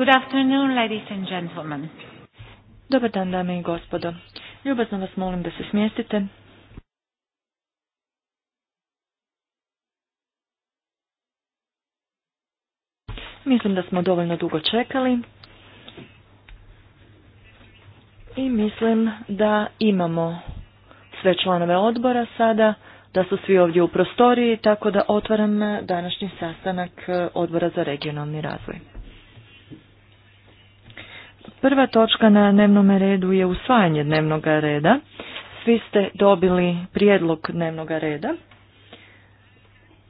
Good afternoon, ladies and gentlemen. Dobar dan, dame i gospodo. Ljubazno vas molim da se smjestite. Mislim da smo dovoljno dugo čekali i mislim da imamo sve članove odbora sada, da su svi ovdje u prostoriji, tako da otvaram današnji sastanak eh, odbora za regionalni razvoj. Prva točka na dnevnom redu je usvajanje dnevnog reda. Svi ste dobili prijedlog dnevnog reda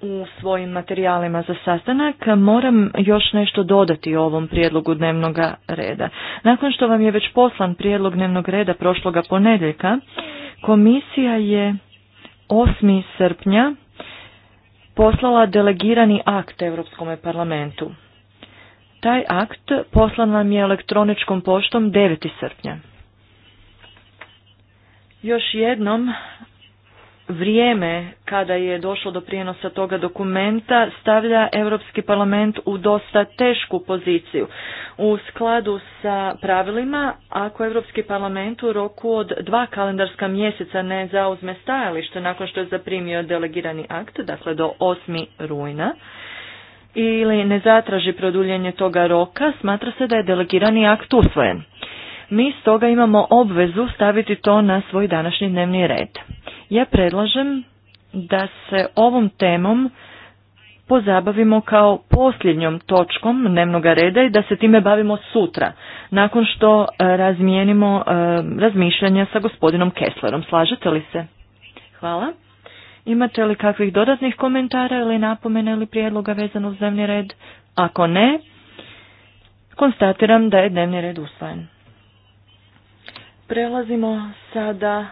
u svojim materijalima za sastanak moram još nešto dodati ovom prijedlogu dnevnog reda. Nakon što vam je već poslan prijedlog dnevnog reda prošloga ponedjeljka, komisija je 8. srpnja poslala delegirani akt Europskom parlamentu. Taj akt poslan nam je elektroničkom poštom 9. srpnja. Još jednom vrijeme kada je došlo do prijenosa toga dokumenta stavlja Europski parlament u dosta tešku poziciju. U skladu sa pravilima, ako Europski parlament u roku od dva kalendarska mjeseca ne zauzme stajalište nakon što je zaprimio delegirani akt, dakle do 8. rujna, ili ne zatraži produljenje toga roka, smatra se da je delegirani akt usvojen. Mi stoga imamo obvezu staviti to na svoj današnji dnevni red. Ja predlažem da se ovom temom pozabavimo kao posljednjom točkom dnevnog reda i da se time bavimo sutra, nakon što e, razmijenimo e, razmišljanja sa gospodinom Kesslerom. Slažete li se? Hvala. Imate li kakvih dodatnih komentara ili napomena ili prijedloga vezano uz dnevni red? Ako ne, konstatiram da je dnevni red usvojen. Prelazimo sada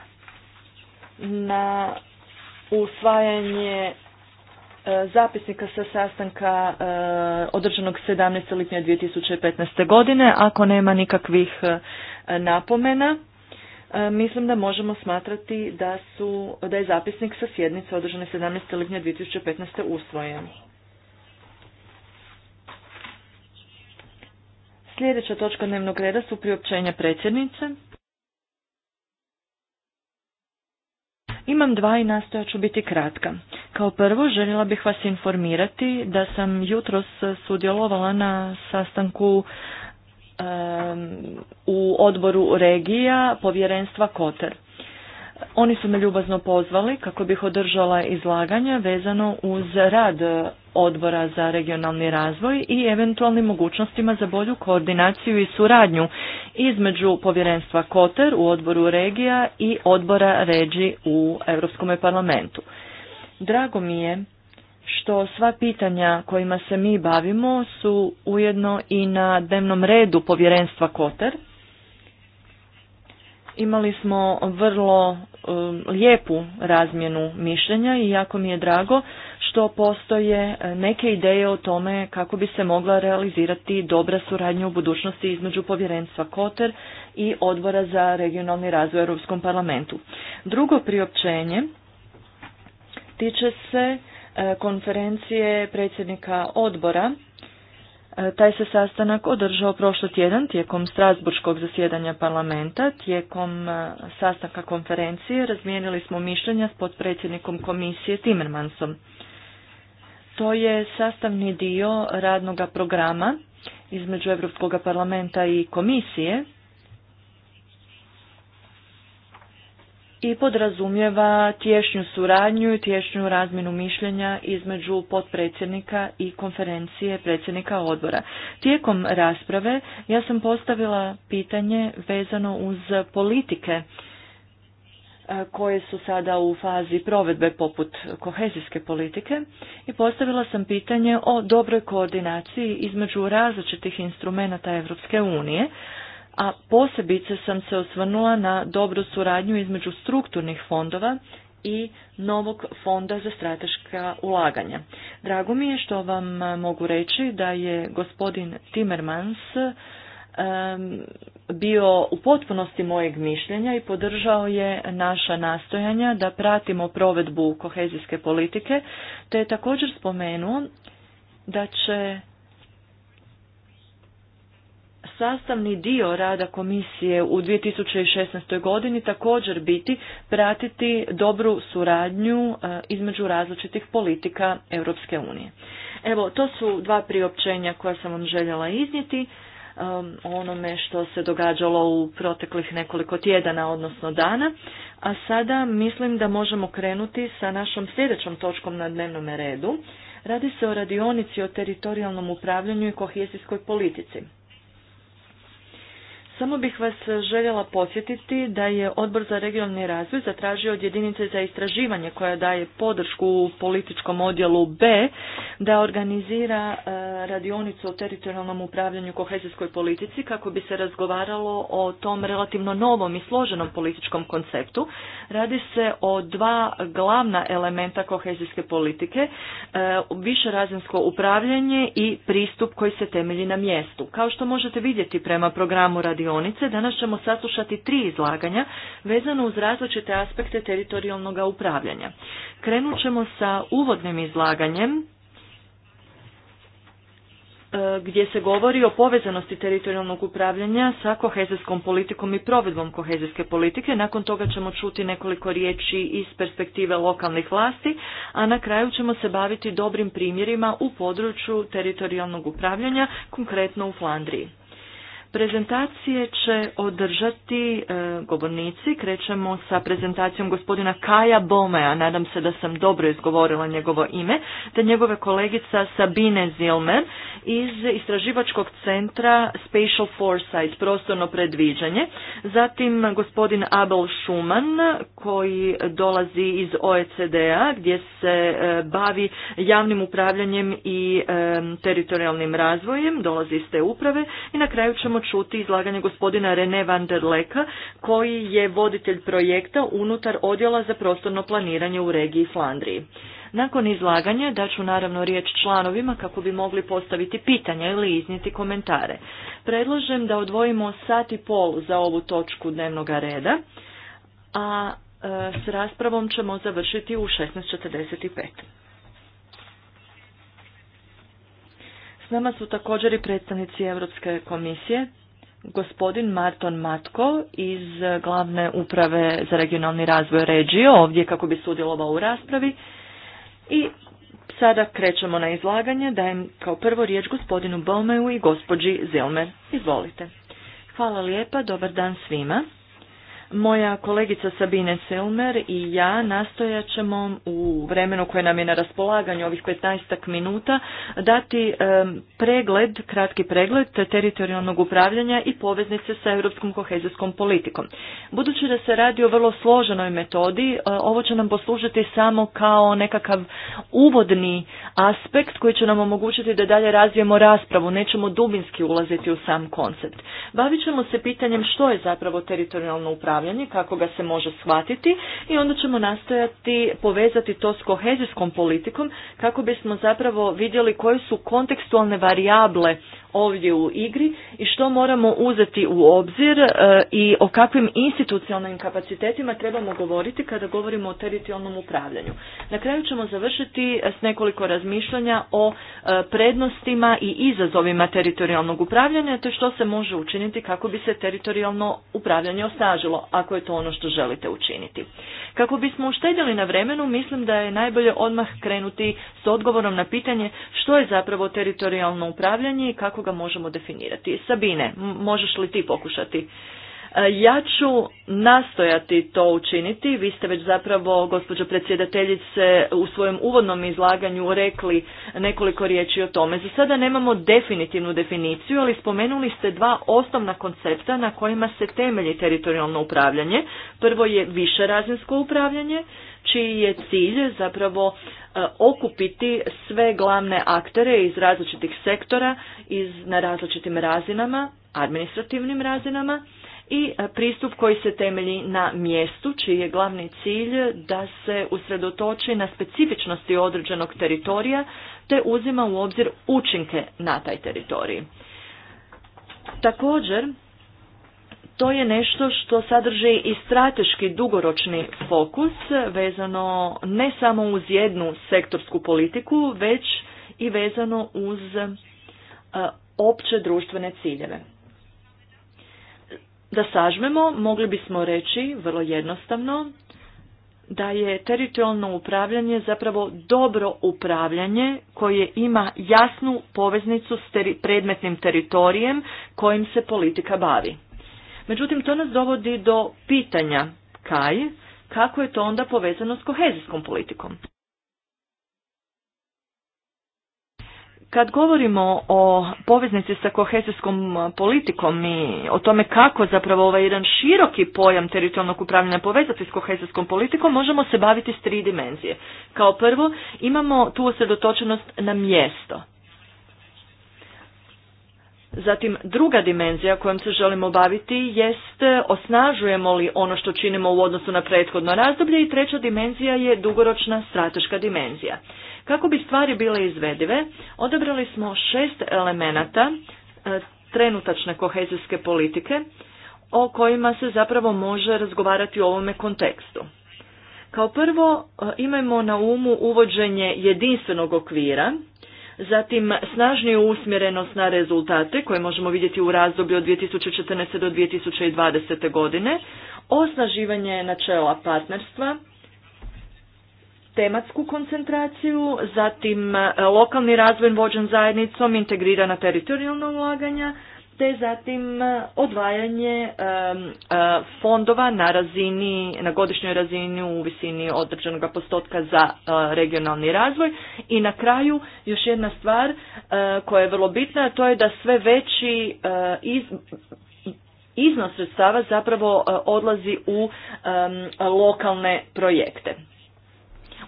na usvajanje e, zapisnika sa sastanka e, održanog 17. lipnja 2015. godine. Ako nema nikakvih e, napomena, E, mislim da možemo smatrati da, su, da je zapisnik sa sjednice održane 17. lipnja 2015. usvojen. Sljedeća točka dnevnog reda su priopćenja predsjednice. Imam dva i nastoja ću biti kratka. Kao prvo željela bih vas informirati da sam jutros sudjelovala na sastanku u odboru regija povjerenstva Koter. Oni su me ljubazno pozvali kako bih održala izlaganja vezano uz rad odbora za regionalni razvoj i eventualnim mogućnostima za bolju koordinaciju i suradnju između povjerenstva Koter u odboru regija i odbora Ređi u Europskom parlamentu. Drago mi je što sva pitanja kojima se mi bavimo su ujedno i na dnevnom redu povjerenstva Koter. Imali smo vrlo um, lijepu razmjenu mišljenja i jako mi je drago što postoje e, neke ideje o tome kako bi se mogla realizirati dobra suradnja u budućnosti između povjerenstva Koter i odbora za regionalni razvoj u Europskom parlamentu. Drugo priopćenje tiče se E, konferencije predsjednika odbora. E, taj se sastanak održao prošli tjedan tijekom Strasburškog zasjedanja parlamenta. Tijekom e, sastanka konferencije razmijenili smo mišljenja s potpredsjednikom komisije Timmermansom. To je sastavni dio radnog programa između Europskog parlamenta i komisije i podrazumijeva tješnju suradnju i tješnju razmjenu mišljenja između potpredsjednika i konferencije predsjednika odbora. Tijekom rasprave ja sam postavila pitanje vezano uz politike e, koje su sada u fazi provedbe poput kohezijske politike i postavila sam pitanje o dobroj koordinaciji između različitih instrumenata Europske unije, a posebice sam se osvrnula na dobru suradnju između strukturnih fondova i novog fonda za strateška ulaganja. Drago mi je što vam mogu reći da je gospodin Timmermans bio u potpunosti mojeg mišljenja i podržao je naša nastojanja da pratimo provedbu kohezijske politike, te je također spomenuo da će sastavni dio rada komisije u 2016. godini također biti pratiti dobru suradnju e, između različitih politika Europske unije. Evo, to su dva priopćenja koja sam vam željela iznijeti um, o onome što se događalo u proteklih nekoliko tjedana, odnosno dana. A sada mislim da možemo krenuti sa našom sljedećom točkom na dnevnom redu. Radi se o radionici o teritorijalnom upravljanju i kohezijskoj politici. Samo bih vas e, željela podsjetiti da je Odbor za regionalni razvoj zatražio od jedinice za istraživanje koja daje podršku u političkom odjelu B da organizira e, radionicu o teritorijalnom upravljanju kohezijskoj politici kako bi se razgovaralo o tom relativno novom i složenom političkom konceptu. Radi se o dva glavna elementa kohezijske politike, e, višerazinsko upravljanje i pristup koji se temelji na mjestu. Kao što možete vidjeti prema programu radionicu, radionice danas ćemo saslušati tri izlaganja vezano uz različite aspekte teritorijalnog upravljanja. Krenut ćemo sa uvodnim izlaganjem e, gdje se govori o povezanosti teritorijalnog upravljanja sa kohezijskom politikom i provedbom kohezijske politike. Nakon toga ćemo čuti nekoliko riječi iz perspektive lokalnih vlasti, a na kraju ćemo se baviti dobrim primjerima u području teritorijalnog upravljanja, konkretno u Flandriji. Prezentacije će održati e, govornici. Krećemo sa prezentacijom gospodina Kaja Bomea. Nadam se da sam dobro izgovorila njegovo ime. Te njegove kolegica Sabine Zilmer iz Istraživačkog centra Spatial Foresight, prostorno predviđanje. Zatim gospodin Abel Schumann koji dolazi iz OECD-a gdje se e, bavi javnim upravljanjem i e, teritorijalnim razvojem. Dolazi iz te uprave. I na kraju ćemo ćemo čuti izlaganje gospodina Rene van der Leka, koji je voditelj projekta unutar odjela za prostorno planiranje u regiji Flandriji. Nakon izlaganja daću naravno riječ članovima kako bi mogli postaviti pitanja ili iznijeti komentare. Predlažem da odvojimo sat i pol za ovu točku dnevnog reda, a e, s raspravom ćemo završiti u 16.45. S nama su također i predstavnici Europske komisije, gospodin Marton Matko iz glavne uprave za regionalni razvoj Regio, ovdje kako bi sudjelovao u raspravi. I sada krećemo na izlaganje, dajem kao prvo riječ gospodinu Bomeu i gospođi Zilmer. Izvolite. Hvala lijepa, dobar dan svima. Moja kolegica Sabine Selmer i ja nastojat ćemo u vremenu koje nam je na raspolaganju ovih 15 minuta dati pregled, kratki pregled teritorijalnog upravljanja i poveznice sa europskom kohezijskom politikom. Budući da se radi o vrlo složenoj metodi, e, ovo će nam poslužiti samo kao nekakav uvodni aspekt koji će nam omogućiti da dalje razvijemo raspravu, nećemo dubinski ulaziti u sam koncept. Bavit ćemo se pitanjem što je zapravo teritorijalno upravljanje upravljanje, kako ga se može shvatiti i onda ćemo nastojati povezati to s kohezijskom politikom kako bismo zapravo vidjeli koje su kontekstualne varijable ovdje u igri i što moramo uzeti u obzir e, i o kakvim institucionalnim kapacitetima trebamo govoriti kada govorimo o teritorijalnom upravljanju. Na kraju ćemo završiti s nekoliko razmišljanja o e, prednostima i izazovima teritorijalnog upravljanja te što se može učiniti kako bi se teritorijalno upravljanje osnažilo ako je to ono što želite učiniti. Kako bismo uštedjeli na vremenu, mislim da je najbolje odmah krenuti s odgovorom na pitanje što je zapravo teritorijalno upravljanje i kako ga možemo definirati. Sabine, možeš li ti pokušati? E, ja ću nastojati to učiniti, vi ste već zapravo, gospođo predsjedateljice, u svojem uvodnom izlaganju rekli nekoliko riječi o tome. Za sada nemamo definitivnu definiciju, ali spomenuli ste dva osnovna koncepta na kojima se temelji teritorijalno upravljanje. Prvo je višerazinsko upravljanje, čiji je cilj zapravo e, okupiti sve glavne aktere iz različitih sektora iz, na različitim razinama, administrativnim razinama, i pristup koji se temelji na mjestu, čiji je glavni cilj da se usredotoči na specifičnosti određenog teritorija te uzima u obzir učinke na taj teritorij. Također, to je nešto što sadrži i strateški dugoročni fokus vezano ne samo uz jednu sektorsku politiku, već i vezano uz e, opće društvene ciljeve. Da sažmemo, mogli bismo reći vrlo jednostavno da je teritorijalno upravljanje zapravo dobro upravljanje koje ima jasnu poveznicu s predmetnim teritorijem kojim se politika bavi. Međutim, to nas dovodi do pitanja kaj, kako je to onda povezano s kohezijskom politikom. Kad govorimo o poveznici sa kohezijskom politikom i o tome kako zapravo ovaj jedan široki pojam teritorijalnog upravljanja povezati s kohezijskom politikom, možemo se baviti s tri dimenzije. Kao prvo, imamo tu osredotočenost na mjesto. Zatim druga dimenzija kojom se želimo baviti jest osnažujemo li ono što činimo u odnosu na prethodno razdoblje i treća dimenzija je dugoročna strateška dimenzija. Kako bi stvari bile izvedive, odabrali smo šest elemenata e, trenutačne kohezijske politike o kojima se zapravo može razgovarati u ovome kontekstu. Kao prvo e, imajmo na umu uvođenje jedinstvenog okvira, zatim snažniju usmjerenost na rezultate koje možemo vidjeti u razdoblju od 2014. do 2020. godine, osnaživanje načela partnerstva, tematsku koncentraciju, zatim e, lokalni razvoj vođen zajednicom, integrirana teritorijalna ulaganja, te zatim e, odvajanje e, fondova na razini, na godišnjoj razini u visini određenog postotka za regionalni razvoj. I na kraju još jedna stvar koja je vrlo bitna, to je da sve veći iznos sredstava zapravo odlazi u lokalne projekte.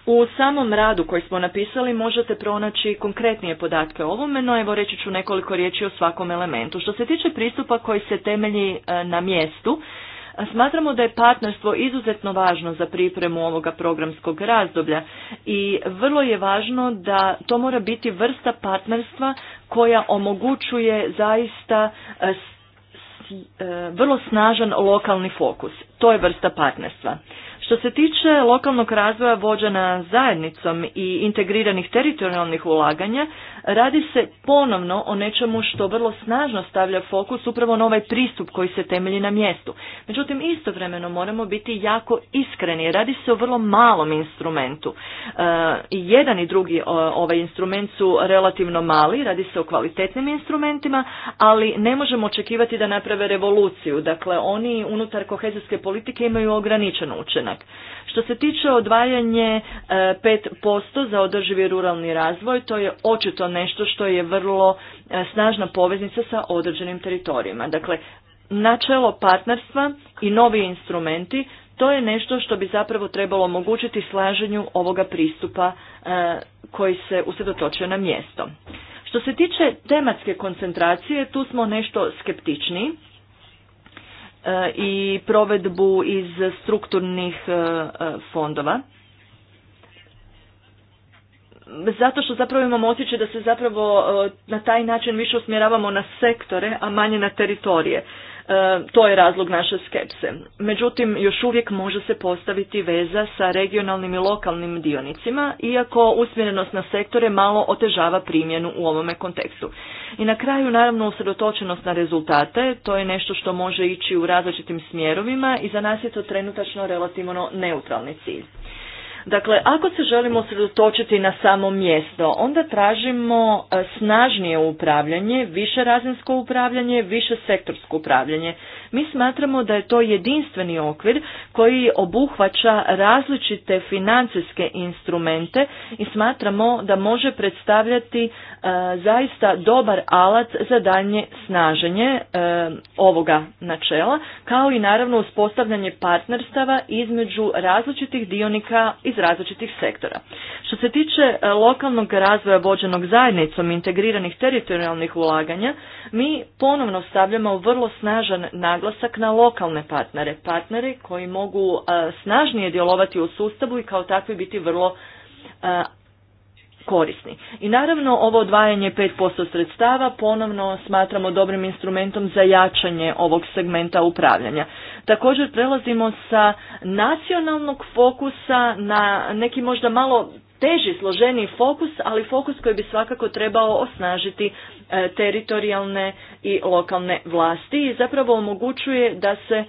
U samom radu koji smo napisali možete pronaći konkretnije podatke o ovome, no evo reći ću nekoliko riječi o svakom elementu. Što se tiče pristupa koji se temelji e, na mjestu, Smatramo da je partnerstvo izuzetno važno za pripremu ovoga programskog razdoblja i vrlo je važno da to mora biti vrsta partnerstva koja omogućuje zaista e, e, vrlo snažan lokalni fokus. To je vrsta partnerstva. Što se tiče lokalnog razvoja vođena zajednicom i integriranih teritorijalnih ulaganja, Radi se ponovno o nečemu što vrlo snažno stavlja fokus upravo na ovaj pristup koji se temelji na mjestu. Međutim, istovremeno moramo biti jako iskreni. Radi se o vrlo malom instrumentu. E, I jedan i drugi ovaj instrument su relativno mali, radi se o kvalitetnim instrumentima, ali ne možemo očekivati da naprave revoluciju. Dakle, oni unutar kohezijske politike imaju ograničen učinak. Što se tiče odvajanje 5% e, za održivi ruralni razvoj, to je očito nešto što je vrlo e, snažna poveznica sa određenim teritorijima. Dakle, načelo partnerstva i novi instrumenti, to je nešto što bi zapravo trebalo omogućiti slaženju ovoga pristupa e, koji se usredotočuje na mjesto. Što se tiče tematske koncentracije, tu smo nešto skeptičniji e, i provedbu iz strukturnih fondova zato što zapravo imamo osjećaj da se zapravo e, na taj način više usmjeravamo na sektore, a manje na teritorije. E, to je razlog naše skepse. Međutim, još uvijek može se postaviti veza sa regionalnim i lokalnim dionicima, iako usmjerenost na sektore malo otežava primjenu u ovome kontekstu. I na kraju, naravno, usredotočenost na rezultate, to je nešto što može ići u različitim smjerovima i za nas je to trenutačno relativno neutralni cilj. Dakle, ako se želimo sredotočiti na samo mjesto, onda tražimo e, snažnije upravljanje, više razinsko upravljanje, više sektorsko upravljanje. Mi smatramo da je to jedinstveni okvir koji obuhvaća različite financijske instrumente i smatramo da može predstavljati e, zaista dobar alat za daljnje snaženje e, ovoga načela, kao i naravno uspostavljanje partnerstava između različitih dionika i iz različitih sektora. Što se tiče e, lokalnog razvoja vođenog zajednicom integriranih teritorijalnih ulaganja, mi ponovno stavljamo vrlo snažan naglasak na lokalne partnere, partnere koji mogu e, snažnije djelovati u sustavu i kao takvi biti vrlo e, korisni. I naravno ovo odvajanje 5% sredstava ponovno smatramo dobrim instrumentom za jačanje ovog segmenta upravljanja. Također prelazimo sa nacionalnog fokusa na neki možda malo teži, složeni fokus, ali fokus koji bi svakako trebao osnažiti e, teritorijalne i lokalne vlasti i zapravo omogućuje da se e,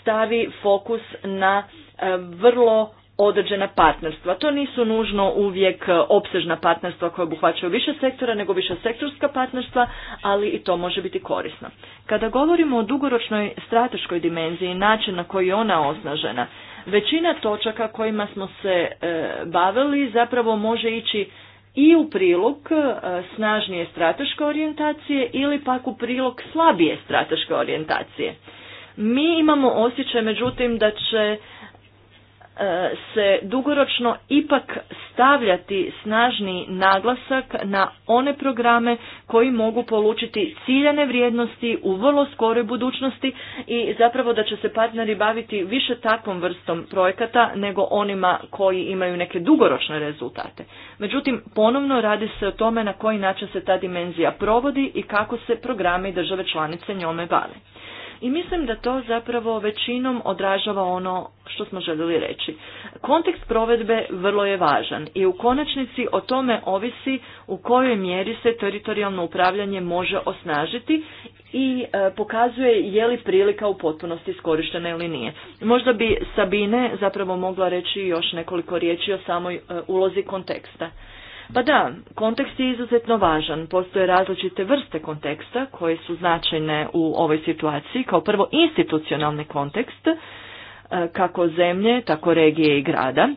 stavi fokus na e, vrlo određena partnerstva. To nisu nužno uvijek e, opsežna partnerstva koja obuhvaćaju više sektora nego više sektorska partnerstva, ali i to može biti korisno. Kada govorimo o dugoročnoj strateškoj dimenziji i način na koji je ona osnažena, većina točaka kojima smo se e, bavili zapravo može ići i u prilog e, snažnije strateške orijentacije ili pak u prilog slabije strateške orijentacije. Mi imamo osjećaj međutim da će E, se dugoročno ipak stavljati snažni naglasak na one programe koji mogu polučiti ciljane vrijednosti u vrlo skoroj budućnosti i zapravo da će se partneri baviti više takvom vrstom projekata nego onima koji imaju neke dugoročne rezultate. Međutim, ponovno radi se o tome na koji način se ta dimenzija provodi i kako se programe i države članice njome bave. I mislim da to zapravo većinom odražava ono što smo željeli reći. Kontekst provedbe vrlo je važan i u konačnici o tome ovisi u kojoj mjeri se teritorijalno upravljanje može osnažiti i e, pokazuje je li prilika u potpunosti iskorištena ili nije. Možda bi Sabine zapravo mogla reći još nekoliko riječi o samoj e, ulozi konteksta. Pa da, kontekst je izuzetno važan. Postoje različite vrste konteksta koje su značajne u ovoj situaciji. Kao prvo institucionalni kontekst, e, kako zemlje, tako regije i grada.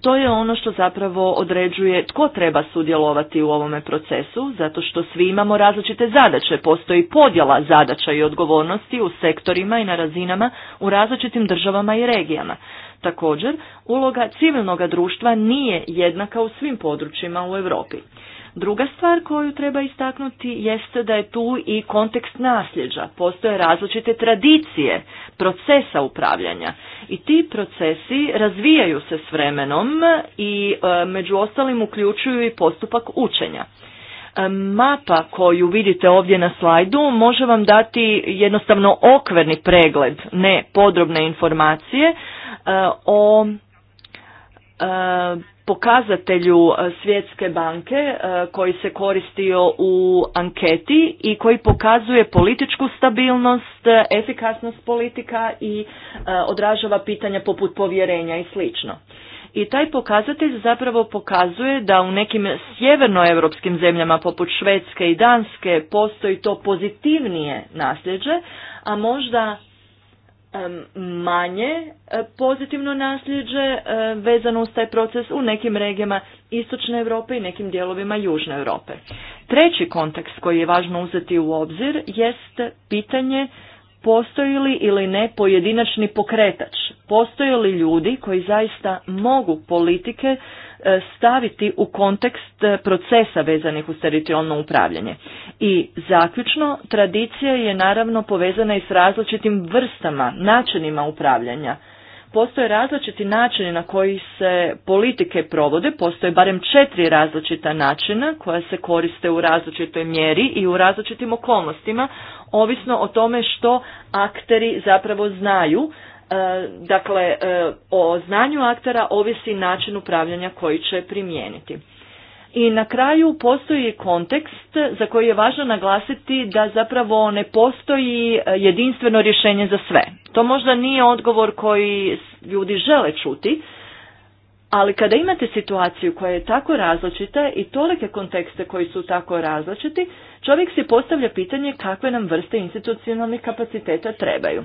To je ono što zapravo određuje tko treba sudjelovati u ovome procesu, zato što svi imamo različite zadaće, postoji podjela zadaća i odgovornosti u sektorima i na razinama u različitim državama i regijama. Također, uloga civilnog društva nije jednaka u svim područjima u Europi. Druga stvar koju treba istaknuti jeste da je tu i kontekst nasljeđa. Postoje različite tradicije procesa upravljanja i ti procesi razvijaju se s vremenom i e, među ostalim uključuju i postupak učenja. E, mapa koju vidite ovdje na slajdu može vam dati jednostavno okverni pregled, ne podrobne informacije, Eh, o eh, pokazatelju Svjetske banke eh, koji se koristio u anketi i koji pokazuje političku stabilnost, efikasnost politika i odražava pitanja poput povjerenja i sl. I taj pokazatelj zapravo pokazuje da u nekim sjevernoevropskim zemljama poput Švedske i Danske postoji to pozitivnije nasljeđe, a možda manje e, pozitivno nasljeđe e, vezano uz taj proces u nekim regijama Istočne Europe i nekim dijelovima Južne Europe. Treći kontekst koji je važno uzeti u obzir jest pitanje postoji li ili ne pojedinačni pokretač, postoje li ljudi koji zaista mogu politike e, staviti u kontekst e, procesa vezanih uz teritorijalno upravljanje. I zaključno, tradicija je naravno povezana i s različitim vrstama, načinima upravljanja. Postoje različiti načini na koji se politike provode, postoje barem četiri različita načina koja se koriste u različitoj mjeri i u različitim okolnostima, ovisno o tome što akteri zapravo znaju. E, dakle, e, o znanju aktera ovisi način upravljanja koji će primijeniti. I na kraju postoji kontekst za koji je važno naglasiti da zapravo ne postoji e, jedinstveno rješenje za sve. To možda nije odgovor koji ljudi žele čuti, ali kada imate situaciju koja je tako različita i tolike kontekste koji su tako različiti, čovjek si postavlja pitanje kakve nam vrste institucionalnih kapaciteta trebaju.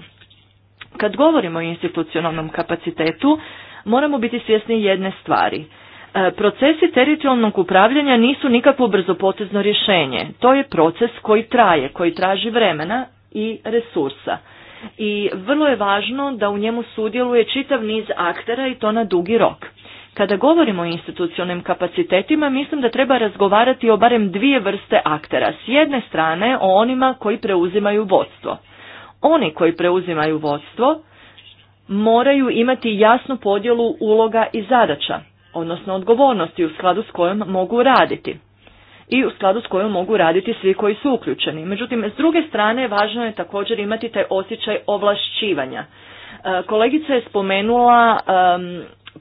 Kad govorimo o institucionalnom kapacitetu, moramo biti svjesni jedne stvari – E, procesi teritorijalnog upravljanja nisu nikakvo brzopotezno rješenje. To je proces koji traje, koji traži vremena i resursa. I vrlo je važno da u njemu sudjeluje čitav niz aktera i to na dugi rok. Kada govorimo o institucionalnim kapacitetima, mislim da treba razgovarati o barem dvije vrste aktera. S jedne strane o onima koji preuzimaju vodstvo. Oni koji preuzimaju vodstvo moraju imati jasnu podjelu uloga i zadaća odnosno odgovornosti u skladu s kojom mogu raditi i u skladu s kojom mogu raditi svi koji su uključeni. Međutim, s druge strane, važno je također imati taj osjećaj ovlašćivanja. E, kolegica je spomenula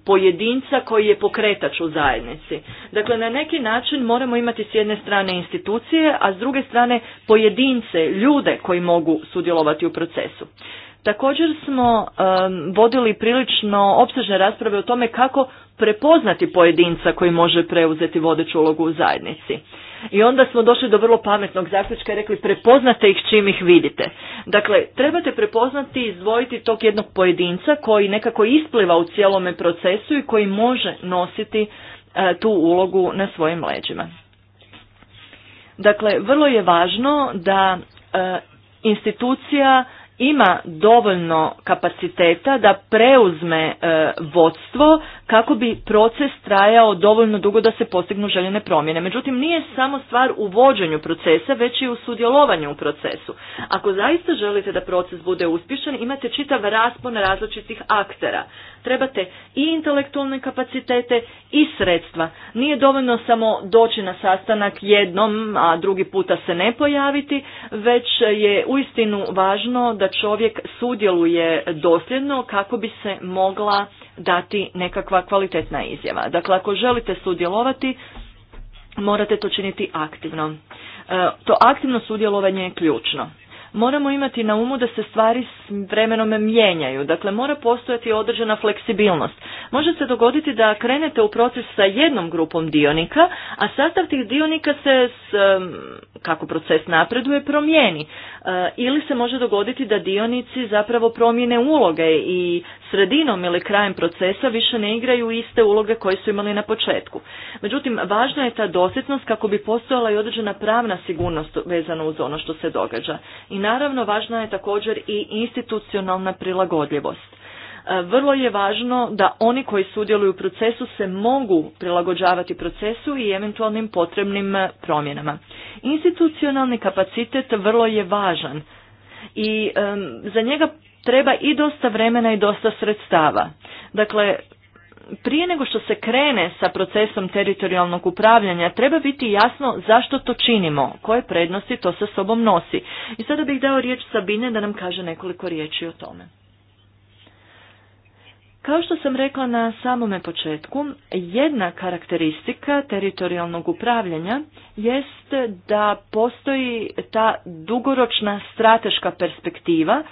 pojedinca koji je pokretač u zajednici. Dakle, na neki način moramo imati s jedne strane institucije, a s druge strane pojedince, ljude koji mogu sudjelovati u procesu. Također smo vodili prilično opsežne rasprave o tome kako prepoznati pojedinca koji može preuzeti vodeću ulogu u zajednici. I onda smo došli do vrlo pametnog zaključka i rekli prepoznate ih čim ih vidite. Dakle, trebate prepoznati i izdvojiti tog jednog pojedinca koji nekako ispliva u cijelome procesu i koji može nositi e, tu ulogu na svojim leđima. Dakle, vrlo je važno da e, institucija ima dovoljno kapaciteta da preuzme e, vodstvo kako bi proces trajao dovoljno dugo da se postignu željene promjene. Međutim, nije samo stvar u vođenju procesa, već i u sudjelovanju u procesu. Ako zaista želite da proces bude uspješan, imate čitav raspon različitih aktera. Trebate i intelektualne kapacitete i sredstva. Nije dovoljno samo doći na sastanak jednom, a drugi puta se ne pojaviti, već je uistinu važno da čovjek sudjeluje dosljedno kako bi se mogla dati nekakva kvalitetna izjava. Dakle, ako želite sudjelovati, morate to činiti aktivno. E, to aktivno sudjelovanje je ključno moramo imati na umu da se stvari s vremenom mijenjaju. Dakle, mora postojati određena fleksibilnost. Može se dogoditi da krenete u proces sa jednom grupom dionika, a sastav tih dionika se, s, kako proces napreduje, promijeni. E, ili se može dogoditi da dionici zapravo promijene uloge i sredinom ili krajem procesa više ne igraju iste uloge koje su imali na početku. Međutim, važna je ta dosjetnost kako bi postojala i određena pravna sigurnost vezana uz ono što se događa. I naravno, važna je također i institucionalna prilagodljivost. E, vrlo je važno da oni koji sudjeluju u procesu se mogu prilagođavati procesu i eventualnim potrebnim e, promjenama. Institucionalni kapacitet vrlo je važan i za njega treba i dosta vremena i dosta sredstava. Dakle, prije nego što se krene sa procesom teritorijalnog upravljanja, treba biti jasno zašto to činimo, koje prednosti to sa sobom nosi. I sada bih dao riječ Sabine da nam kaže nekoliko riječi o tome. Kao što sam rekla na samome početku, jedna karakteristika teritorijalnog upravljanja jest da postoji ta dugoročna strateška perspektiva e,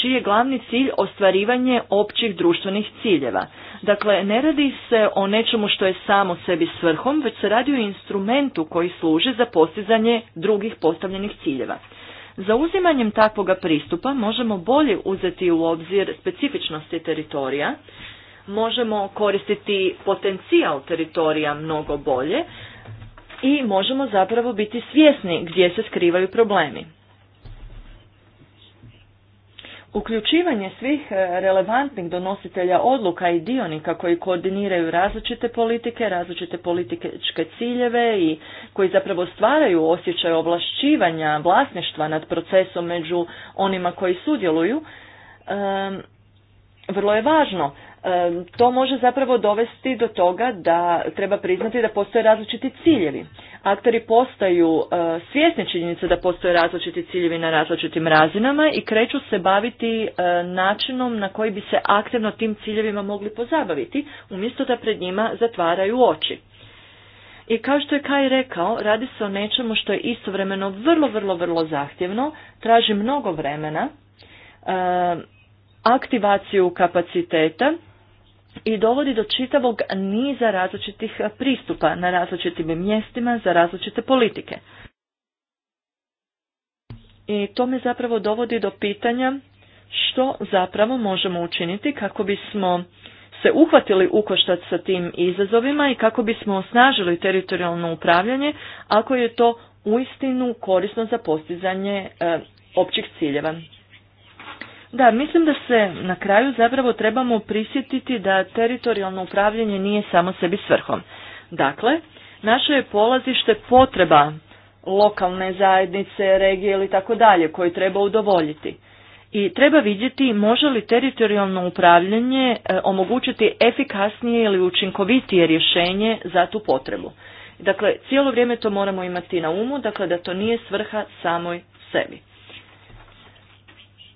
čiji je glavni cilj ostvarivanje općih društvenih ciljeva. Dakle, ne radi se o nečemu što je samo sebi svrhom, već se radi o instrumentu koji služi za postizanje drugih postavljenih ciljeva. Zauzimanjem takvoga pristupa možemo bolje uzeti u obzir specifičnosti teritorija, možemo koristiti potencijal teritorija mnogo bolje i možemo zapravo biti svjesni gdje se skrivaju problemi. Uključivanje svih e, relevantnih donositelja odluka i dionika koji koordiniraju različite politike, različite političke ciljeve i koji zapravo stvaraju osjećaj ovlašćivanja vlasništva nad procesom među onima koji sudjeluju, vrlo je važno. To može zapravo dovesti do toga da treba priznati da postoje različiti ciljevi akteri postaju e, svjesni činjenice da postoje različiti ciljevi na različitim razinama i kreću se baviti e, načinom na koji bi se aktivno tim ciljevima mogli pozabaviti, umjesto da pred njima zatvaraju oči. I kao što je Kaj rekao, radi se o nečemu što je istovremeno vrlo, vrlo, vrlo zahtjevno, traži mnogo vremena, e, aktivaciju kapaciteta i dovodi do čitavog niza različitih pristupa na različitim mjestima za različite politike. I to me zapravo dovodi do pitanja što zapravo možemo učiniti kako bismo se uhvatili ukoštac sa tim izazovima i kako bismo osnažili teritorijalno upravljanje ako je to uistinu korisno za postizanje e, općih ciljeva. Da, mislim da se na kraju zapravo trebamo prisjetiti da teritorijalno upravljanje nije samo sebi svrhom. Dakle, naše je polazište potreba lokalne zajednice, regije ili tako dalje koje treba udovoljiti. I treba vidjeti može li teritorijalno upravljanje e, omogućiti efikasnije ili učinkovitije rješenje za tu potrebu. Dakle, cijelo vrijeme to moramo imati na umu, dakle da to nije svrha samoj sebi.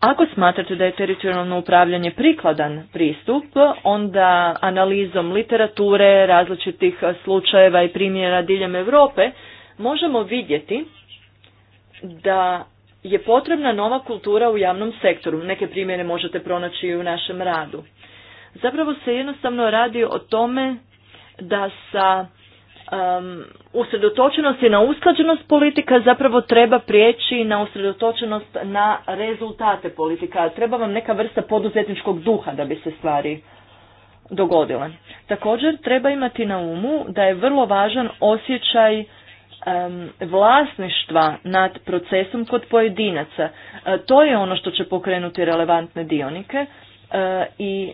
Ako smatrate da je teritorijalno upravljanje prikladan pristup, onda analizom literature, različitih slučajeva i primjera diljem Europe možemo vidjeti da je potrebna nova kultura u javnom sektoru. Neke primjere možete pronaći i u našem radu. Zapravo se jednostavno radi o tome da sa um, i na usklađenost politika zapravo treba prijeći na usredotočenost na rezultate politika. Treba vam neka vrsta poduzetničkog duha da bi se stvari dogodile. Također treba imati na umu da je vrlo važan osjećaj um, vlasništva nad procesom kod pojedinaca. E, to je ono što će pokrenuti relevantne dionike e, i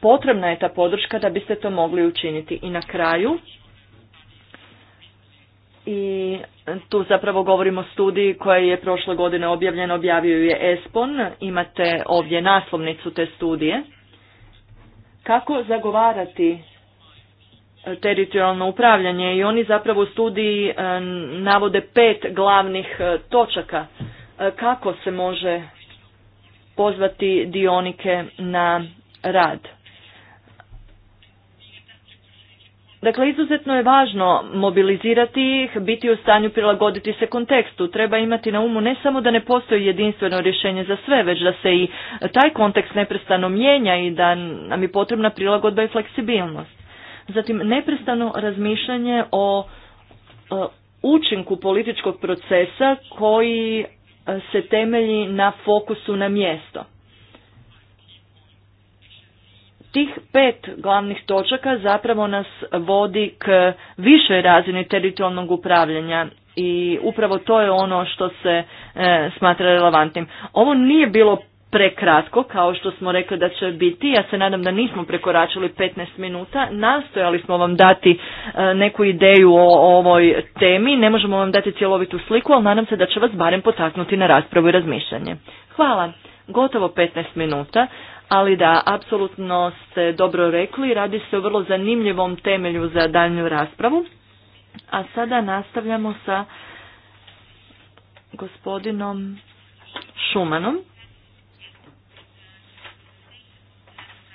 potrebna je ta podrška da biste to mogli učiniti. I na kraju, i tu zapravo govorimo o studiji koja je prošle godine objavljena, objavio je ESPON, imate ovdje naslovnicu te studije. Kako zagovarati e, teritorijalno upravljanje i oni zapravo u studiji e, navode pet glavnih e, točaka kako se može pozvati dionike na rad. Dakle, izuzetno je važno mobilizirati ih, biti u stanju prilagoditi se kontekstu. Treba imati na umu ne samo da ne postoji jedinstveno rješenje za sve, već da se i taj kontekst neprestano mijenja i da nam je potrebna prilagodba i fleksibilnost. Zatim, neprestano razmišljanje o, o učinku političkog procesa koji e, se temelji na fokusu na mjesto tih pet glavnih točaka zapravo nas vodi k višoj razini teritorijalnog upravljanja i upravo to je ono što se e, smatra relevantnim. Ovo nije bilo prekratko, kao što smo rekli da će biti, ja se nadam da nismo prekoračili 15 minuta, nastojali smo vam dati e, neku ideju o, ovoj temi, ne možemo vam dati cjelovitu sliku, ali nadam se da će vas barem potaknuti na raspravu i razmišljanje. Hvala, gotovo 15 minuta, ali da apsolutno ste dobro rekli, radi se o vrlo zanimljivom temelju za daljnju raspravu. A sada nastavljamo sa gospodinom Šumanom.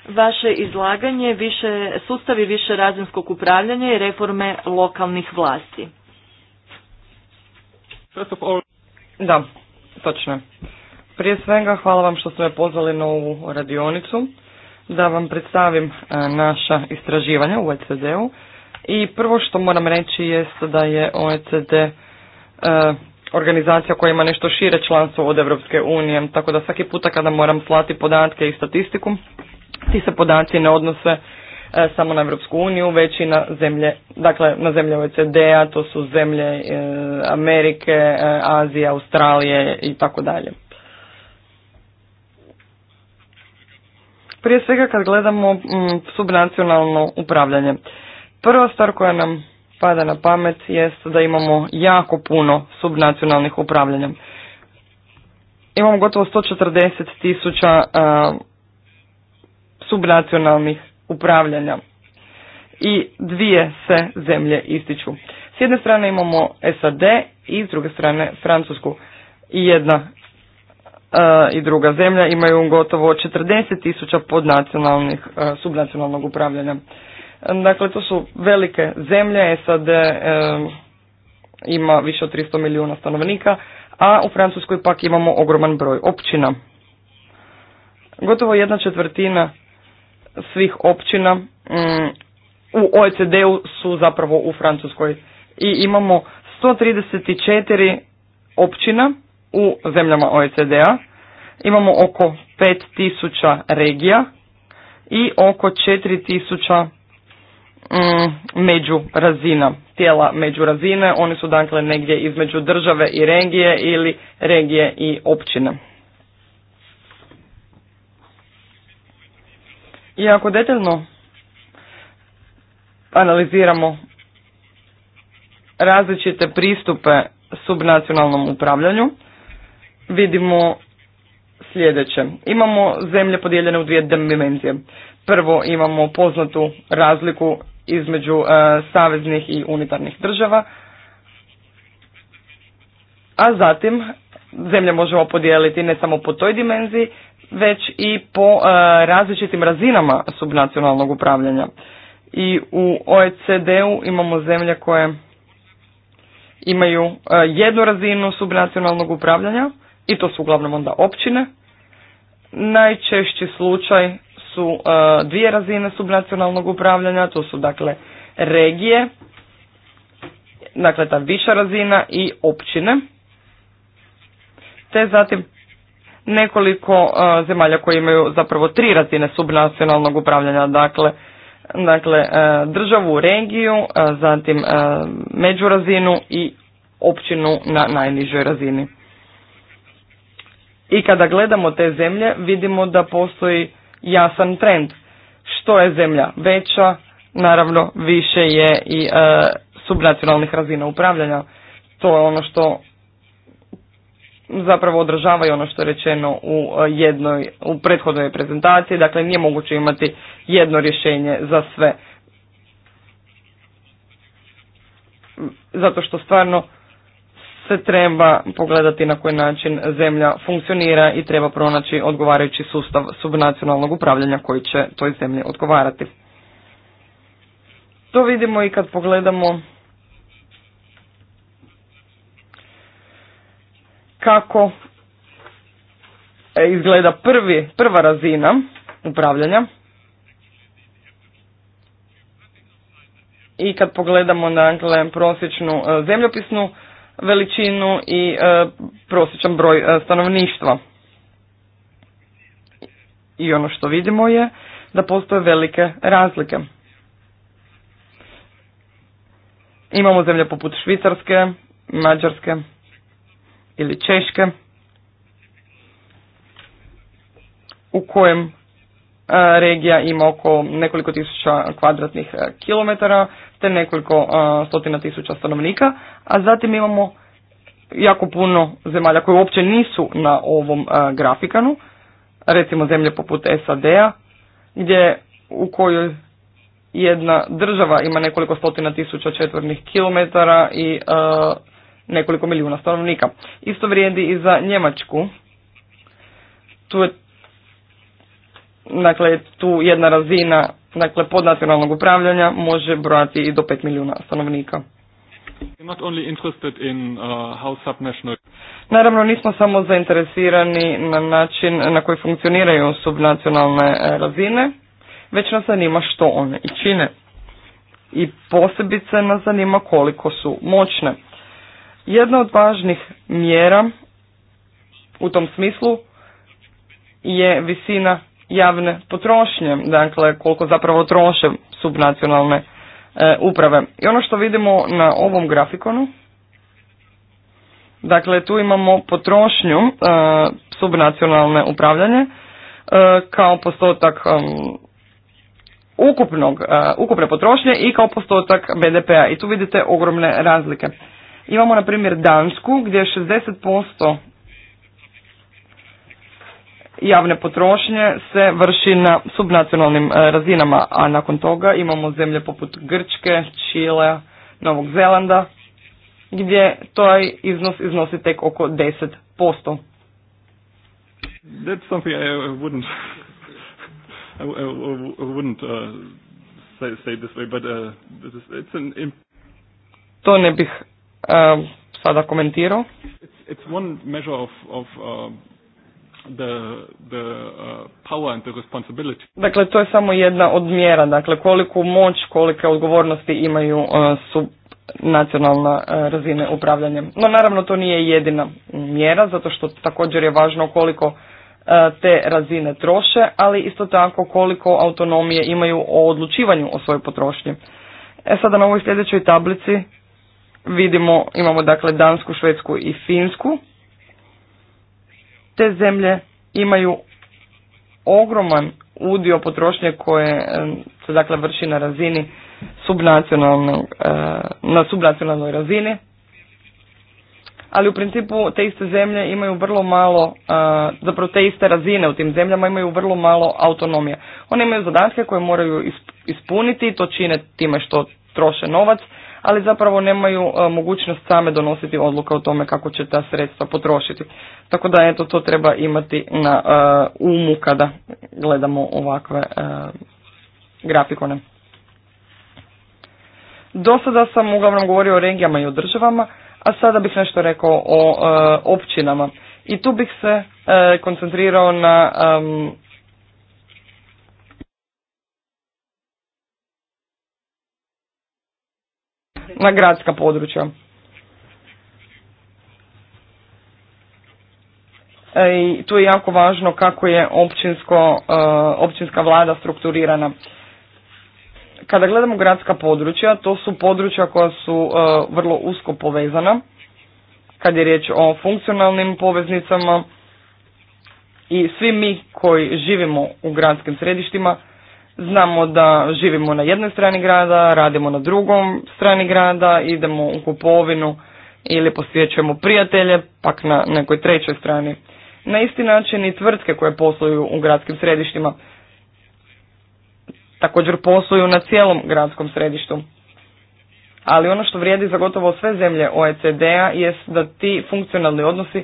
Vaše izlaganje više, sustavi više razinskog upravljanja i reforme lokalnih vlasti. Da, točno. Prije svega hvala vam što ste me pozvali na ovu radionicu da vam predstavim e, naša istraživanja u OECD-u. I prvo što moram reći jest da je OECD e, organizacija koja ima nešto šire članstvo od Europske unije, tako da svaki puta kada moram slati podatke i statistiku, ti se podaci ne odnose e, samo na Europsku uniju, već i na zemlje, dakle na zemlje OECD-a, to su zemlje Amerike, Azije, Australije i tako dalje. Prije svega kad gledamo mm, subnacionalno upravljanje. Prva stvar koja nam pada na pamet jest da imamo jako puno subnacionalnih upravljanja. Imamo gotovo 140 tisuća subnacionalnih upravljanja i dvije se zemlje ističu. S jedne strane imamo SAD i s druge strane Francusku i jedna E, i druga zemlja imaju gotovo 40 tisuća podnacionalnih, e, subnacionalnog upravljanja. Dakle, to su velike zemlje, SAD e, ima više od 300 milijuna stanovnika, a u Francuskoj pak imamo ogroman broj općina. Gotovo jedna četvrtina svih općina mm, u OECD-u su zapravo u Francuskoj i imamo 134 općina u zemljama OECD-a. Imamo oko 5000 regija i oko 4000 mm, među razina, tijela među razine. Oni su dakle negdje između države i regije ili regije i općine. I ako detaljno analiziramo različite pristupe subnacionalnom upravljanju, vidimo sljedeće. Imamo zemlje podijeljene u dvije dimenzije. Prvo imamo poznatu razliku između e, saveznih i unitarnih država, a zatim zemlje možemo podijeliti ne samo po toj dimenziji, već i po e, različitim razinama subnacionalnog upravljanja. I u OECD-u imamo zemlje koje imaju e, jednu razinu subnacionalnog upravljanja, i to su uglavnom onda općine. Najčešći slučaj su e, dvije razine subnacionalnog upravljanja, to su dakle regije, dakle ta viša razina i općine, te zatim nekoliko e, zemalja koje imaju zapravo tri razine subnacionalnog upravljanja, dakle dakle e, državu, regiju, zatim međurazinu i općinu na najnižoj razini. I kada gledamo te zemlje vidimo da postoji jasan trend. Što je zemlja veća, naravno više je i e, subnacionalnih razina upravljanja. To je ono što zapravo održava ono što je rečeno u e, jednoj, u prethodnoj prezentaciji, dakle nije moguće imati jedno rješenje za sve. Zato što stvarno se treba pogledati na koji način zemlja funkcionira i treba pronaći odgovarajući sustav subnacionalnog upravljanja koji će toj zemlji odgovarati. To vidimo i kad pogledamo kako izgleda prvi, prva razina upravljanja. I kad pogledamo na dakle, prosječnu e, zemljopisnu veličinu i e, prosječan broj e, stanovništva. I ono što vidimo je da postoje velike razlike. Imamo zemlje poput Švicarske, Mađarske ili Češke u kojem e, regija ima oko nekoliko tisuća kvadratnih kilometara, te nekoliko stotina tisuća stanovnika, a zatim imamo jako puno zemalja koje uopće nisu na ovom grafikanu, recimo zemlje poput SAD-a, gdje u kojoj jedna država ima nekoliko stotina tisuća četvornih kilometara i nekoliko milijuna stanovnika. Isto vrijedi i za Njemačku. Tu je dakle, tu jedna razina Dakle, podnacionalnog upravljanja može brojati i do 5 milijuna stanovnika. Uh, Naravno, nismo samo zainteresirani na način na koji funkcioniraju subnacionalne e, razine, već nas zanima što one i čine. I posebice nas zanima koliko su moćne. Jedna od važnih mjera u tom smislu je visina javne potrošnje, dakle koliko zapravo troše subnacionalne e, uprave. I ono što vidimo na ovom grafikonu, dakle tu imamo potrošnju e, subnacionalne upravljanje e, kao postotak ukupnog, ukupne potrošnje i kao postotak BDP-a. I tu vidite ogromne razlike. Imamo na primjer Dansku gdje 60% javne potrošnje se vrši na subnacionalnim e, razinama, a nakon toga imamo zemlje poput Grčke, Čile, Novog Zelanda, gdje taj iznos iznosi tek oko 10%. That's but To ne bih uh, sada komentirao. It's, it's one measure of, of uh, the, the uh, power and the responsibility. Dakle, to je samo jedna od mjera, dakle koliku moć, kolike odgovornosti imaju uh, su nacionalna uh, razine upravljanja. No naravno to nije jedina mjera, zato što također je važno koliko te razine troše, ali isto tako koliko autonomije imaju o odlučivanju o svojoj potrošnji. E sada na ovoj sljedećoj tablici vidimo, imamo dakle Dansku, Švedsku i Finsku te zemlje imaju ogroman udio potrošnje koje e, se dakle vrši na razini subnacionalnog, e, na subnacionalnoj razini. Ali u principu te iste zemlje imaju vrlo malo, e, zapravo te iste razine u tim zemljama imaju vrlo malo autonomije. One imaju zadatke koje moraju ispuniti, to čine time što troše novac, ali zapravo nemaju e, mogućnost same donositi odluka o tome kako će ta sredstva potrošiti. Tako da eto to treba imati na e, umu kada gledamo ovakve e, grafikone. Do sada sam uglavnom govorio o regijama i o državama, a sada bih nešto rekao o općinama. I tu bih se koncentrirao na na gradska područja. E, I tu je jako važno kako je općinsko, e, općinska vlada strukturirana. Kada gledamo gradska područja, to su područja koja su e, vrlo usko povezana, kad je riječ o funkcionalnim poveznicama i svi mi koji živimo u gradskim središtima Znamo da živimo na jednoj strani grada, radimo na drugom strani grada, idemo u kupovinu ili posjećujemo prijatelje, pak na nekoj trećoj strani. Na isti način i tvrtke koje posluju u gradskim središtima također posluju na cijelom gradskom središtu. Ali ono što vrijedi za gotovo sve zemlje OECD-a jest da ti funkcionalni odnosi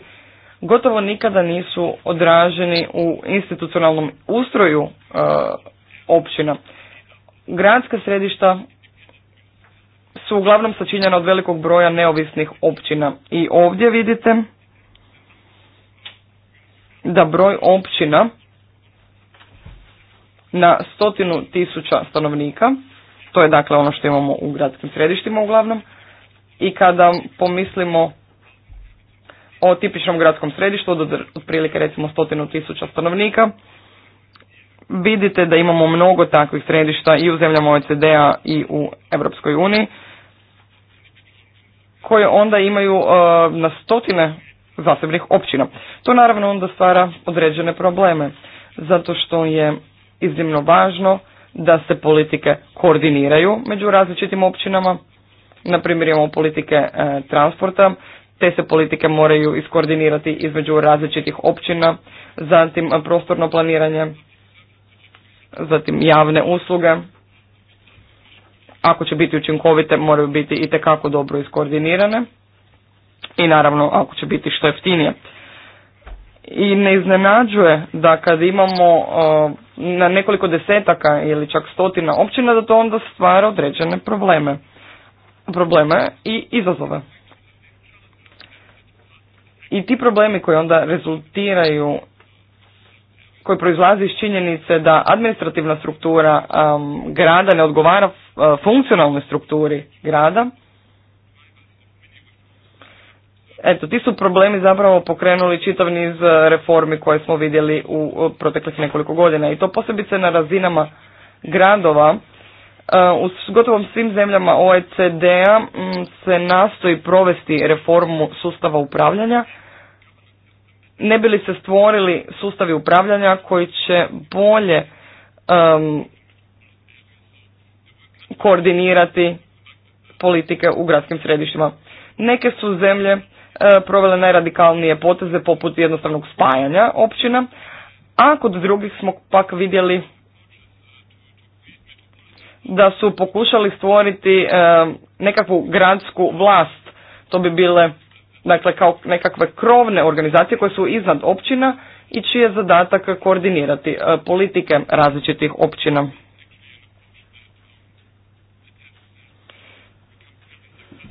gotovo nikada nisu odraženi u institucionalnom ustroju e, općina. Gradska središta su uglavnom sačinjena od velikog broja neovisnih općina. I ovdje vidite da broj općina na stotinu tisuća stanovnika, to je dakle ono što imamo u gradskim središtima uglavnom, i kada pomislimo o tipičnom gradskom središtu od otprilike recimo stotinu tisuća stanovnika, vidite da imamo mnogo takvih središta i u zemljama OECD-a i u Europskoj uniji koje onda imaju e, na stotine zasebnih općina. To naravno onda stvara određene probleme zato što je iznimno važno da se politike koordiniraju među različitim općinama. Naprimjer imamo politike e, transporta, te se politike moraju iskoordinirati između različitih općina, zatim e, prostorno planiranje, zatim javne usluge, ako će biti učinkovite, moraju biti i tekako dobro iskoordinirane i naravno ako će biti što jeftinije. I ne iznenađuje da kad imamo na nekoliko desetaka ili čak stotina općina da to onda stvara određene probleme, probleme i izazove. I ti problemi koji onda rezultiraju koji proizlazi iz činjenice da administrativna struktura um, grada ne odgovara uh, funkcionalnoj strukturi grada. Eto, ti su problemi zapravo pokrenuli čitav niz uh, reformi koje smo vidjeli u proteklih nekoliko godina i to posebice na razinama gradova. Uh, u gotovo svim zemljama OECD-a mm, se nastoji provesti reformu sustava upravljanja ne bi li se stvorili sustavi upravljanja koji će bolje koordinirati politike u gradskim središtima. Neke su zemlje e, provele najradikalnije poteze poput jednostavnog spajanja općina, a kod drugih smo pak vidjeli da su pokušali stvoriti nekakvu gradsku vlast. To bi bile dakle kao nekakve krovne organizacije koje su iznad općina i čiji je zadatak koordinirati e, politike različitih općina.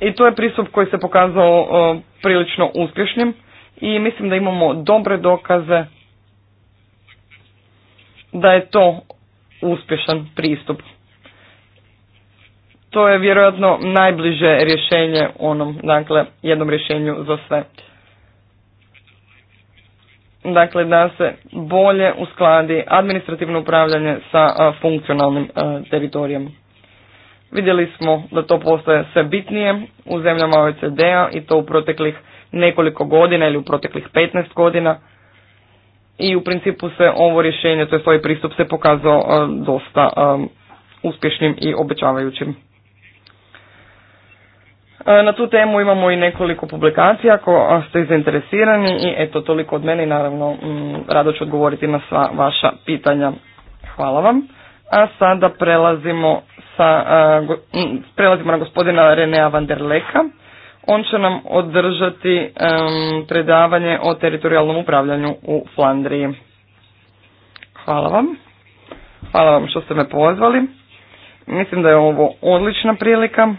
I to je pristup koji se pokazao e, prilično uspješnim i mislim da imamo dobre dokaze da je to uspješan pristup to je vjerojatno najbliže rješenje onom, dakle, jednom rješenju za sve. Dakle, da se bolje uskladi administrativno upravljanje sa funkcionalnim a, teritorijem. Vidjeli smo da to postaje sve bitnije u zemljama OECD-a i to u proteklih nekoliko godina ili u proteklih 15 godina. I u principu se ovo rješenje, to je svoj pristup, se pokazao dosta uspješnim i obećavajućim. E, na tu temu imamo i nekoliko publikacija ako ste zainteresirani i eto toliko od mene i naravno mm, rado ću odgovoriti na sva vaša pitanja. Hvala vam. A sada prelazimo, sa, e, mm, prelazimo na gospodina Renea van der Leka. On će nam održati predavanje o teritorijalnom upravljanju u Flandriji. Hvala vam. Hvala vam što ste me pozvali. Mislim da je ovo odlična prilika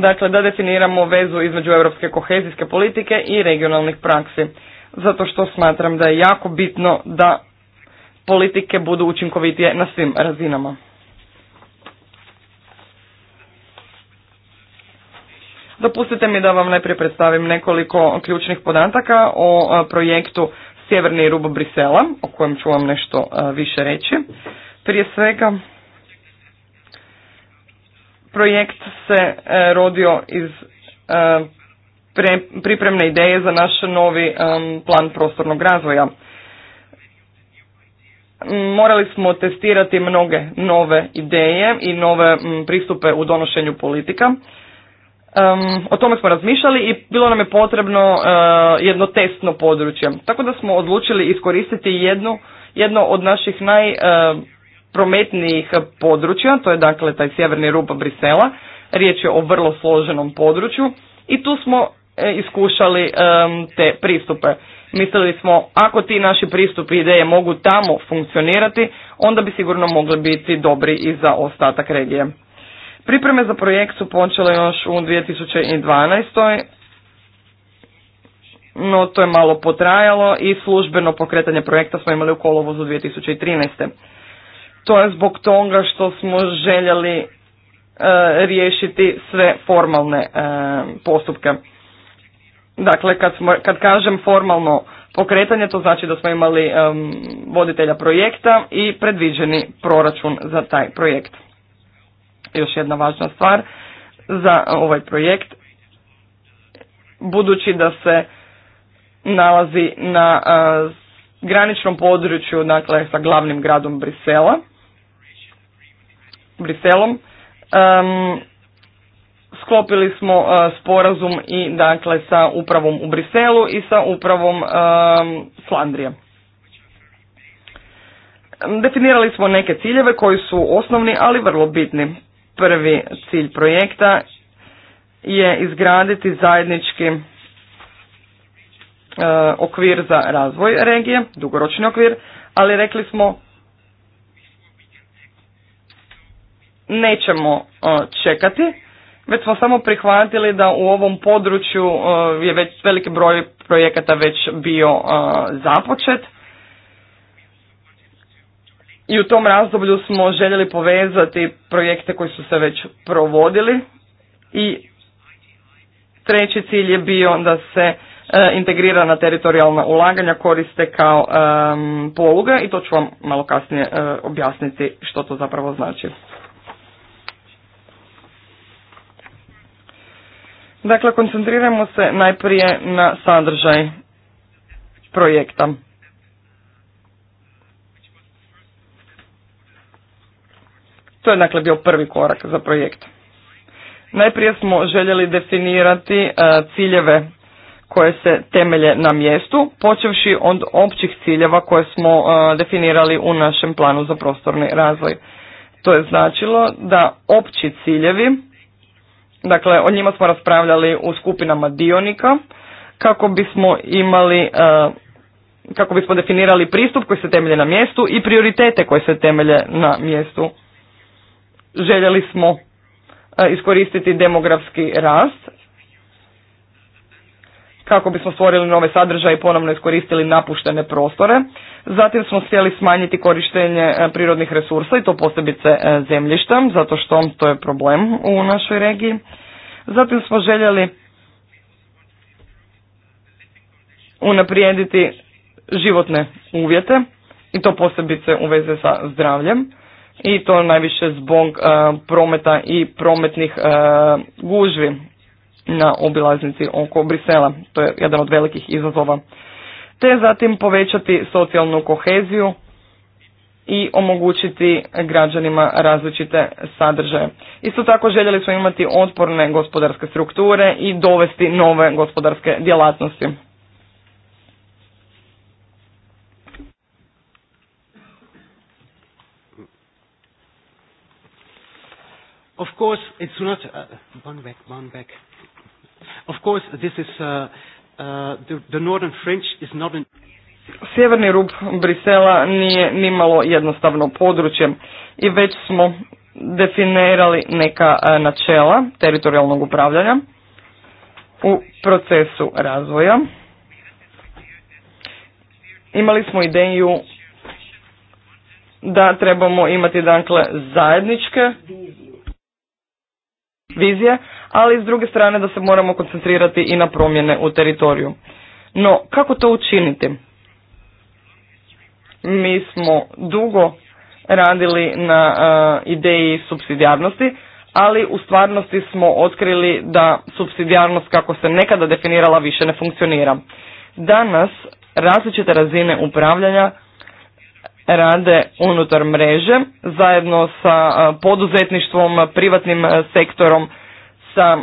Dakle, da definiramo vezu između europske kohezijske politike i regionalnih praksi. Zato što smatram da je jako bitno da politike budu učinkovitije na svim razinama. Dopustite mi da vam najprije predstavim nekoliko ključnih podataka o e, projektu Sjeverni rubo Brisela, o kojem ću vam nešto e, više reći. Prije svega, Projekt se e, rodio iz e, pripremne ideje za naš novi e, plan prostornog razvoja. Morali smo testirati mnoge nove ideje i nove pristupe u donošenju politika. o tome smo razmišljali i bilo nam je potrebno jedno testno područje. Tako da smo odlučili iskoristiti jednu, jedno od naših naj prometnijih područja, to je dakle taj sjeverni rupa Brisela, riječ je o vrlo složenom području i tu smo e, iskušali te pristupe. Mislili smo ako ti naši pristupi ideje mogu tamo funkcionirati, onda bi sigurno mogli biti dobri i za ostatak regije. Pripreme za projekt su počele još u 2012. No to je malo potrajalo i službeno pokretanje projekta smo imali u kolovozu 2013. To je zbog toga što smo željeli e, riješiti sve formalne e, postupke. Dakle, kad, kad kažem formalno pokretanje, to znači da smo imali e, voditelja projekta i predviđeni proračun za taj projekt. Još jedna važna stvar za ovaj projekt, budući da se nalazi na graničnom području, dakle sa glavnim gradom Brisela. Briselom um, sklopili smo e, sporazum i dakle sa upravom u Briselu i sa upravom um, Flandrije. Definirali smo neke ciljeve koji su osnovni, ali vrlo bitni. Prvi cilj projekta je izgraditi zajednički e, okvir za razvoj regije, dugoročni okvir, ali rekli smo nećemo e, čekati, već smo samo prihvatili da u ovom području e, je već veliki broj projekata već bio e, započet. I u tom razdoblju smo željeli povezati projekte koji su se već provodili i treći cilj je bio da se integrirana teritorijalna ulaganja koriste kao poluga i to ću vam malo kasnije objasniti što to zapravo znači. Dakle, koncentriramo se najprije na sadržaj projekta. To je dakle bio prvi korak za projekt. Najprije smo željeli definirati e, ciljeve koje se temelje na mjestu, počevši od općih ciljeva koje smo e, definirali u našem planu za prostorni razvoj. To je značilo da opći ciljevi Dakle, o njima smo raspravljali u skupinama dionika kako bismo imali, e, kako bismo definirali pristup koji se temelje na mjestu i prioritete koje se temelje na mjestu. Željeli smo e, iskoristiti demografski rast kako bismo stvorili nove sadržaje i ponovno iskoristili napuštene prostore. Zatim smo htjeli smanjiti korištenje e, prirodnih resursa i to posebice e, zemljišta, zato što to je problem u našoj regiji. Zatim smo željeli unaprijediti životne uvjete i to posebice u veze sa zdravljem i to najviše zbog e, prometa i prometnih gužvi na obilaznici oko Brisela. To je jedan od velikih izazova te zatim povećati socijalnu koheziju i omogućiti građanima različite sadržaje. Isto tako željeli smo imati otporne gospodarske strukture i dovesti nove gospodarske djelatnosti. Of course, it's uh, one back, one back. Of course, this is... Uh, Uh, the, the northern French is not an... Sjeverni rub Brisela nije nimalo jednostavno područje i već smo definirali neka e, načela teritorijalnog upravljanja u procesu razvoja. Imali smo ideju da trebamo imati dakle zajedničke vizije, ali s druge strane da se moramo koncentrirati i na promjene u teritoriju. No, kako to učiniti? Mi smo dugo radili na e, ideji subsidijarnosti, ali u stvarnosti smo otkrili da subsidijarnost kako se nekada definirala više ne funkcionira. Danas različite razine upravljanja rade unutar mreže zajedno sa poduzetništvom, privatnim sektorom, sa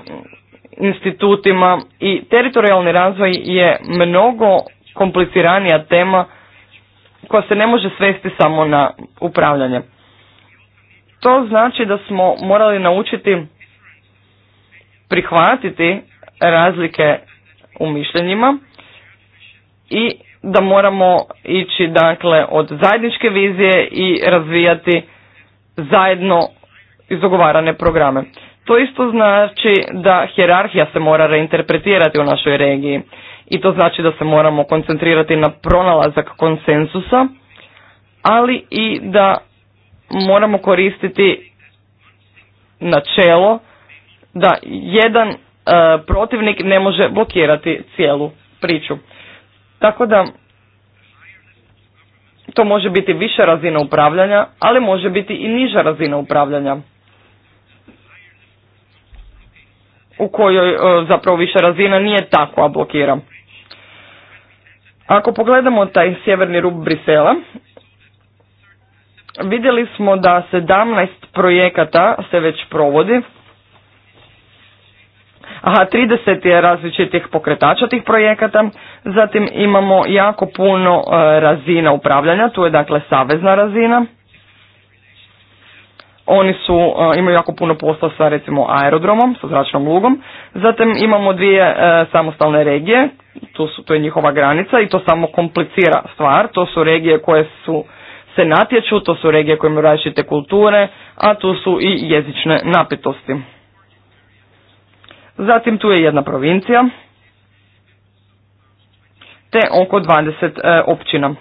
institutima i teritorijalni razvoj je mnogo kompliciranija tema koja se ne može svesti samo na upravljanje. To znači da smo morali naučiti prihvatiti razlike u mišljenjima i da moramo ići dakle od zajedničke vizije i razvijati zajedno izogovarane programe. To isto znači da hjerarhija se mora reinterpretirati u našoj regiji i to znači da se moramo koncentrirati na pronalazak konsensusa, ali i da moramo koristiti načelo da jedan e, protivnik ne može blokirati cijelu priču. Tako da to može biti više razina upravljanja, ali može biti i niža razina upravljanja u kojoj e, zapravo više razina nije tako, a blokira. Ako pogledamo taj sjeverni rub Brisela, vidjeli smo da 17 projekata se već provodi Aha, 30 je različitih pokretača tih projekata, zatim imamo jako puno e, razina upravljanja, tu je dakle savezna razina. Oni su, e, imaju jako puno posla sa recimo aerodromom, sa zračnom lugom. Zatim imamo dvije e, samostalne regije, to, su, to je njihova granica i to samo komplicira stvar. To su regije koje su se natječu, to su regije koje imaju različite kulture, a tu su i jezične napetosti. Zatim tu je jedna provincija, te oko 20 e, općina.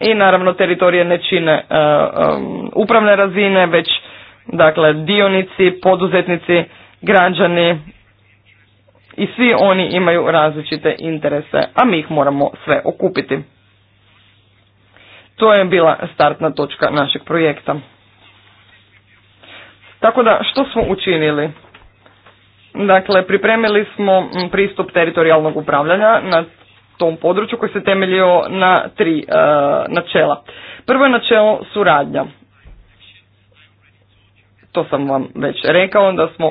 I naravno teritorije ne čine e, e, upravne razine, već dakle dionici, poduzetnici, građani i svi oni imaju različite interese, a mi ih moramo sve okupiti. To je bila startna točka našeg projekta. Tako da, što smo učinili? Dakle, pripremili smo mm, pristup teritorijalnog upravljanja na tom području koji se temeljio na tri e, načela. Prvo je načelo suradnja. To sam vam već rekao, da smo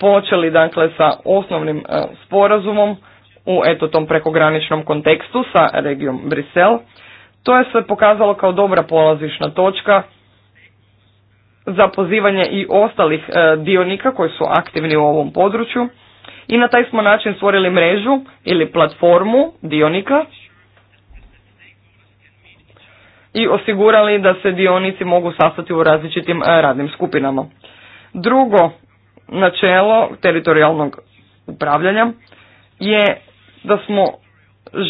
počeli dakle sa osnovnim e, sporazumom u eto tom prekograničnom kontekstu sa regijom Brisel. To je se pokazalo kao dobra polazišna točka za pozivanje i ostalih e, dionika koji su aktivni u ovom području i na taj smo način stvorili mrežu ili platformu dionika i osigurali da se dionici mogu sastati u različitim e, radnim skupinama. Drugo načelo teritorijalnog upravljanja je da smo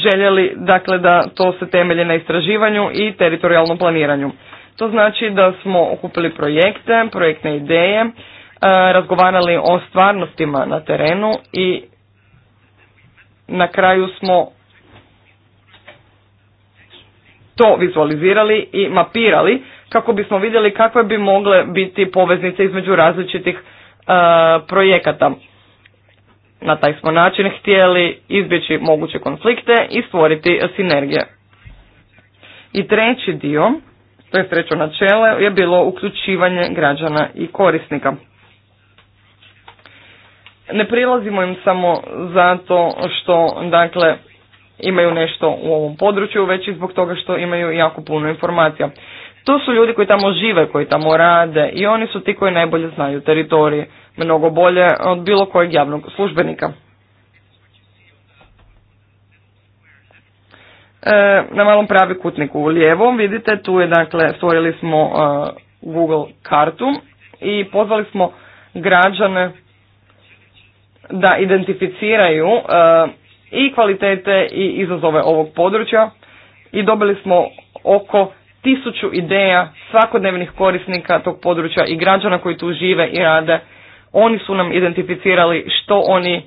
željeli dakle da to se temelji na istraživanju i teritorijalnom planiranju. To znači da smo okupili projekte, projektne ideje, e, razgovarali o stvarnostima na terenu i na kraju smo to vizualizirali i mapirali kako bismo vidjeli kakve bi mogle biti poveznice između različitih e, projekata. Na taj smo način htjeli izbjeći moguće konflikte i stvoriti sinergije. I treći dio to je treće načelo, je bilo uključivanje građana i korisnika. Ne prilazimo im samo zato što dakle, imaju nešto u ovom području, već i zbog toga što imaju jako puno informacija. To su ljudi koji tamo žive, koji tamo rade i oni su ti koji najbolje znaju teritorije, mnogo bolje od bilo kojeg javnog službenika. E, na malom pravi kutniku u lijevom vidite tu je dakle stvorili smo e, Google kartu i pozvali smo građane da identificiraju e, i kvalitete i izazove ovog područja i dobili smo oko tisuću ideja svakodnevnih korisnika tog područja i građana koji tu žive i rade. Oni su nam identificirali što oni,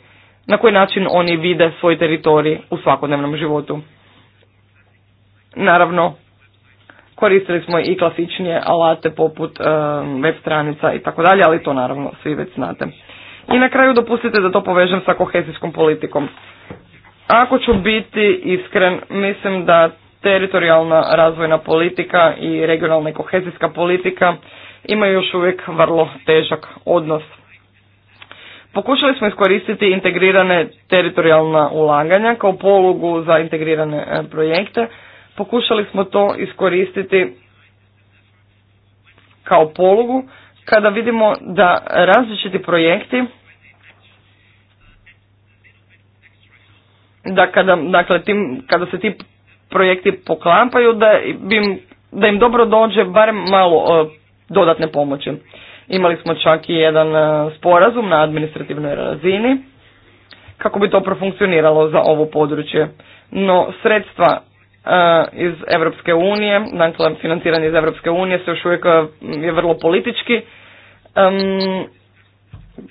na koji način oni vide svoj teritorij u svakodnevnom životu. Naravno, koristili smo i klasičnije alate poput e, web stranica i tako dalje, ali to naravno svi već znate. I na kraju dopustite da to povežem sa kohezijskom politikom. Ako ću biti iskren, mislim da teritorijalna razvojna politika i regionalna i kohezijska politika imaju još uvijek vrlo težak odnos. Pokušali smo iskoristiti integrirane teritorijalna ulaganja kao polugu za integrirane e, projekte, pokušali smo to iskoristiti kao polugu kada vidimo da različiti projekti da kada, dakle, tim, kada se ti projekti poklampaju da, im, da im dobro dođe barem malo e, dodatne pomoći. Imali smo čak i jedan e, sporazum na administrativnoj razini kako bi to profunkcioniralo za ovo područje. No sredstva E, iz Europske unije, dakle financiranje iz Europske unije se još uvijek e, je vrlo politički. Um,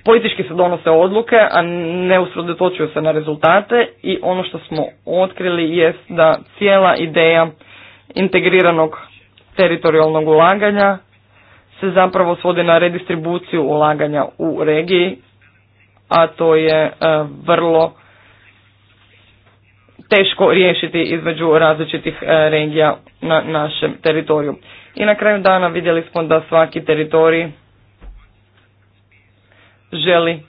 politički se donose odluke, a ne usredotočuju se na rezultate i ono što smo otkrili jest da cijela ideja integriranog teritorijalnog ulaganja se zapravo svodi na redistribuciju ulaganja u regiji, a to je e, vrlo teško riješiti između različitih e, regija na našem teritoriju. I na kraju dana vidjeli smo da svaki teritorij želi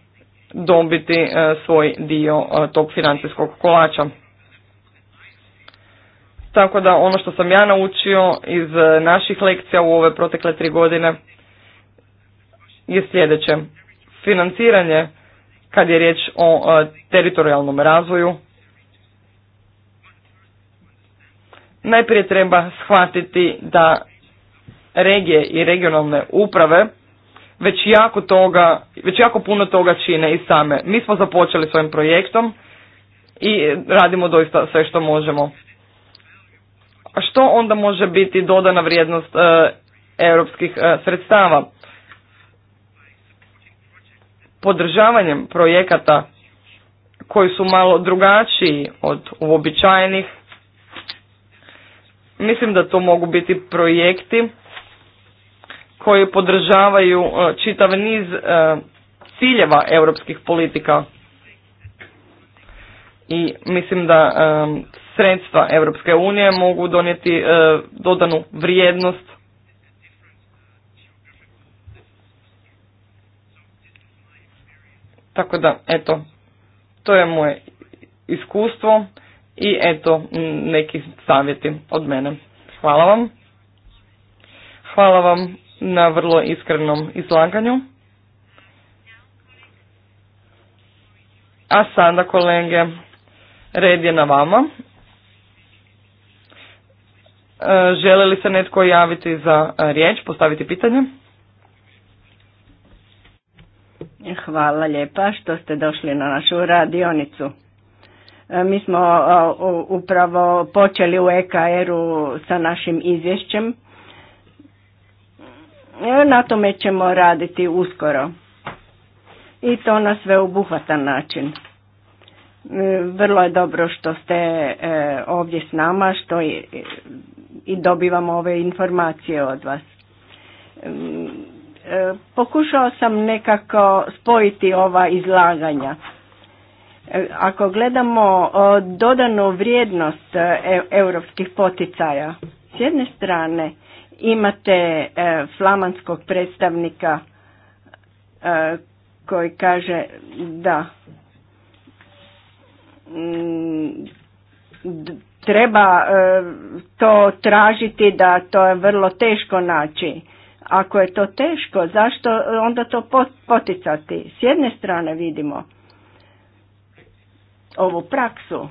dobiti e, svoj dio e, tog financijskog kolača. Tako da ono što sam ja naučio iz naših lekcija u ove protekle tri godine je sljedeće. Financiranje kad je riječ o teritorijalnom razvoju Najprije treba shvatiti da regije i regionalne uprave već jako, toga, već jako puno toga čine i same. Mi smo započeli svojim projektom i radimo doista sve što možemo. A što onda može biti dodana vrijednost e, europskih e, sredstava? Podržavanjem projekata koji su malo drugačiji od uobičajenih Mislim da to mogu biti projekti koji podržavaju e, čitav niz e, ciljeva europskih politika i mislim da e, sredstva Europske unije mogu donijeti dodanu vrijednost Tako da, eto, to je moje iskustvo i eto neki savjeti od mene. Hvala vam. Hvala vam na vrlo iskrenom izlaganju. A sada kolege, red je na vama. E, želi li se netko javiti za e, riječ, postaviti pitanje? Hvala lijepa što ste došli na našu radionicu. E, mi smo upravo počeli u EKR-u sa našim izvješćem. E, na tome ćemo raditi uskoro. I to na obuhvatan način. E, vrlo je dobro što ste ovdje s nama, što i dobivamo ove informacije od vas. Pokušao sam nekako spojiti ova izlaganja ako gledamo dodanu vrijednost e, europskih poticaja, s jedne strane imate e, flamanskog predstavnika e, koji kaže da mm, treba to tražiti da to je vrlo teško naći. Ako je to teško, zašto onda to poticati? S jedne strane vidimo ovu praksu.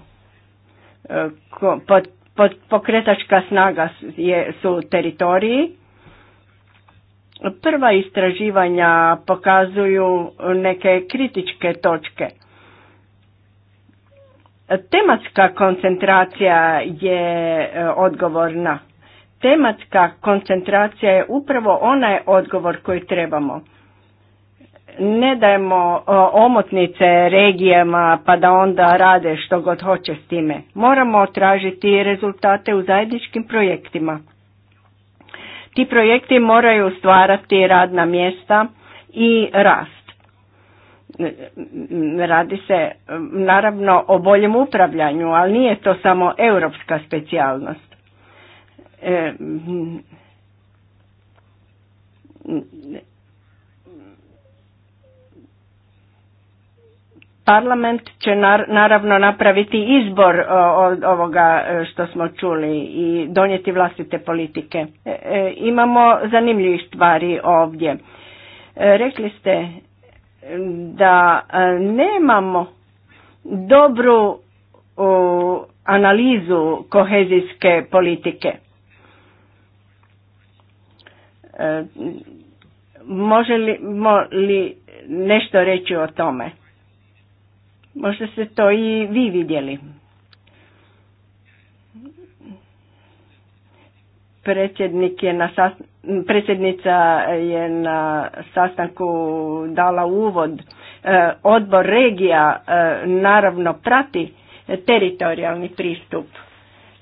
E, pokretačka snaga je, su teritoriji. Prva istraživanja pokazuju neke kritičke točke. Tematska koncentracija je e, odgovorna. Tematska koncentracija je upravo onaj odgovor koji trebamo ne dajemo omotnice regijama pa da onda rade što god hoće s time. Moramo tražiti rezultate u zajedničkim projektima. Ti projekti moraju stvarati radna mjesta i rast. Radi se naravno o boljem upravljanju, ali nije to samo europska specijalnost. E, Parlament će naravno napraviti izbor e, od ovoga e, što smo čuli i donijeti vlastite politike. E, imamo zanimljivih stvari ovdje. Rekli ste da nemamo dobru analizu kohezijske politike. Može li, mo li nešto reći o tome? Možda ste to i vi vidjeli. Predsjednik je na predsjednica je na sastanku dala uvod. E, odbor regija e, naravno prati teritorijalni pristup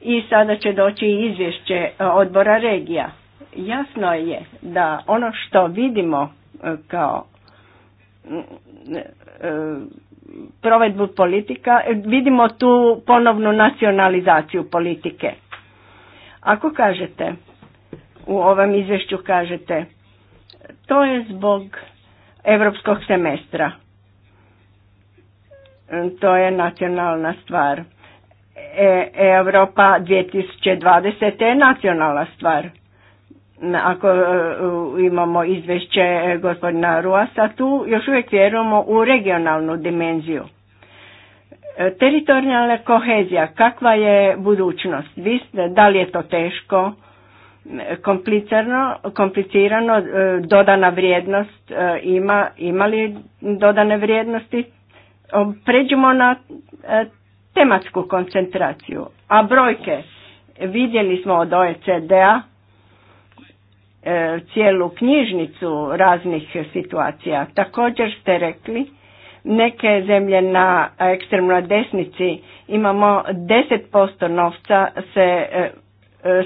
i sada će doći izvješće e, odbora regija. Jasno je da ono što vidimo kao provedbu politika, vidimo tu ponovnu nacionalizaciju politike. Ako kažete, u ovom izvješću kažete, to je zbog europskog semestra. To je nacionalna stvar. E, Europa 2020. je nacionalna stvar ako e, imamo izvješće e, gospodina Ruasa, tu još uvijek vjerujemo u regionalnu dimenziju. E, teritorijalna kohezija, kakva je budućnost? Vi ste, da li je to teško, komplicirano, dodana vrijednost, ima, ima li dodane vrijednosti? Pređemo na tematsku koncentraciju. A brojke, vidjeli smo od OECD-a, E, cijelu knjižnicu raznih situacija. Također ste rekli neke zemlje na ekstremnoj desnici imamo 10% novca se e, e,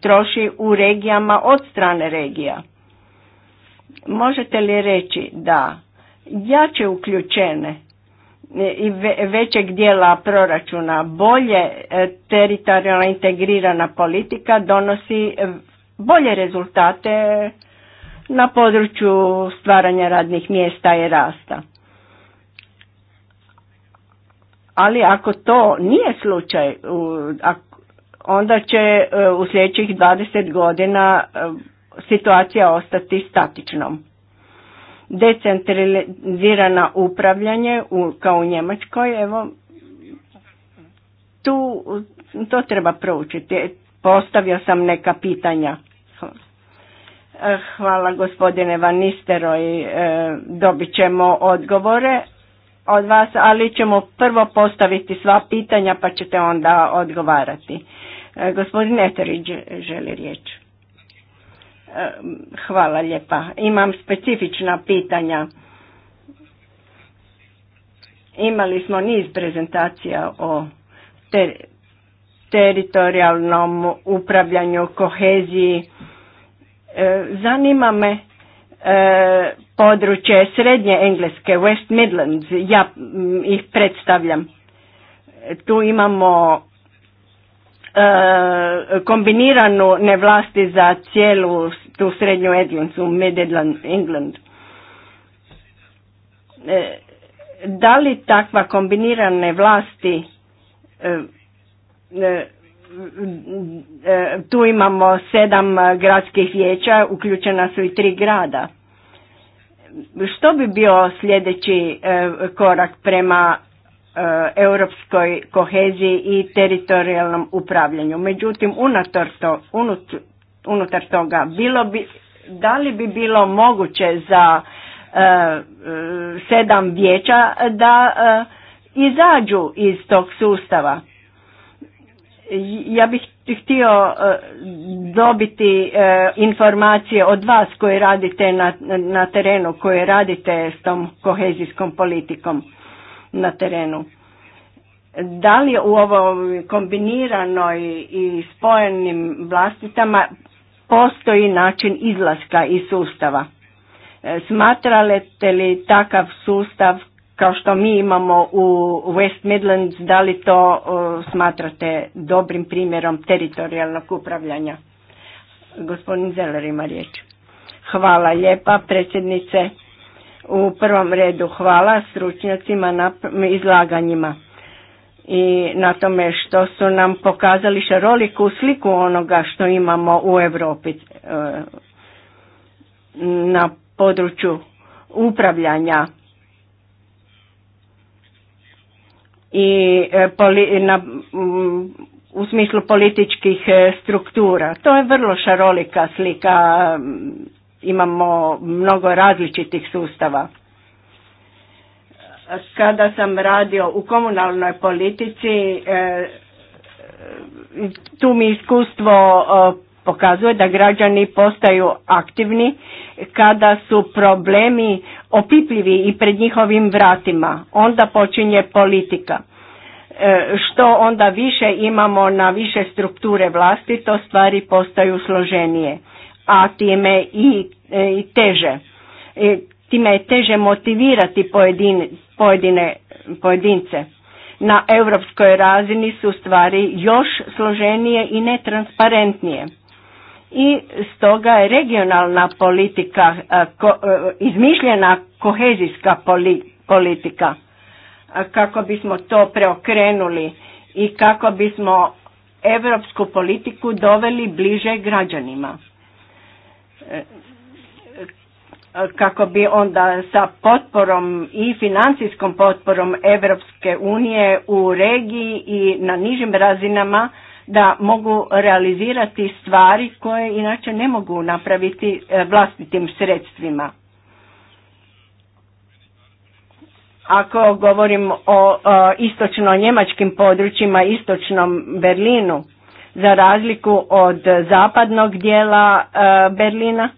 troši u regijama od strane regija. Možete li reći da jače uključene i većeg dijela proračuna bolje teritorijalno integrirana politika donosi bolje rezultate na području stvaranja radnih mjesta i rasta. Ali ako to nije slučaj, onda će e, u sljedećih 20 godina e, situacija ostati statičnom. Decentralizirana upravljanje kao u Njemačkoj, evo, tu to treba proučiti. Postavio sam neka pitanja. E, hvala gospodine Van Nisteroj, e, dobit ćemo odgovore od vas, ali ćemo prvo postaviti sva pitanja pa ćete onda odgovarati. E, gospodin Eterić želi riječ. Hvala lijepa. Imam specifična pitanja. Imali smo niz prezentacija o teritorijalnom upravljanju, koheziji, E, zanima me e, područje srednje Engleske, West Midlands, ja ih predstavljam. E, tu imamo kombiniranu nevlasti za cijelu tu srednju Edlands, midland Mid England. Da li takva kombinirane vlasti tu imamo sedam eh, gradskih vijeća, uključena su i tri grada. Što bi bio sljedeći eh, korak prema eh, europskoj koheziji i teritorijalnom upravljanju? Međutim, unutar, to, unutar toga, bilo bi, da li bi bilo moguće za sedam vijeća da izađu iz tog sustava? Ja bih htio e, dobiti e, informacije od vas koje radite na, na terenu, koji radite s tom kohezijskom politikom na terenu. Da li u ovom kombiniranoj i spojenim vlastitama postoji način izlaska iz sustava? E, smatrate li takav sustav kao što mi imamo u West Midlands, da li to e, smatrate dobrim primjerom teritorijalnog upravljanja? Gospodin Zeller ima riječ. Hvala lijepa predsjednice. U prvom redu hvala stručnjacima na izlaganjima i na tome što su nam pokazali šaroliku sliku onoga što imamo u Europi e, na području upravljanja E, i na, mm, u smislu političkih e, struktura. To je vrlo šarolika slika, mm, imamo mnogo različitih sustava. Kada sam radio u komunalnoj politici, e, tu mi iskustvo pokazuje da građani postaju aktivni kada su problemi opipljivi i pred njihovim vratima. Onda počinje politika. E, što onda više imamo na više strukture vlasti, to stvari postaju složenije, a time i, e, i teže. E, time je teže motivirati pojedine, pojedine, pojedince. Na europskoj razini su stvari još složenije i netransparentnije i stoga je regionalna politika, e, e, izmišljena kohezijska politika e, kako bismo to preokrenuli i kako bismo europsku politiku doveli bliže građanima. Kako bi onda sa potporom i financijskom potporom Europske unije u regiji i na nižim razinama da mogu realizirati stvari koje inače ne mogu napraviti e, vlastitim sredstvima. Ako govorim o e, istočno-njemačkim područjima, istočnom Berlinu, za razliku od zapadnog dijela e, Berlina,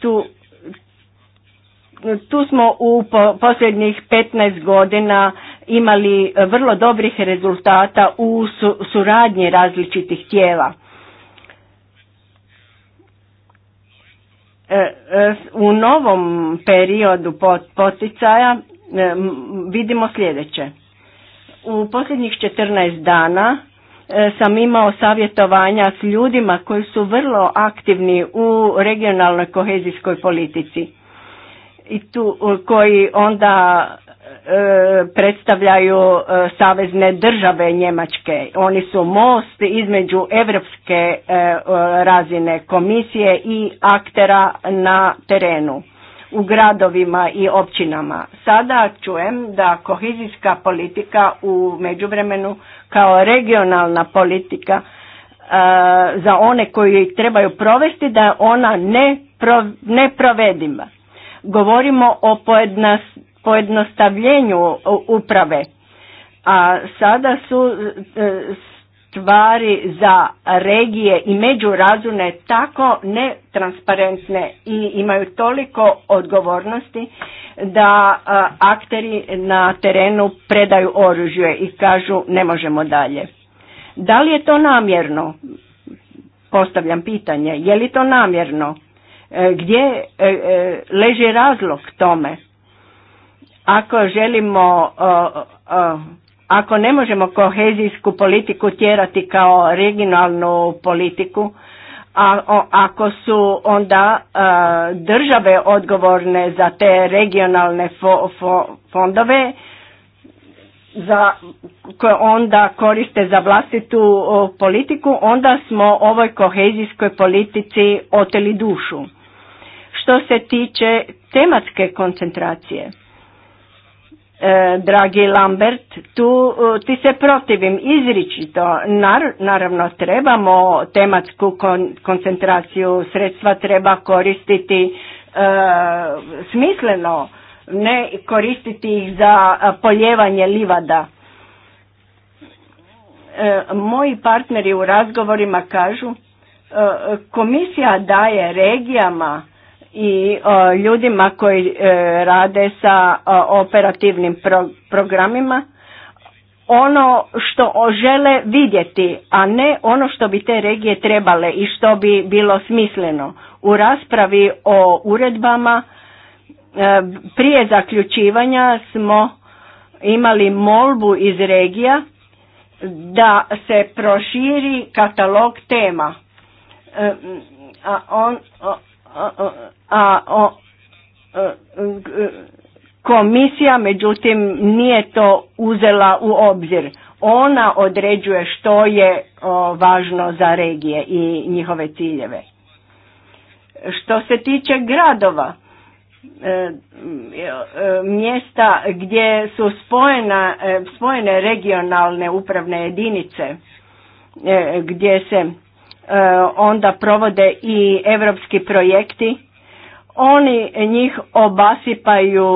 tu tu smo u posljednjih 15 godina imali e, vrlo dobrih rezultata u suradnji različitih tijela. E, e, u novom periodu poticaja vidimo sljedeće. U posljednjih 14 dana sam imao savjetovanja s ljudima koji su vrlo aktivni u regionalnoj kohezijskoj politici i tu e, koji onda e, predstavljaju e, savezne države Njemačke. Oni su most između evropske razine komisije i aktera na terenu u gradovima i općinama. Sada čujem da kohezijska politika u međuvremenu kao regionalna politika za one koji trebaju provesti da je ona provedima. Govorimo o pojednostavljenju uprave, a sada su e, stvari za regije i međurazune tako netransparentne i imaju toliko odgovornosti da e, akteri na terenu predaju oružje i kažu ne možemo dalje. Da li je to namjerno? Postavljam pitanje, je li to namjerno? E, gdje e, e, leži razlog tome? Ako želimo, ako ne možemo kohezijsku politiku tjerati kao regionalnu politiku, a ako su onda države odgovorne za te regionalne fondove, za, koje onda koriste za vlastitu politiku, onda smo ovoj kohezijskoj politici oteli dušu. Što se tiče tematske koncentracije, e, dragi Lambert, tu e, ti se protivim izričito. naravno, trebamo tematsku koncentraciju, sredstva treba koristiti e, smisleno, ne koristiti ih za poljevanje livada. moji partneri u razgovorima kažu, komisija daje regijama i e, ljudima koji e, rade sa e, operativnim programima ono što žele vidjeti, a ne ono što bi te regije trebale i što bi bilo smisleno. U raspravi o uredbama prije zaključivanja smo imali molbu iz regija da se proširi katalog tema. a on, a, a, e, komisija međutim nije to uzela u obzir. Ona određuje što je važno za regije i njihove ciljeve. Što se tiče gradova, e, e, mjesta gdje su spojena, spojene regionalne upravne jedinice, gdje se E, onda provode i europski projekti. Oni njih obasipaju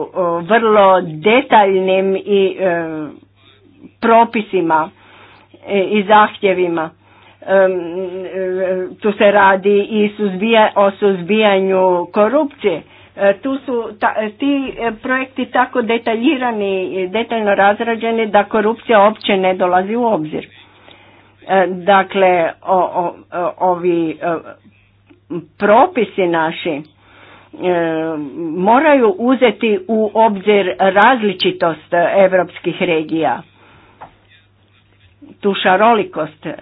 e, vrlo detaljnim i e, propisima i zahtjevima. Tu se radi i o suzbijanju korupcije. Tu su ti projekti tako detaljirani, detaljno razrađeni da korupcija uopće ne dolazi u obzir. Dakle, o, ovi e, propisi naši e, moraju uzeti u obzir različitost europskih regija, tu šarolikost e,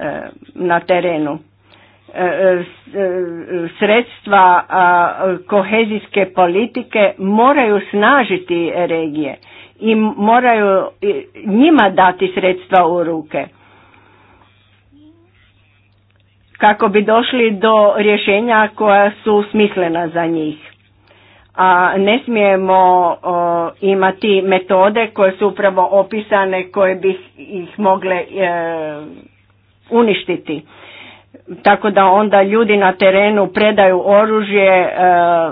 na terenu sredstva kohezijske politike moraju snažiti regije i moraju njima dati sredstva u ruke kako bi došli do rješenja koja su smislena za njih. A ne smijemo imati metode koje su upravo opisane koje bi ih mogle e, uništiti. Tako da onda ljudi na terenu predaju oružje, e,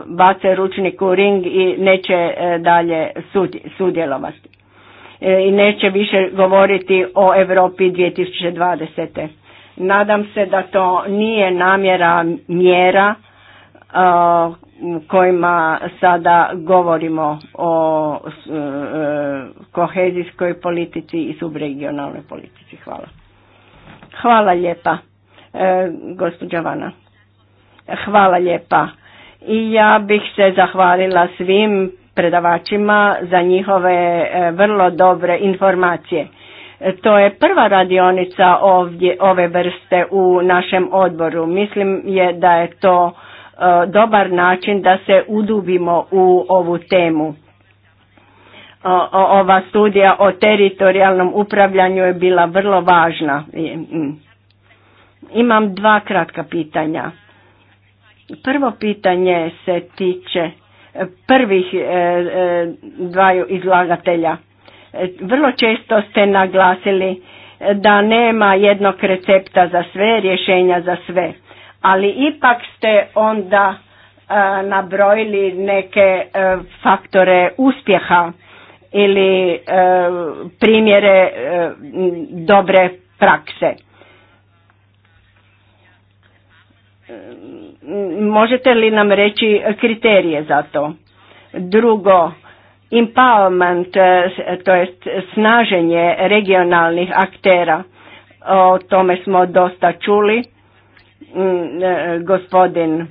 bace ručnik u ring i neće e, dalje sudjelovati. E, I neće više govoriti o Europi 2020. Nadam se da to nije namjera mjera uh, kojima sada govorimo o uh, kohezijskoj politici i subregionalnoj politici. Hvala. Hvala lijepa, e, gospođa Vana. Hvala lijepa. I ja bih se zahvalila svim predavačima za njihove e, vrlo dobre informacije. E, to je prva radionica ovdje, ove vrste u našem odboru. Mislim je da je to e, dobar način da se udubimo u ovu temu. Ova studija o teritorijalnom upravljanju je bila vrlo važna. Mm. Imam dva kratka pitanja. Prvo pitanje se tiče e, prvih dvaju izlagatelja E, vrlo često ste naglasili e, da nema jednog recepta za sve, rješenja za sve, ali ipak ste onda e, nabrojili neke faktore uspjeha ili primjere dobre prakse. Možete li nam reći kriterije za to? Drugo, empowerment, eh, to je snaženje regionalnih aktera. O tome smo dosta čuli. Mm, eh, gospodin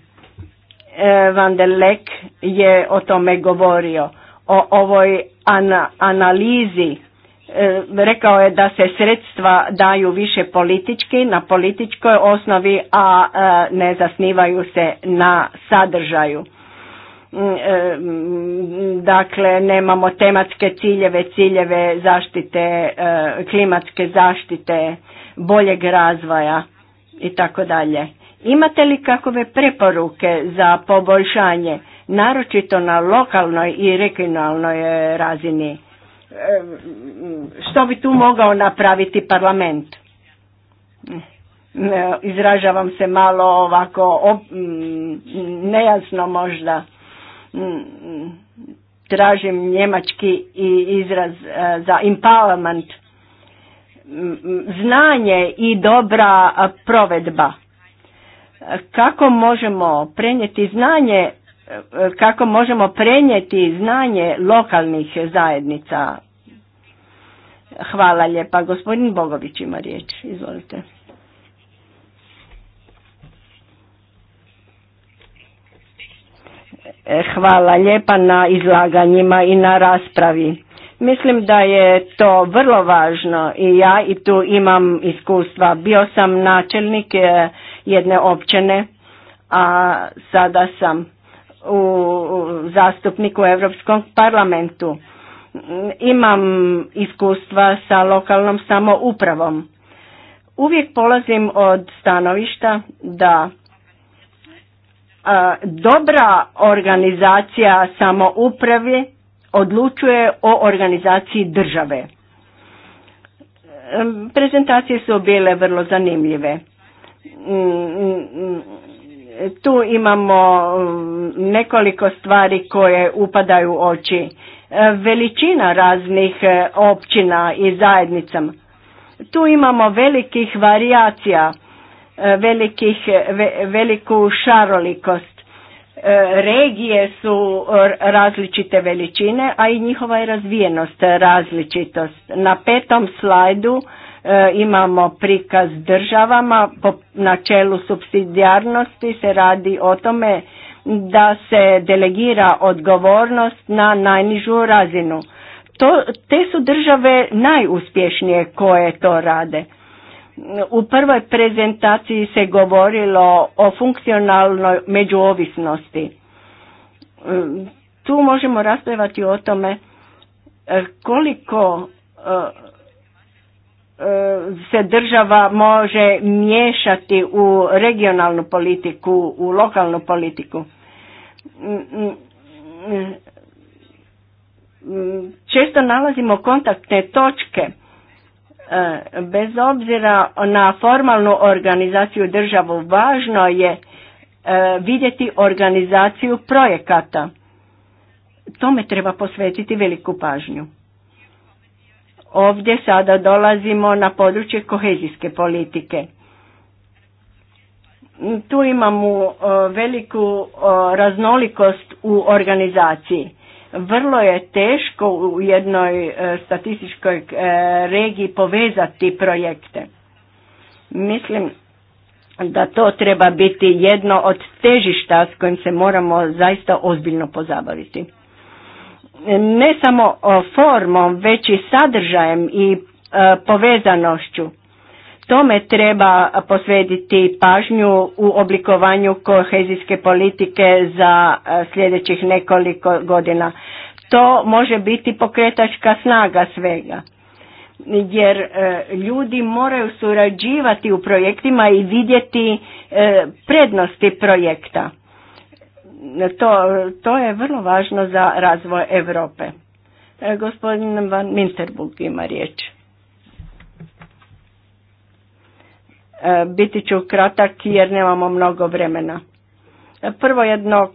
eh, Van der Lek je o tome govorio. O ovoj analizi rekao je da se sredstva daju više politički, na političkoj osnovi, a ne zasnivaju se na sadržaju. E, dakle nemamo tematske ciljeve, ciljeve zaštite, e, klimatske zaštite, boljeg razvoja i tako dalje. Imate li kakove preporuke za poboljšanje, naročito na lokalnoj i regionalnoj e, razini? Što bi tu mogao napraviti parlament? Izražavam se malo ovako nejasno možda tražim njemački izraz e, za empowerment, znanje i dobra e, provedba. E, kako možemo prenijeti znanje kako možemo prenijeti znanje lokalnih zajednica. Hvala lijepa. Gospodin Bogović ima riječ. Izvolite. E, hvala lijepa na izlaganjima i na raspravi. Mislim da je to vrlo važno i ja i tu imam iskustva. Bio sam načelnik e, jedne općine, a sada sam u zastupnik u Europskom parlamentu. Imam iskustva sa lokalnom samoupravom. Uvijek polazim od stanovišta da dobra organizacija samouprave odlučuje o organizaciji države. E, prezentacije su bile vrlo zanimljive. Mm, mm, tu imamo mm, nekoliko stvari koje upadaju u oči. E, veličina raznih e, općina i zajednicama. Tu imamo velikih varijacija velikih, veliku šarolikost. E, regije su različite veličine, a i njihova je razvijenost različitost. Na petom slajdu e, imamo prikaz državama po načelu subsidijarnosti se radi o tome da se delegira odgovornost na najnižu razinu. te su države najuspješnije koje to rade. U prvoj prezentaciji se govorilo o funkcionalnoj međuovisnosti. Tu možemo raspravati o tome e, koliko e, e, se država može miješati u regionalnu politiku, u lokalnu politiku. Često nalazimo kontaktne točke E, bez obzira na formalnu organizaciju državu, važno je e, vidjeti organizaciju projekata. Tome treba posvetiti veliku pažnju. Ovdje sada dolazimo na područje kohezijske politike. Tu imamo e, veliku raznolikost u organizaciji. Vrlo je teško u jednoj e, statističkoj e, regiji povezati projekte. Mislim da to treba biti jedno od težišta s kojim se moramo zaista ozbiljno pozabaviti. Ne samo formom, već i sadržajem i e, povezanošću tome treba posvetiti pažnju u oblikovanju kohezijske politike za e, sljedećih nekoliko godina. To može biti pokretačka snaga svega jer e, ljudi moraju surađivati u projektima i vidjeti e, prednosti projekta. To, to je vrlo važno za razvoj Europe. Gospodin Van Minterbug ima riječ. Biti ću kratak jer nemamo mnogo vremena. Prvo jedno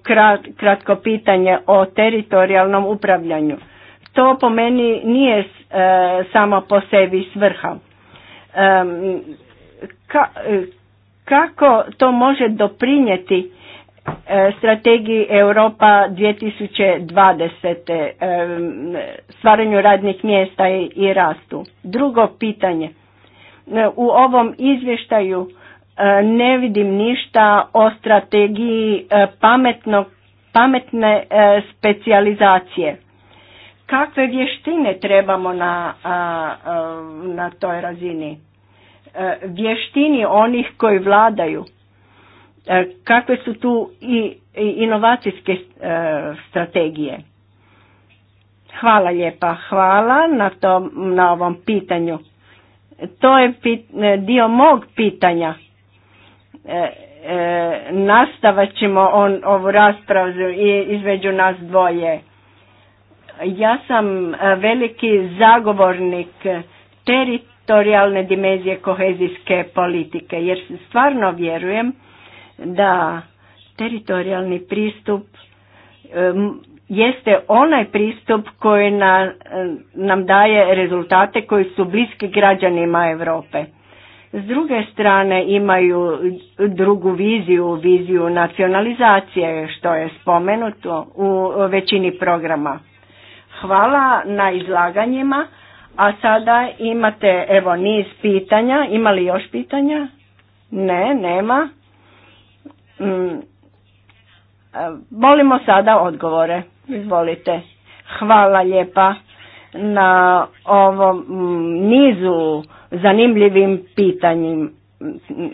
kratko pitanje o teritorijalnom upravljanju. To po meni nije e, samo po sebi svrha. E, kako to može doprinijeti e, strategiji Europa 2020. stvaranju radnih mjesta i rastu. Drugo pitanje. E, u ovom izvještaju e, ne vidim ništa o strategiji e, pametno, pametne specijalizacije. Kakve vještine trebamo na, na toj razini? Vještini onih koji vladaju. Kakve su tu i inovacijske strategije? Hvala lijepa, hvala na, tom, na ovom pitanju. To je e, dio mog pitanja. E, e, nastavat ćemo on, ovu raspravu i između nas dvoje. Ja sam e, veliki zagovornik teritorijalne dimenzije kohezijske politike jer stvarno vjerujem da teritorijalni pristup jeste onaj pristup koji nam daje rezultate koji su bliski građanima Europe. S druge strane imaju drugu viziju, viziju nacionalizacije što je spomenuto u većini programa. Hvala na izlaganjima, a sada imate evo niz pitanja, ima li još pitanja? Ne, nema. Volimo mm, e, sada odgovore. Izvolite. Hvala lijepa na ovom nizu zanimljivim pitanjima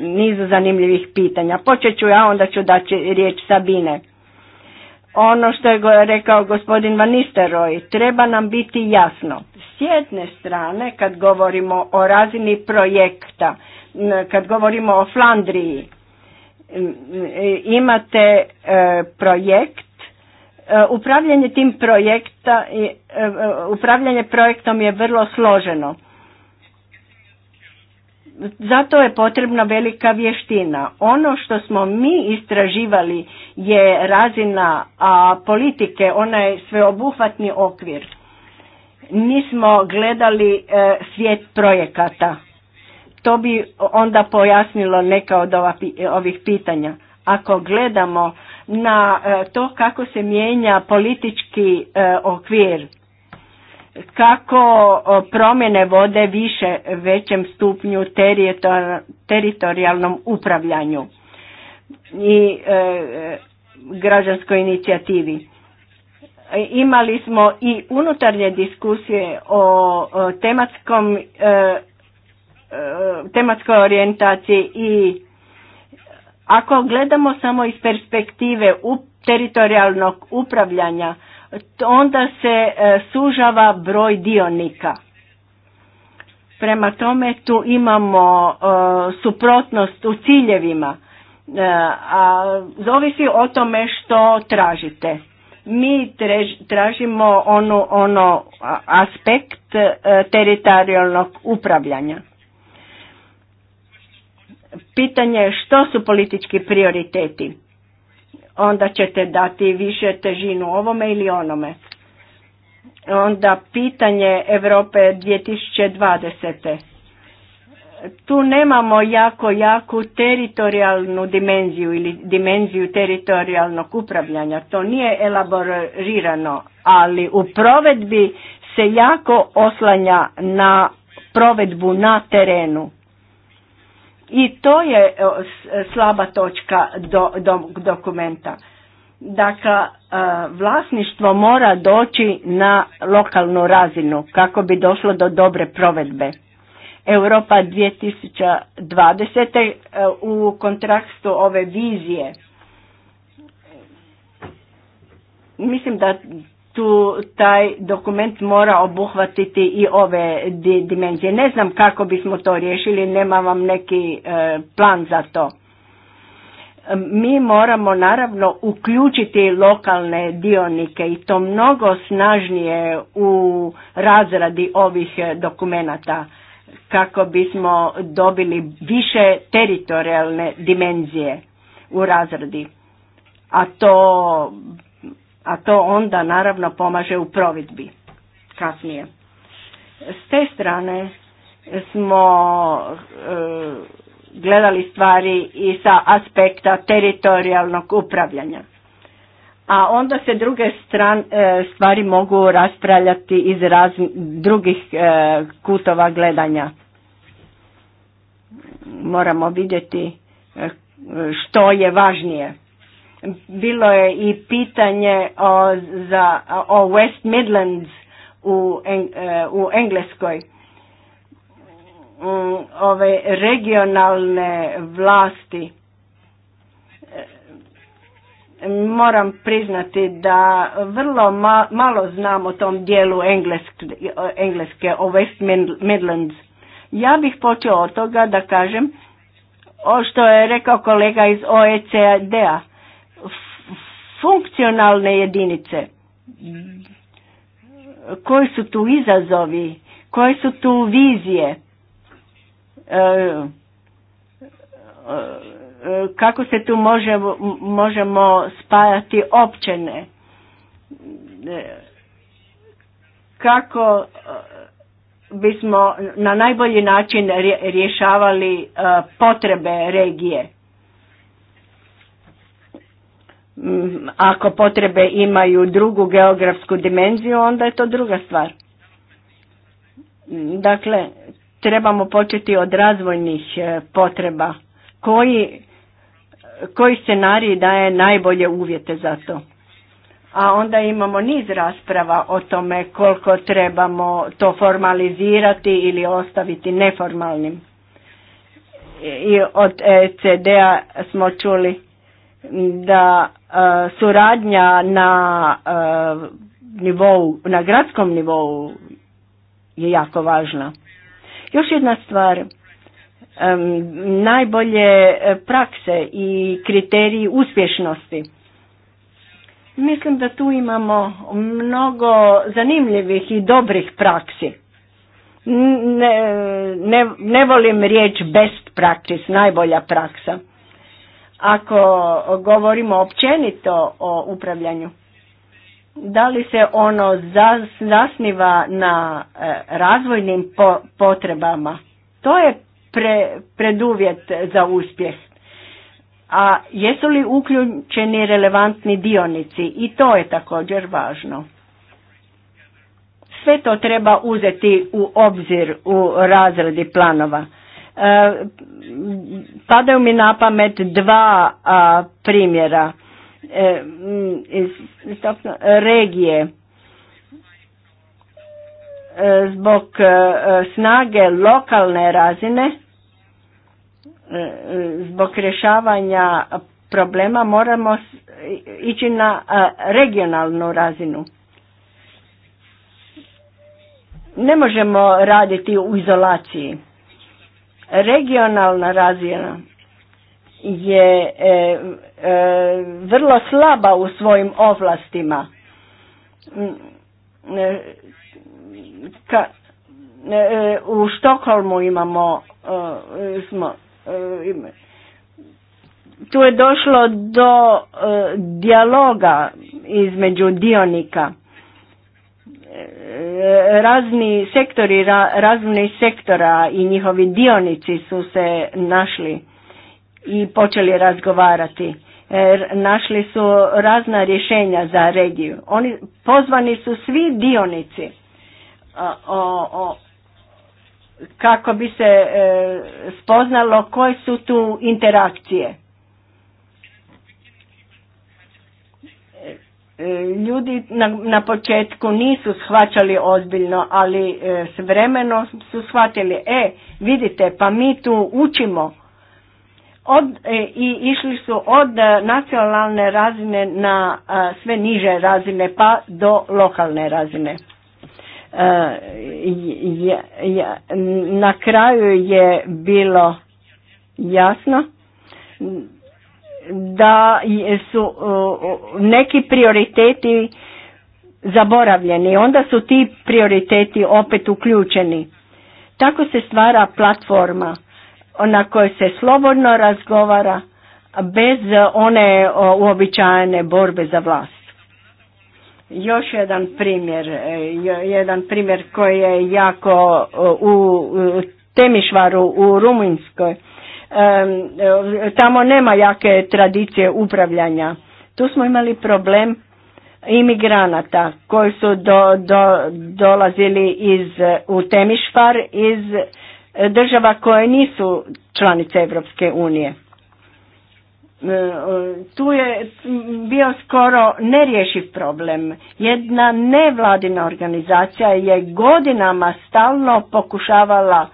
nizu zanimljivih pitanja. Počet ću ja, onda ću daći riječ Sabine. Ono što je rekao gospodin Van treba nam biti jasno. S jedne strane, kad govorimo o razini projekta, kad govorimo o Flandriji, imate e, projekt E, upravljanje tim projekta, e, e, upravljanje projektom je vrlo složeno. Zato je potrebna velika vještina. Ono što smo mi istraživali je razina a, politike, onaj sveobuhvatni okvir. Nismo gledali svijet projekata. To bi onda pojasnilo neka od ovih pitanja. Ako gledamo na e, to kako se mijenja politički e, okvir, kako promjene vode više većem stupnju teritorijalnom upravljanju i e, građanskoj inicijativi. Imali smo i unutarnje diskusije o tematskoj orijentaciji i ako gledamo samo iz perspektive teritorijalnog upravljanja, onda se e, sužava broj dionika. Prema tome tu imamo e, suprotnost u ciljevima, e, a zovisi o tome što tražite. Mi tražimo ono, ono aspekt teritorijalnog upravljanja. Pitanje je što su politički prioriteti. Onda ćete dati više težinu ovome ili onome. Onda pitanje Europe 2020. Tu nemamo jako, jaku teritorijalnu dimenziju ili dimenziju teritorijalnog upravljanja. To nije elaborirano, ali u provedbi se jako oslanja na provedbu na terenu. I to je e, slaba točka do, do, dokumenta. Dakle, e, vlasništvo mora doći na lokalnu razinu kako bi došlo do dobre provedbe. Europa 2020. E, u kontrakstu ove vizije. Mislim da tu taj dokument mora obuhvatiti i ove dimenzije. Ne znam kako bismo to riješili, nema vam neki e, plan za to. E, mi moramo naravno uključiti lokalne dionike i to mnogo snažnije u razradi ovih e, dokumenata kako bismo dobili više teritorijalne dimenzije u razradi. A to a to onda naravno pomaže u providbi kasnije. S te strane smo e, gledali stvari i sa aspekta teritorijalnog upravljanja. A onda se druge stran, e, stvari mogu raspravljati iz raz, drugih e, kutova gledanja. Moramo vidjeti što je važnije. Bilo je i pitanje o, za, o West Midlands u, e, u Engleskoj. Mm, ove regionalne vlasti e, moram priznati da vrlo ma, malo znam o tom dijelu Engleske, Engleske o West Midlands. Ja bih počeo od toga da kažem o što je rekao kolega iz OECD-a funkcionalne jedinice. Koji su tu izazovi? Koje su tu vizije? E, e, e, kako se tu možemo spajati općene? Kako bismo na najbolji način rješavali potrebe regije? Mm, ako potrebe imaju drugu geografsku dimenziju, onda je to druga stvar. Mm, dakle, trebamo početi od razvojnih e, potreba. Koji, koji scenarij daje najbolje uvjete za to? A onda imamo niz rasprava o tome koliko trebamo to formalizirati ili ostaviti neformalnim. I od ECD-a smo čuli da e, suradnja na e, nivou, na gradskom nivou je jako važna. Još jedna stvar, najbolje prakse i kriteriji uspješnosti. Mislim da tu imamo mnogo zanimljivih i dobrih praksi. Ne, ne, ne volim riječ best practice, najbolja praksa. Ako govorimo općenito o upravljanju, da li se ono zasniva na e, razvojnim potrebama? To je preduvjet za uspjeh. A jesu li uključeni relevantni dionici? I to je također važno. Sve to treba uzeti u obzir u razredi planova. E, padaju mi na pamet dva primjera e, mm, iz regije e, zbog snage lokalne razine, zbog rješavanja problema moramo ići na regionalnu razinu. Ne možemo raditi u izolaciji. Regionalna razina je e, e, vrlo slaba u svojim ovlastima. Mm, e, ka, e, u Štokholmu imamo smo tu je došlo do dijaloga između dionika E, razni sektori, raznih sektora i njihovi dionici su se našli i počeli razgovarati. E, našli su razna rješenja za regiju. Oni pozvani su svi dionici o, o, kako bi se e, spoznalo koje su tu interakcije. E, ljudi na, na početku nisu shvaćali ozbiljno, ali e, s vremenom su shvatili, e, vidite, pa mi tu učimo od, e, i išli su od nacionalne razine na sve niže razine pa do lokalne razine. Na kraju je bilo jasno da su e, neki prioriteti zaboravljeni, onda su ti prioriteti opet uključeni. Tako se stvara platforma na kojoj se slobodno razgovara bez one e, uobičajene borbe za vlast. Još jedan primjer, e, jedan primjer koji je jako u Temišvaru u Rumunjskoj E, tamo nema jake tradicije upravljanja. Tu smo imali problem imigranata koji su do, dolazili iz, u Temišvar iz država koje nisu članice Europske unije. E, tu je bio skoro nerješiv problem. Jedna nevladina organizacija je godinama stalno pokušavala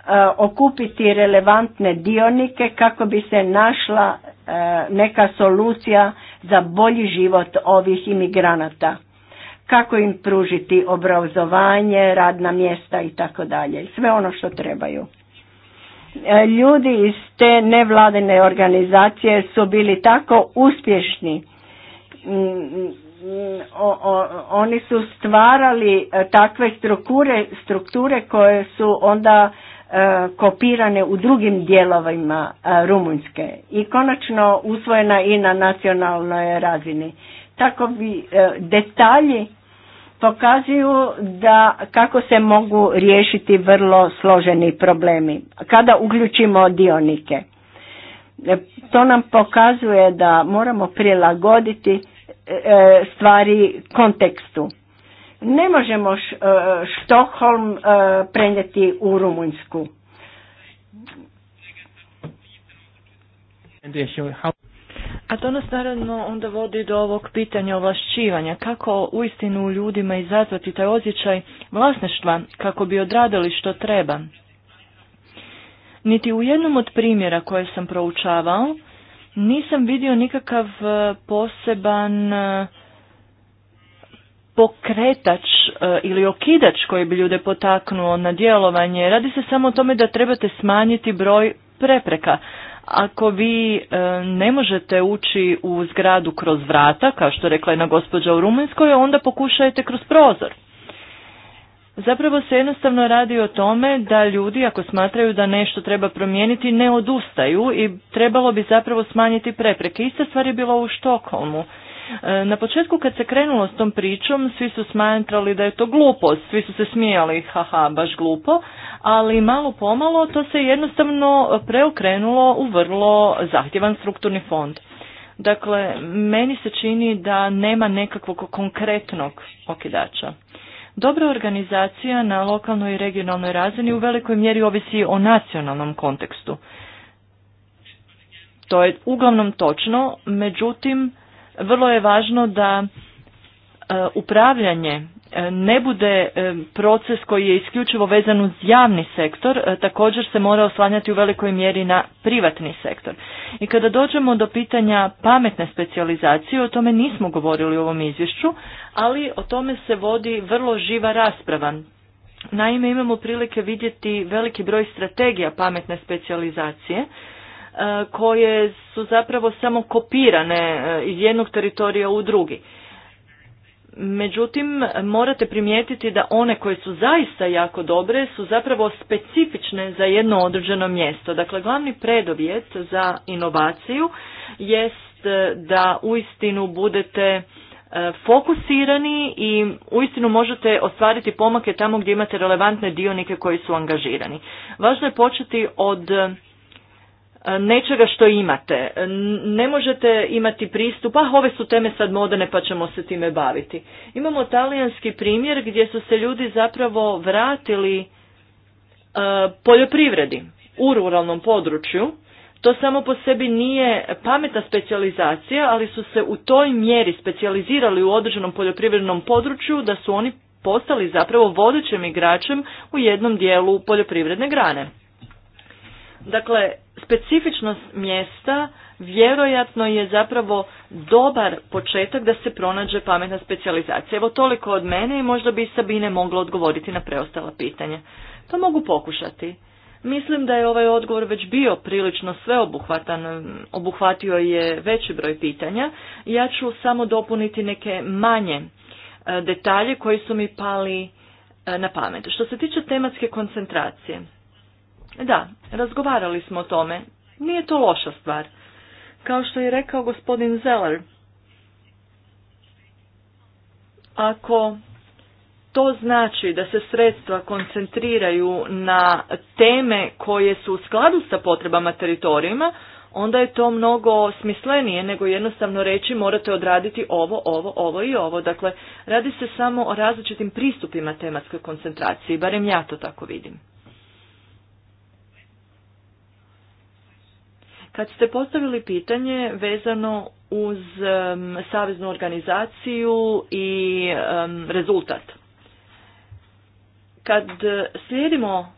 E, okupiti relevantne dionike kako bi se našla e, neka solucija za bolji život ovih imigranata. Kako im pružiti obrazovanje, radna mjesta i tako dalje. Sve ono što trebaju. E, ljudi iz te nevladine organizacije su bili tako uspješni. Mm, mm, oni su stvarali takve strukture, strukture koje su onda E, kopirane u drugim dijelovima e, Rumunjske i konačno usvojena i na nacionalnoj razini. Tako bi e, detalji pokazuju da kako se mogu riješiti vrlo složeni problemi kada uključimo dionike. To nam pokazuje da moramo prilagoditi stvari kontekstu. Ne možemo e, Štokholm e, prenijeti u Rumunjsku. A to nas naravno onda vodi do ovog pitanja ovlašćivanja. Kako uistinu u ljudima izazvati taj osjećaj vlasništva kako bi odradili što treba. Niti u jednom od primjera koje sam proučavao nisam vidio nikakav e, poseban pokretač e, ili okidač koji bi ljude potaknuo na djelovanje. Radi se samo o tome da trebate smanjiti broj prepreka. Ako vi e, ne možete ući u zgradu kroz vrata, kao što rekla jedna gospođa u Rumunjskoj, onda pokušajte kroz prozor. Zapravo se jednostavno radi o tome da ljudi ako smatraju da nešto treba promijeniti ne odustaju i trebalo bi zapravo smanjiti prepreke. Ista stvar je bila u Štokholmu. E, na početku kad se krenulo s tom pričom, svi su smatrali da je to glupost, svi su se smijali, haha, baš glupo, ali malo pomalo to se jednostavno preokrenulo u vrlo zahtjevan strukturni fond. Dakle, meni se čini da nema nekakvog konkretnog okidača. Dobra organizacija na lokalnoj i regionalnoj razini u velikoj mjeri ovisi o nacionalnom kontekstu. To je uglavnom točno, međutim, vrlo je važno da e, upravljanje e, ne bude e, proces koji je isključivo vezan uz javni sektor, također se mora oslanjati u velikoj mjeri na privatni sektor. I kada dođemo do pitanja pametne specijalizacije, o tome nismo govorili u ovom izvješću, ali o tome se vodi vrlo živa rasprava. Naime, imamo prilike vidjeti veliki broj strategija pametne specijalizacije, E, koje su zapravo samo kopirane e, iz jednog teritorija u drugi. Međutim, morate primijetiti da one koje su zaista jako dobre su zapravo specifične za jedno određeno mjesto. Dakle, glavni predovjet za inovaciju jest e, da uistinu budete fokusirani i uistinu možete ostvariti pomake tamo gdje imate relevantne dionike koji su angažirani. Važno je početi od E, nečega što imate. Ne možete imati pristup, a ah, ove su teme sad moderne pa ćemo se time baviti. Imamo talijanski primjer gdje su se ljudi zapravo vratili e, poljoprivredi u ruralnom području. To samo po sebi nije pametna specijalizacija, ali su se u toj mjeri specijalizirali u određenom poljoprivrednom području da su oni postali zapravo vodećim igračem u jednom dijelu poljoprivredne grane. Dakle, specifičnost mjesta vjerojatno je zapravo dobar početak da se pronađe pametna specijalizacija. Evo toliko od mene i možda bi Sabine mogla odgovoriti na preostala pitanja. To mogu pokušati. Mislim da je ovaj odgovor već bio prilično sveobuhvatan, obuhvatio je veći broj pitanja. Ja ću samo dopuniti neke manje e, detalje koji su mi pali e, na pamet. Što se tiče tematske koncentracije, da, razgovarali smo o tome. Nije to loša stvar. Kao što je rekao gospodin Zeller, ako to znači da se sredstva koncentriraju na teme koje su u skladu sa potrebama teritorijima, onda je to mnogo smislenije nego jednostavno reći morate odraditi ovo, ovo, ovo i ovo. Dakle, radi se samo o različitim pristupima tematskoj koncentraciji, barem ja to tako vidim. Kad ste postavili pitanje vezano uz saveznu organizaciju i rezultat. Kad slijedimo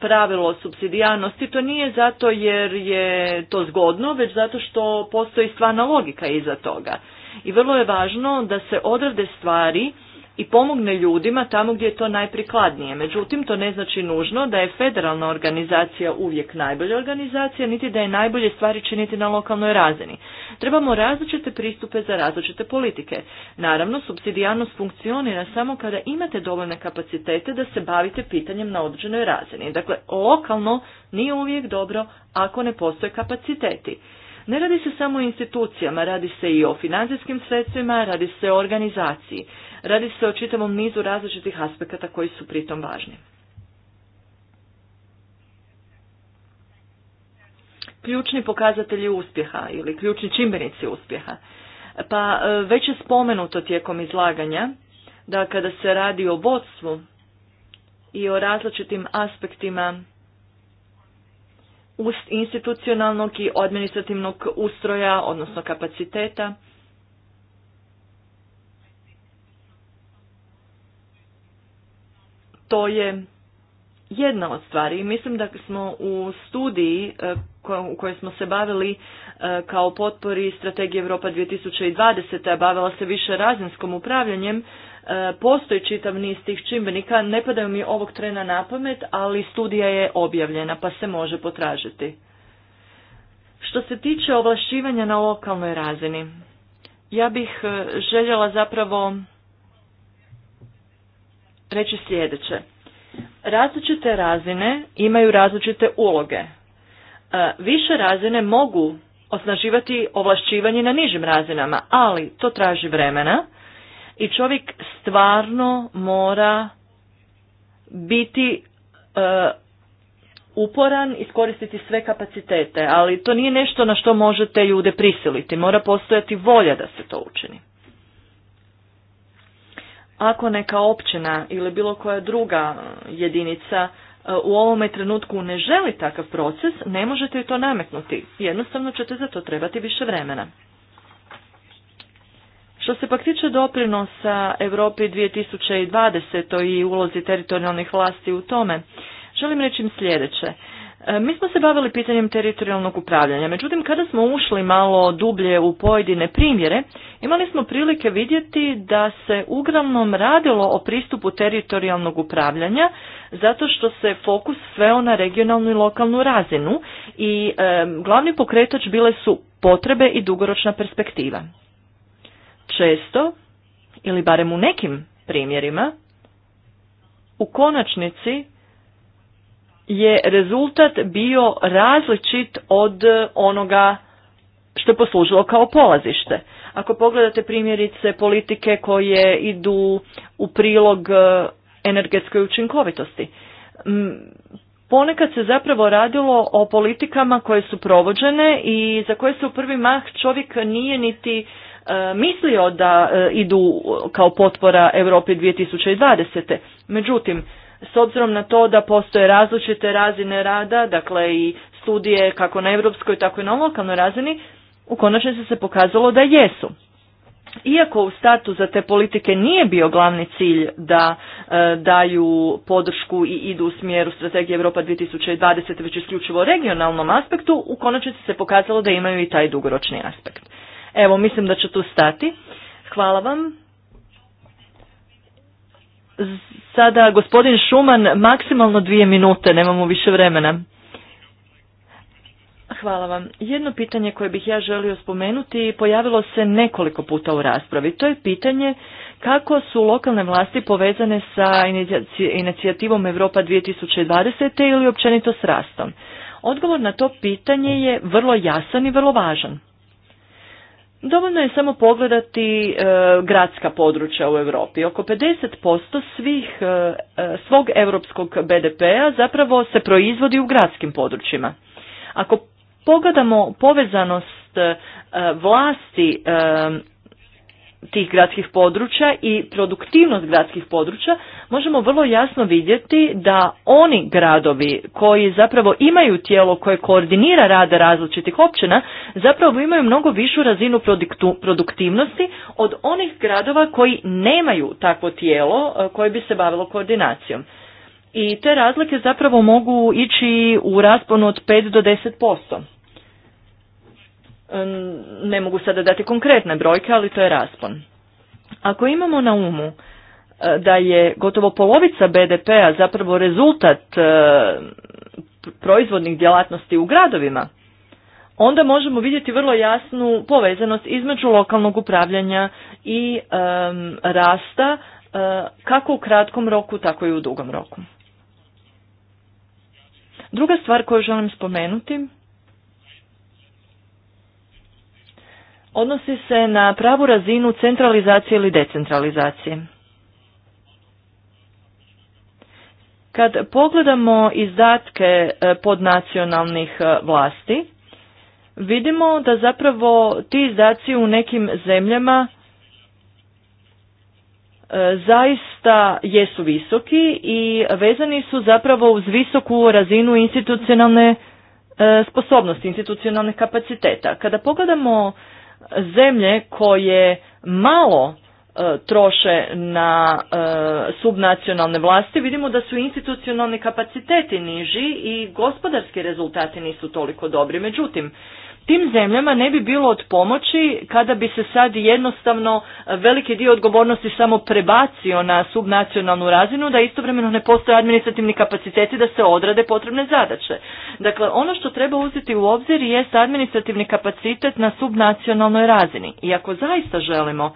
pravilo subsidijarnosti, to nije zato jer je to zgodno, već zato što postoji stvarna logika iza toga. I vrlo je važno da se odrade stvari i pomogne ljudima tamo gdje je to najprikladnije. Međutim, to ne znači nužno da je federalna organizacija uvijek najbolja organizacija, niti da je najbolje stvari činiti na lokalnoj razini. Trebamo različite pristupe za različite politike. Naravno, subsidijarnost funkcionira samo kada imate dovoljne kapacitete da se bavite pitanjem na određenoj razini. Dakle, lokalno nije uvijek dobro ako ne postoje kapaciteti. Ne radi se samo o institucijama, radi se i o financijskim sredstvima, radi se o organizaciji. Radi se o čitavom nizu različitih aspekata koji su pritom važni. Ključni pokazatelji uspjeha ili ključni čimbenici uspjeha. Pa e, već je spomenuto tijekom izlaganja da kada se radi o vodstvu i o različitim aspektima institucionalnog i administrativnog ustroja, odnosno kapaciteta, to je jedna od stvari mislim da smo u studiji e, u kojoj smo se bavili e, kao potpori strategije Europa 2020. a bavila se više razinskom upravljanjem, e, postoji čitav niz tih čimbenika, ne padaju mi ovog trena na pamet, ali studija je objavljena pa se može potražiti. Što se tiče ovlašćivanja na lokalnoj razini, ja bih željela zapravo reći sljedeće. Različite razine imaju različite uloge. E, više razine mogu osnaživati ovlašćivanje na nižim razinama, ali to traži vremena i čovjek stvarno mora biti e, uporan, iskoristiti sve kapacitete, ali to nije nešto na što možete ljude prisiliti, mora postojati volja da se to učini ako neka općina ili bilo koja druga jedinica e, u ovome trenutku ne želi takav proces, ne možete ju to nametnuti. Jednostavno ćete za to trebati više vremena. Što se pak tiče doprinosa Europi 2020. i ulozi teritorijalnih vlasti u tome, želim reći im sljedeće. E, mi smo se bavili pitanjem teritorijalnog upravljanja, međutim kada smo ušli malo dublje u pojedine primjere, imali smo prilike vidjeti da se uglavnom radilo o pristupu teritorijalnog upravljanja zato što se fokus sveo na regionalnu i lokalnu razinu i e, glavni pokretač bile su potrebe i dugoročna perspektiva. Često, ili barem u nekim primjerima, u konačnici je rezultat bio različit od eh, onoga što je poslužilo kao polazište. Ako pogledate primjerice politike koje idu u prilog eh, energetskoj učinkovitosti, ponekad se zapravo radilo o politikama koje su provođene i za koje se u prvi mah čovjek nije niti eh, mislio da idu kao potpora Europi 2020. Međutim, s obzirom na to da postoje različite razine rada, dakle i studije kako na europskoj tako i na lokalnoj razini, u konačnici se pokazalo da jesu. Iako u startu za te politike nije bio glavni cilj da e, daju podršku i idu u smjeru strategije Europa 2020 već isključivo regionalnom aspektu, u konačnici se pokazalo da imaju i taj dugoročni aspekt. Evo, mislim da ću tu stati. Hvala vam Sada gospodin Šuman, maksimalno dvije minute, nemamo više vremena. Hvala vam. Jedno pitanje koje bih ja želio spomenuti pojavilo se nekoliko puta u raspravi. To je pitanje kako su lokalne vlasti povezane sa inicijativom Europa 2020. ili općenito s rastom. Odgovor na to pitanje je vrlo jasan i vrlo važan. Dovoljno je samo pogledati e, gradska područja u Europi. Oko 50% svih, e, e, svog europskog BDP-a zapravo se proizvodi u gradskim područjima. Ako pogledamo povezanost vlasti tih gradskih područja i produktivnost gradskih područja, možemo vrlo jasno vidjeti da oni gradovi koji zapravo imaju tijelo koje koordinira rada različitih općina, zapravo imaju mnogo višu razinu produktivnosti od onih gradova koji nemaju takvo tijelo e, koje bi se bavilo koordinacijom. I te razlike zapravo mogu ići u rasponu od 5 do 10%. Ne mogu sada dati konkretne brojke, ali to je raspon. Ako imamo na umu e, da je gotovo polovica BDP-a zapravo rezultat e, proizvodnih djelatnosti u gradovima, onda možemo vidjeti vrlo jasnu povezanost između lokalnog upravljanja i rasta e, kako u kratkom roku, tako i u dugom roku. Druga stvar koju želim spomenuti odnosi se na pravu razinu centralizacije ili decentralizacije. Kad pogledamo izdatke e, podnacionalnih e, vlasti, vidimo da zapravo ti izdaci u nekim zemljama e, zaista jesu visoki i vezani su zapravo uz visoku razinu institucionalne sposobnosti, institucionalnih kapaciteta. Kada pogledamo zemlje koje malo e, troše na e, subnacionalne vlasti, vidimo da su institucionalni kapaciteti niži i gospodarski rezultati nisu toliko dobri. Međutim, tim zemljama ne bi bilo od pomoći kada bi se sad jednostavno e, veliki dio odgovornosti samo prebacio na subnacionalnu razinu, da istovremeno ne postoje administrativni kapaciteti da se odrade potrebne zadaće. Dakle, ono što treba uzeti u obzir jest administrativni kapacitet na subnacionalnoj razini. I ako zaista želimo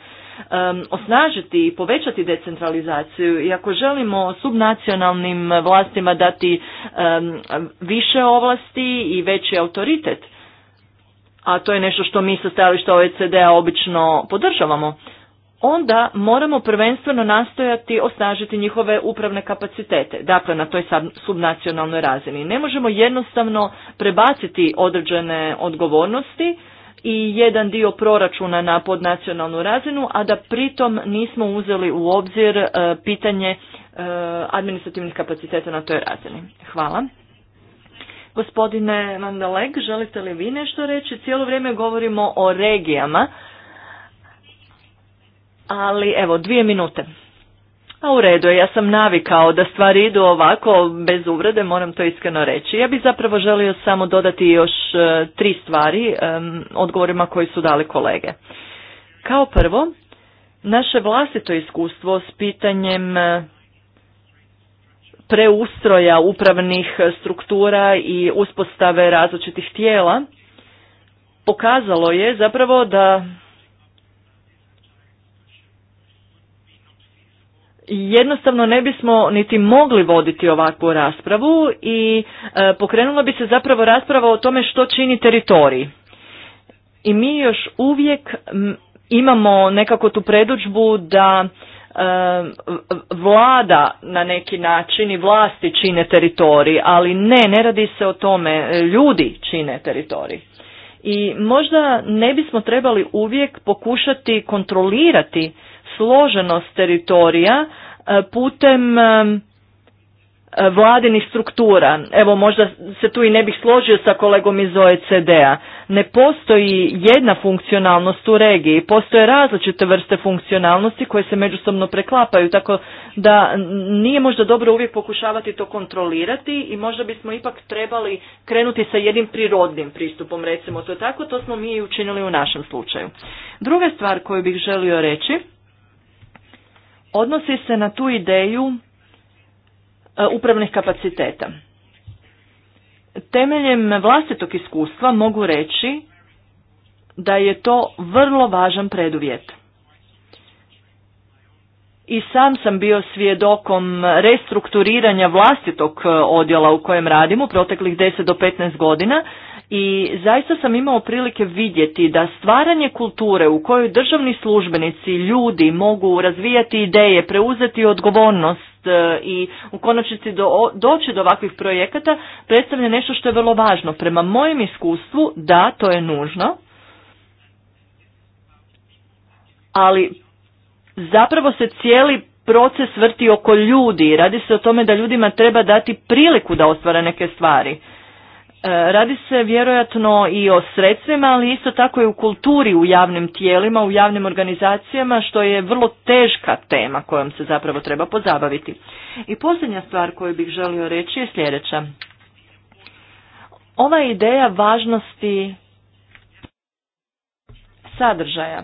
osnažiti i povećati decentralizaciju i ako želimo subnacionalnim vlastima dati više ovlasti i veći autoritet, a to je nešto što mi sa stajališta OECD-a obično podržavamo, onda moramo prvenstveno nastojati osnažiti njihove upravne kapacitete, dakle na toj subnacionalnoj razini. Ne možemo jednostavno prebaciti određene odgovornosti i jedan dio proračuna na podnacionalnu razinu, a da pritom nismo uzeli u obzir e, pitanje e, administrativnih kapaciteta na toj razini. Hvala. Gospodine Vandalek, želite li vi nešto reći? Cijelo vrijeme govorimo o regijama, ali evo, dvije minute. A u redu, ja sam navikao da stvari idu ovako bez uvrede, moram to iskreno reći. Ja bih zapravo želio samo dodati još e, tri stvari e, odgovorima koji su dali kolege. Kao prvo, naše vlastito iskustvo s pitanjem e, preustroja upravnih struktura i uspostave različitih tijela pokazalo je zapravo da jednostavno ne bismo niti mogli voditi ovakvu raspravu i e, pokrenula bi se zapravo rasprava o tome što čini teritorij. I mi još uvijek imamo nekako tu predođbu da vlada na neki način i vlasti čine teritorij, ali ne, ne radi se o tome, ljudi čine teritorij. I možda ne bismo trebali uvijek pokušati kontrolirati složenost teritorija eh, putem vladinih struktura. Evo možda se tu i ne bih složio sa kolegom iz OECD-a. Ne postoji jedna funkcionalnost u regiji, postoje različite vrste funkcionalnosti koje se međusobno preklapaju, tako da nije možda dobro uvijek pokušavati to kontrolirati i možda bismo ipak trebali krenuti sa jednim prirodnim pristupom, recimo to tako, to smo mi i učinili u našem slučaju. Druga stvar koju bih želio reći odnosi se na tu ideju E, upravnih kapaciteta. Temeljem vlastitog iskustva mogu reći da je to vrlo važan preduvjet. I sam sam bio svjedokom restrukturiranja vlastitog e, odjela u kojem radimo proteklih 10 do 15 godina i zaista sam imao prilike vidjeti da stvaranje kulture u kojoj državni službenici, ljudi mogu razvijati ideje, preuzeti odgovornost e, i u konačnici do, doći do ovakvih projekata predstavlja nešto što je vrlo važno. Prema mojem iskustvu, da, to je nužno, ali zapravo se cijeli proces vrti oko ljudi. Radi se o tome da ljudima treba dati priliku da ostvare neke stvari. E, radi se vjerojatno i o sredstvima, ali isto tako i u kulturi u javnim tijelima, u javnim organizacijama, što je vrlo teška tema kojom se zapravo treba pozabaviti. I posljednja stvar koju bih želio reći je sljedeća. Ova ideja važnosti sadržaja.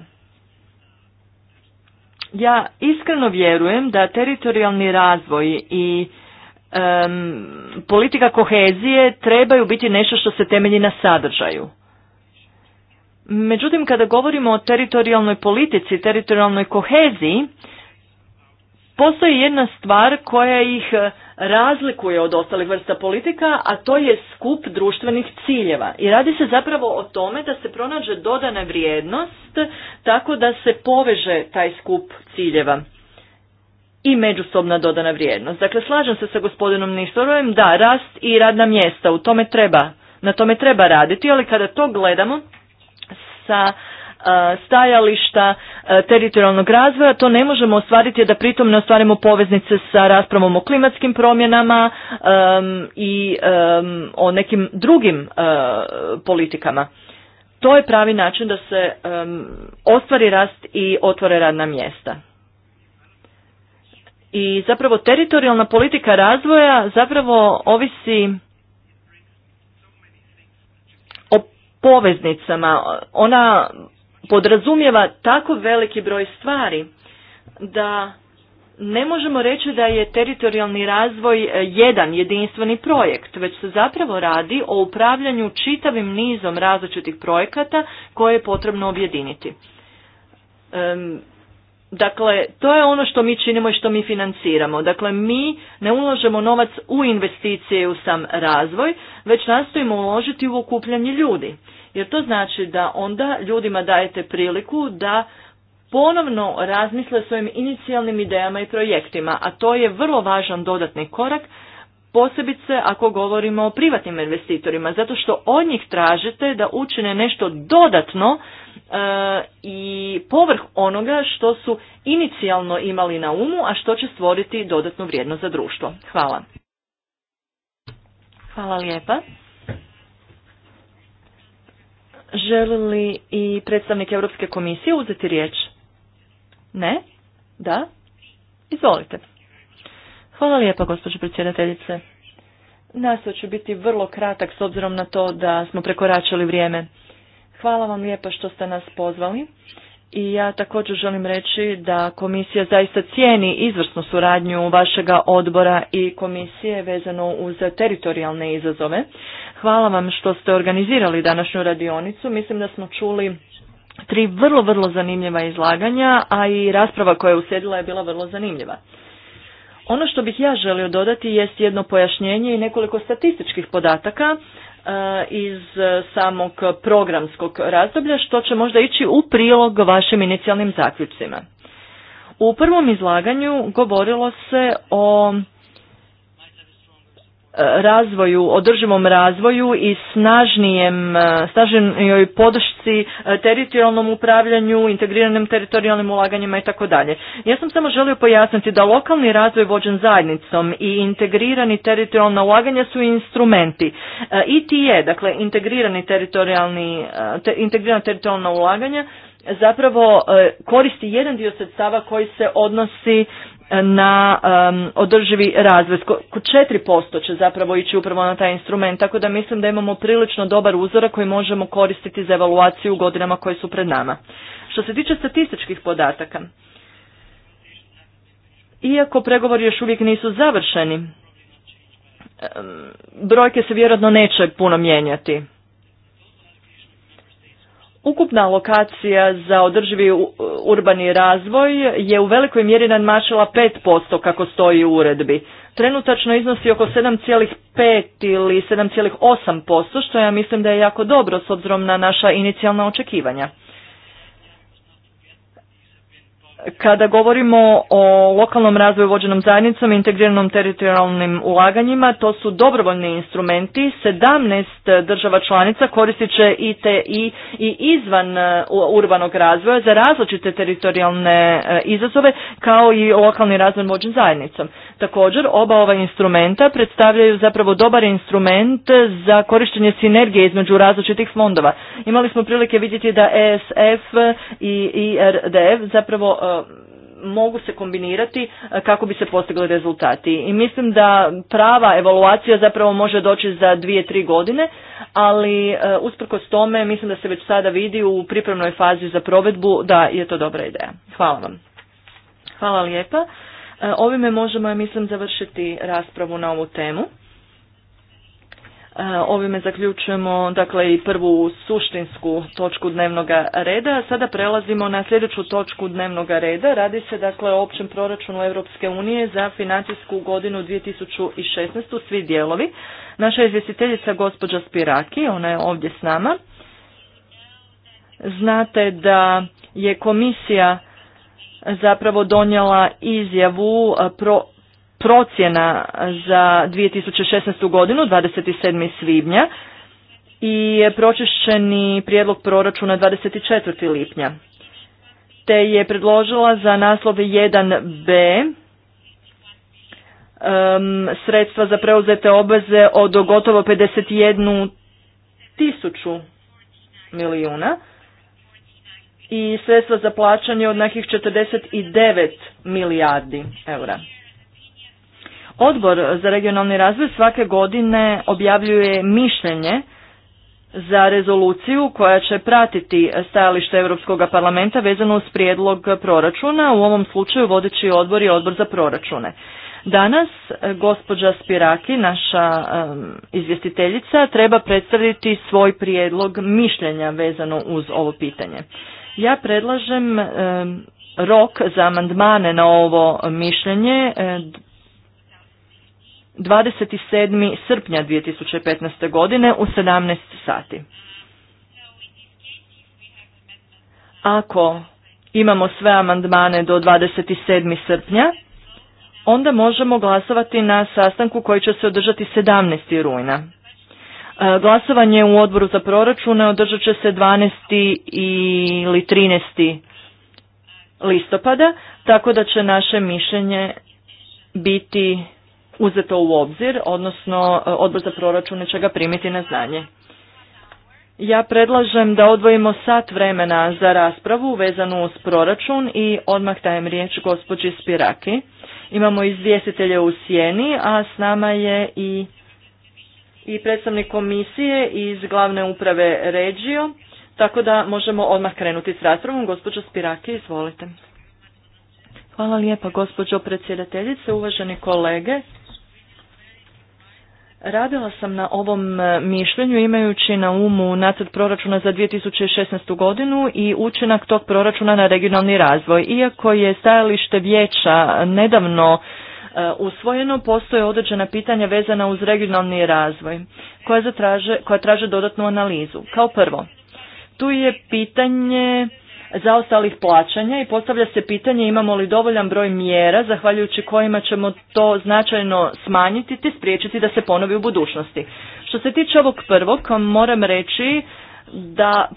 Ja iskreno vjerujem da teritorijalni razvoj i um, politika kohezije trebaju biti nešto što se temelji na sadržaju. Međutim, kada govorimo o teritorijalnoj politici, teritorijalnoj koheziji, postoji jedna stvar koja ih e, razlikuje od ostalih vrsta politika, a to je skup društvenih ciljeva. I radi se zapravo o tome da se pronađe dodana vrijednost tako da se poveže taj skup ciljeva i međusobna dodana vrijednost. Dakle, slažem se sa gospodinom Nistorovim da, rast i radna mjesta, u tome treba, na tome treba raditi, ali kada to gledamo sa stajališta teritorijalnog razvoja, to ne možemo ostvariti da pritom ne ostvarimo poveznice sa raspravom o klimatskim promjenama um, i um, o nekim drugim politikama. To je pravi način da se um, ostvari rast i otvore radna mjesta. I zapravo teritorijalna politika razvoja zapravo ovisi o poveznicama. Ona podrazumijeva tako veliki broj stvari da ne možemo reći da je teritorijalni razvoj e, jedan jedinstveni projekt, već se zapravo radi o upravljanju čitavim nizom različitih projekata koje je potrebno objediniti. Dakle, to je ono što mi činimo i što mi financiramo. Dakle, mi ne uložemo novac u investicije i u sam razvoj, već nastojimo uložiti u okupljanje ljudi. Jer to znači da onda ljudima dajete priliku da ponovno razmisle svojim inicijalnim idejama i projektima, a to je vrlo važan dodatni korak, posebice ako govorimo o privatnim investitorima, zato što od njih tražite da učine nešto dodatno E, i povrh onoga što su inicijalno imali na umu, a što će stvoriti dodatnu vrijednost za društvo. Hvala. Hvala lijepa. Želi li i predstavnik Europske komisije uzeti riječ? Ne? Da? Izvolite. Hvala lijepa, gospođo predsjedateljice. Nastojat ću biti vrlo kratak s obzirom na to da smo prekoračili vrijeme. Hvala vam lijepa što ste nas pozvali. I ja također želim reći da komisija zaista cijeni izvrsnu suradnju vašega odbora i komisije vezano uz teritorijalne izazove. Hvala vam što ste organizirali današnju radionicu. Mislim da smo čuli tri vrlo, vrlo zanimljiva izlaganja, a i rasprava koja je usjedila je bila vrlo zanimljiva. Ono što bih ja želio dodati jest jedno pojašnjenje i nekoliko statističkih podataka E, iz samog programskog razdoblja, što će možda ići u prilog vašim inicijalnim zaključcima. U prvom izlaganju govorilo se o E, razvoju, održivom razvoju i snažnijem, e, snažnijoj podršci e, teritorijalnom upravljanju, integriranim teritorijalnim ulaganjima i tako dalje. Ja sam samo želio pojasniti da lokalni razvoj vođen zajednicom i integrirani teritorijalna ulaganja su instrumenti. ITE, dakle, integrirani teritorijalni, integrirana teritorijalna ulaganja, zapravo koristi jedan dio sredstava koji se odnosi na um, održivi razvoj. četiri 4% će zapravo ići upravo na taj instrument, tako da mislim da imamo prilično dobar uzorak koji možemo koristiti za evaluaciju u godinama koje su pred nama. Što se tiče statističkih podataka, iako pregovori još uvijek nisu završeni, brojke se vjerojatno neće puno mijenjati. Ukupna lokacija za održivi urbani razvoj je u velikoj mjeri nadmašila 5% kako stoji u uredbi. Trenutačno iznosi oko 7,5 ili 7,8%, što ja mislim da je jako dobro s obzirom na naša inicijalna očekivanja. Kada govorimo o lokalnom razvoju vođenom zajednicom i integriranom teritorijalnim ulaganjima, to su dobrovoljni instrumenti. 17 država članica koristit će te i izvan e, urbanog razvoja za različite teritorijalne e, izazove kao i lokalni razvoj vođen zajednicom. Također, oba ova instrumenta predstavljaju zapravo dobar instrument za korištenje sinergije između različitih fondova. Imali smo prilike vidjeti da ESF i IRDF zapravo e, mogu se kombinirati e, kako bi se postigli rezultati. I mislim da prava evaluacija zapravo može doći za dvije, tri godine, ali e, usprkos tome mislim da se već sada vidi u pripremnoj fazi za provedbu da je to dobra ideja. Hvala vam. Hvala lijepa. E, ovime možemo, ja mislim, završiti raspravu na ovu temu. E, ovime zaključujemo dakle i prvu suštinsku točku dnevnog reda. Sada prelazimo na sljedeću točku dnevnog reda. Radi se dakle o općem proračunu Europske unije za financijsku godinu 2016. svi dijelovi. Naša izvjestiteljica gospođa Spiraki, ona je ovdje s nama. Znate da je komisija zapravo donijela izjavu pro, procjena za 2016. godinu 27. svibnja i je pročišćeni prijedlog proračuna 24. lipnja te je predložila za naslove 1b sredstva za preuzete obveze od gotovo 51 tisuću milijuna i sredstva za plaćanje od nekih 49 milijardi eura. Odbor za regionalni razvoj svake godine objavljuje mišljenje za rezoluciju koja će pratiti stajalište Europskog parlamenta vezano uz prijedlog proračuna, u ovom slučaju vodeći odbor i odbor za proračune. Danas gospođa Spiraki, naša izvjestiteljica, treba predstaviti svoj prijedlog mišljenja vezano uz ovo pitanje. Ja predlažem e, rok za amandmane na ovo mišljenje 27. E, srpnja 2015. godine u 17 sati. Ako imamo sve amandmane do 27. srpnja, onda možemo glasovati na sastanku koji će se održati 17. rujna. E, glasovanje u odboru za proračune održat će se 12. ili 13. listopada, tako da će naše mišljenje biti uzeto u obzir, odnosno e, odbor za proračune će ga primiti na znanje. Ja predlažem da odvojimo sat vremena za raspravu vezanu uz proračun i odmah dajem riječ gospođi Spiraki. Imamo izvjestitelje u sjeni, a s nama je i i predstavnik komisije iz glavne uprave Regio, tako da možemo odmah krenuti s raspravom. Gospođo Spiraki, izvolite. Hvala lijepa gospođo predsjedateljice, uvaženi kolege. Radila sam na ovom e, mišljenju imajući na umu nacrt proračuna za 2016. godinu i učinak tog proračuna na regionalni razvoj. Iako je stajalište vijeća nedavno E, usvojeno, postoje određena pitanja vezana uz regionalni razvoj koja, koja traže dodatnu analizu. Kao prvo, tu je pitanje zaostalih plaćanja i postavlja se pitanje imamo li dovoljan broj mjera zahvaljujući kojima ćemo to značajno smanjiti te spriječiti da se ponovi u budućnosti. Što se tiče ovog prvog, moram reći da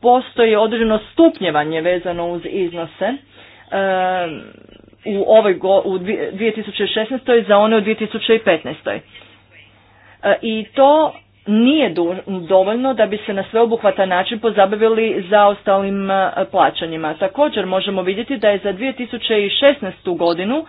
postoji određeno stupnjevanje vezano uz iznose. E, u ovoj go, u 2016. za one u 2015. E, I to nije dovoljno da bi se na sveobuhvatan način pozabavili ostalim e, plaćanjima. Također možemo vidjeti da je za 2016. godinu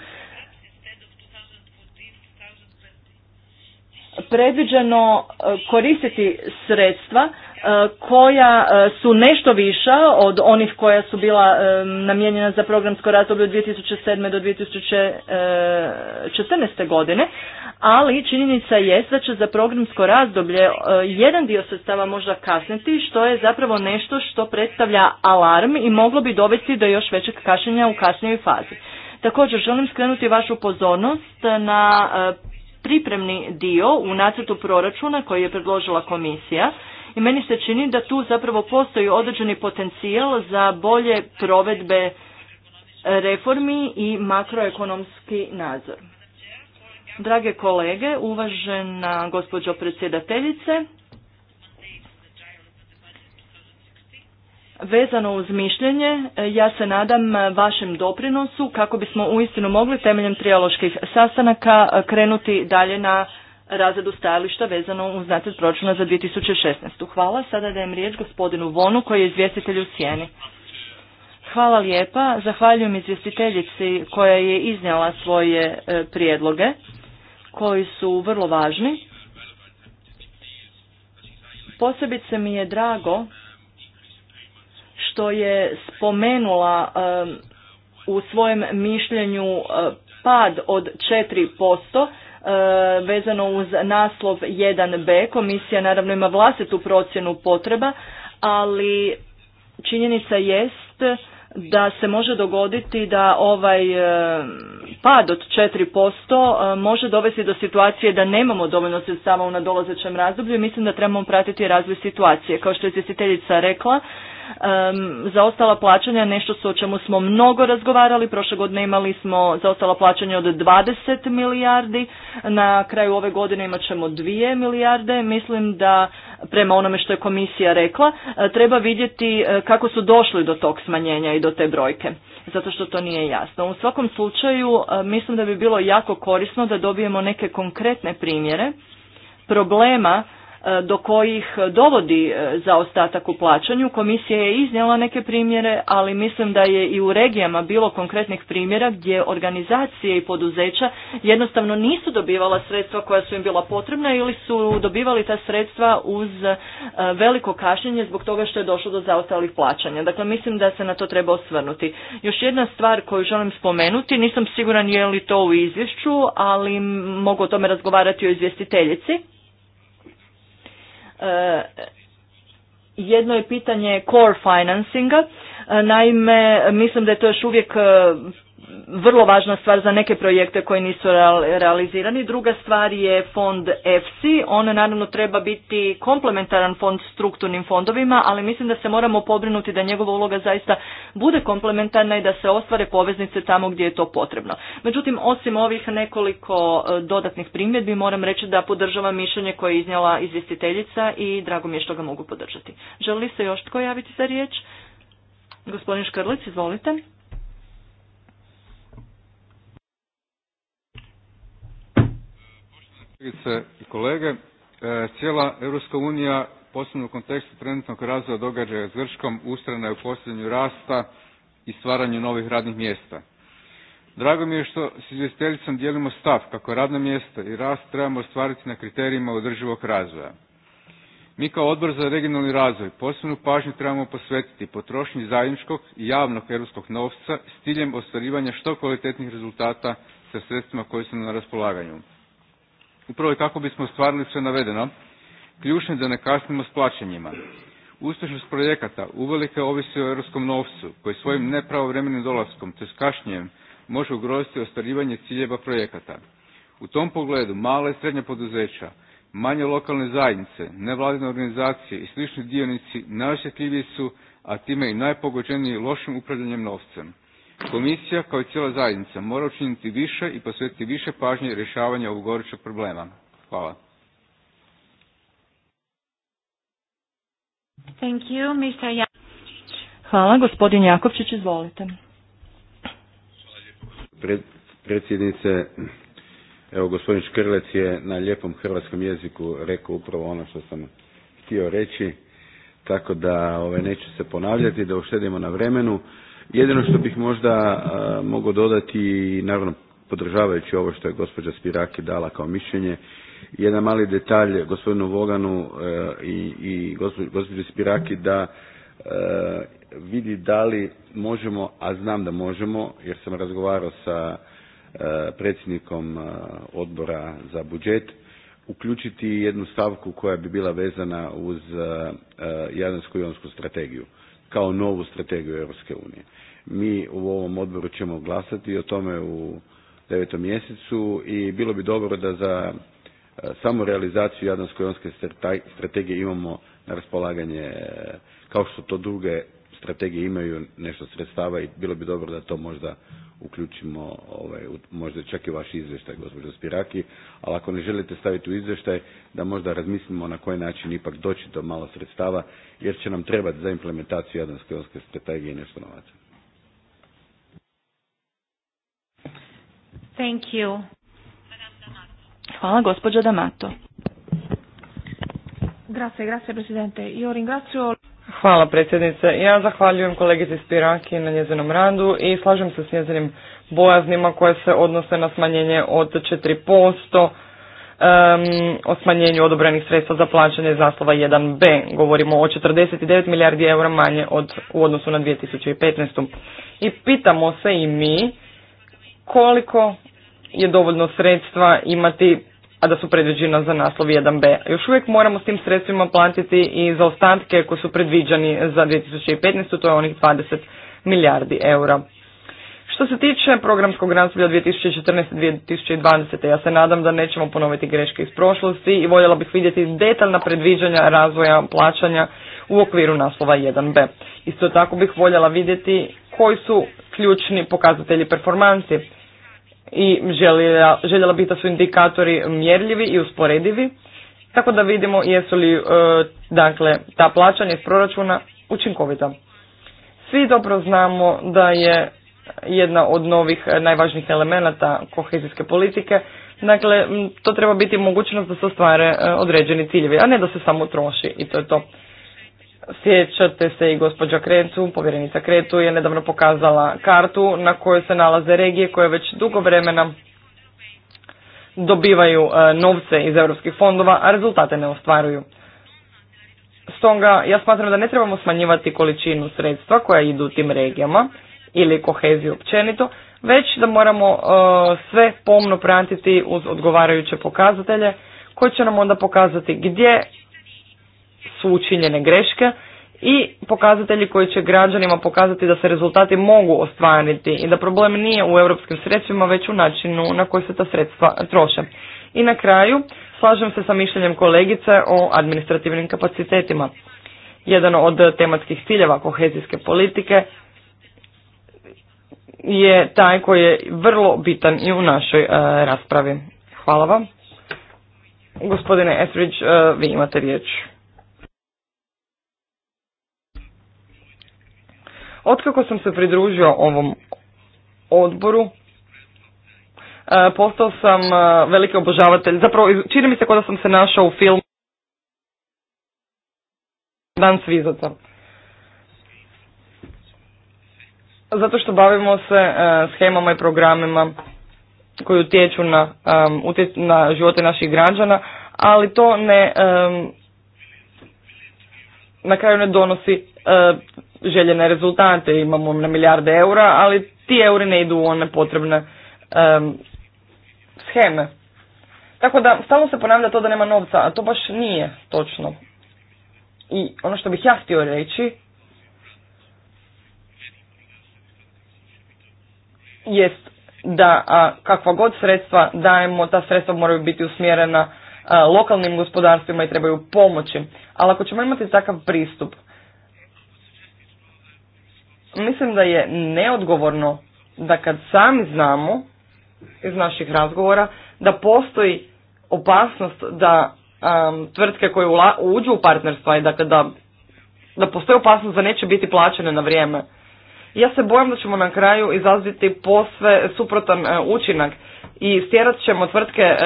predviđeno e, koristiti sredstva E, koja e, su nešto viša od onih koja su bila e, namijenjena za programsko razdoblje od 2007. do 2014. godine, ali činjenica jest da će za programsko razdoblje jedan dio sredstava možda kasniti, što je zapravo nešto što predstavlja alarm i moglo bi dovesti do još većeg kašnjenja u kasnijoj fazi. Također želim skrenuti vašu pozornost na pripremni dio u nacrtu proračuna koji je predložila komisija i meni se čini da tu zapravo postoji određeni potencijal za bolje provedbe reformi i makroekonomski nadzor. Drage kolege, uvažena gospođo predsjedateljice, Vezano uz mišljenje, ja se nadam vašem doprinosu kako bismo uistinu mogli temeljem trijaloških sastanaka krenuti dalje na razredu stajališta vezano uz nacrt proračuna za 2016. Hvala. Sada dajem riječ gospodinu Vonu koji je izvjestitelj u cijeni. Hvala lijepa. Zahvaljujem izvjestiteljici koja je iznijela svoje e, prijedloge koji su vrlo važni. Posebice mi je drago što je spomenula e, u svojem mišljenju e, pad od 4% E, vezano uz naslov 1b. Komisija naravno ima vlastitu procjenu potreba, ali činjenica jest da se može dogoditi da ovaj e, pad od 4% e, može dovesti do situacije da nemamo dovoljno sredstava u nadolazećem razdoblju i mislim da trebamo pratiti razvoj situacije. Kao što je izvjestiteljica rekla, Um, zaostala plaćanja nešto su o čemu smo mnogo razgovarali. Prošle godine imali smo zaostala plaćanja od 20 milijardi. Na kraju ove godine imat ćemo 2 milijarde. Mislim da, prema onome što je komisija rekla, e, treba vidjeti e, kako su došli do tog smanjenja i do te brojke. Zato što to nije jasno. U svakom slučaju e, mislim da bi bilo jako korisno da dobijemo neke konkretne primjere problema E, do kojih dovodi e, zaostatak u plaćanju. Komisija je iznijela neke primjere, ali mislim da je i u regijama bilo konkretnih primjera gdje organizacije i poduzeća jednostavno nisu dobivala sredstva koja su im bila potrebna ili su dobivali ta sredstva uz e, veliko kašnjenje zbog toga što je došlo do zaostalih plaćanja. Dakle, mislim da se na to treba osvrnuti. Još jedna stvar koju želim spomenuti, nisam siguran je li to u izvješću, ali mogu o tome razgovarati o izvjestiteljici Eh, jedno je pitanje core financinga. Eh, naime, mislim da je to još uvijek eh, vrlo važna stvar za neke projekte koji nisu realizirani. Druga stvar je fond EFSI. On naravno treba biti komplementaran fond strukturnim fondovima, ali mislim da se moramo pobrinuti da njegova uloga zaista bude komplementarna i da se ostvare poveznice tamo gdje je to potrebno. Međutim, osim ovih nekoliko e, dodatnih primjedbi, moram reći da podržavam mišljenje koje je iznijela izvjestiteljica i drago mi je što ga mogu podržati. Želi se još tko javiti za riječ? Gospodin Škrlic, izvolite. Kolegice i kolege, e, cijela Europska unija posebno u kontekstu trenutnog razvoja događaja s Grčkom ustrana je u posljednju rasta i stvaranju novih radnih mjesta. Drago mi je što s izvjestiteljicom dijelimo stav kako radna mjesta i rast trebamo ostvariti na kriterijima održivog razvoja. Mi kao odbor za regionalni razvoj posebnu pažnju trebamo posvetiti potrošnji zajedničkog i javnog europskog novca s ciljem ostvarivanja što kvalitetnih rezultata sa sredstvima koje su na raspolaganju. Upravo kako bismo ostvarili sve navedeno, ključno je da ne kasnimo s plaćanjima. Uspješnost projekata uvelike ovisi o europskom novcu koji svojim nepravovremenim dolaskom te skašnjem može ugroziti ostvarivanje ciljeva projekata. U tom pogledu mala i srednja poduzeća, manje lokalne zajednice, nevladine organizacije i slični dionici najosjetljiviji su, a time i najpogođeniji lošim upravljanjem novcem. Komisija kao i cijela zajednica mora učiniti više i posvetiti više pažnje rješavanja ovog gorućeg problema. Hvala. Hvala. Gospodin Jakovčić, izvolite. predsjednice, evo gospodin Škrlec je na lijepom hrvatskom jeziku rekao upravo ono što sam htio reći, tako da ove, neću se ponavljati, da uštedimo na vremenu. Jedino što bih možda mogao dodati, naravno podržavajući ovo što je gospođa Spiraki dala kao mišljenje, jedan mali detalj gospodinu Voganu e, i, i gospođi Spiraki da e, vidi da li možemo, a znam da možemo, jer sam razgovarao sa e, predsjednikom odbora za budžet, uključiti jednu stavku koja bi bila vezana uz Jadransko-jonsku strategiju kao novu strategiju Europske unije. Mi u ovom odboru ćemo glasati o tome u devetom mjesecu i bilo bi dobro da za e, samo realizaciju Jadransko-jonske strategije imamo na raspolaganje, e, kao što to druge strategije imaju nešto sredstava i bilo bi dobro da to možda uključimo, ovaj, možda čak i vaš izveštaj, gospođo Spiraki, ali ako ne želite staviti u izvještaj, da možda razmislimo na koji način ipak doći do malo sredstava, jer će nam trebati za implementaciju Jadranske onske strategije nešto novaca. Thank you. Hvala, gospođo D'Amato. Grazie, grazie Presidente. Io ringrazio Hvala predsjednice. Ja zahvaljujem kolegici Spiraki na njezinom radu i slažem se s njezinim bojaznima koje se odnose na smanjenje od 4%. Um, o smanjenju odobrenih sredstva za plaćanje zaslova 1b. Govorimo o 49 milijardi eura manje od, u odnosu na 2015. I pitamo se i mi koliko je dovoljno sredstva imati a da su predviđena za naslov 1b. Još uvijek moramo s tim sredstvima platiti i za ostatke koji su predviđani za 2015. to je onih 20 milijardi eura. Što se tiče programskog razdoblja 2014-2020, ja se nadam da nećemo ponoviti greške iz prošlosti i voljela bih vidjeti detaljna predviđanja razvoja plaćanja u okviru naslova 1b. Isto tako bih voljela vidjeti koji su ključni pokazatelji performansi i željela, željela bi da su indikatori mjerljivi i usporedivi, tako da vidimo jesu li e, dakle, ta plaćanja iz proračuna učinkovita. Svi dobro znamo da je jedna od novih e, najvažnijih elemenata kohezijske politike, dakle to treba biti mogućnost da se ostvare e, određeni ciljevi, a ne da se samo troši i to je to. Sjećate se i gospođa krencu povjerenica Kretu je nedavno pokazala kartu na kojoj se nalaze regije koje već dugo vremena dobivaju e, novce iz europskih fondova, a rezultate ne ostvaruju. Stoga ja smatram da ne trebamo smanjivati količinu sredstva koja idu tim regijama ili koheziju općenito, već da moramo e, sve pomno pratiti uz odgovarajuće pokazatelje koji će nam onda pokazati gdje su učinjene greške i pokazatelji koji će građanima pokazati da se rezultati mogu ostvariti i da problem nije u europskim sredstvima već u načinu na koji se ta sredstva troše. I na kraju, slažem se sa mišljenjem kolegice o administrativnim kapacitetima. Jedan od tematskih ciljeva kohezijske politike je taj koji je vrlo bitan i u našoj e, raspravi. Hvala vam. Gospodine Esrić, e, vi imate riječ. Otkako sam se pridružio ovom odboru, e, postao sam e, veliki obožavatelj. Zapravo, čini mi se kao da sam se našao u filmu Dan svizaca. Zato što bavimo se e, schemama i programima koji utječu na, na živote naših građana, ali to ne na kraju ne donosi željene rezultate, imamo na milijarde eura, ali ti euri ne idu u one potrebne scheme. Tako da stalno se ponavlja to da nema novca, a to baš nije točno. I ono što bih ja htio reći jest da a, kakva god sredstva dajemo, ta sredstva moraju biti usmjerena lokalnim gospodarstvima i trebaju pomoći. Ali ako ćemo imati takav pristup, Mislim da je neodgovorno da kad sami znamo iz naših razgovora da postoji opasnost da um, tvrtke koje uđu u partnerstva i dakle da, postoji opasnost da neće biti plaćene na vrijeme. Ja se bojam da ćemo na kraju izazviti posve suprotan e, učinak i stjerat ćemo tvrtke e,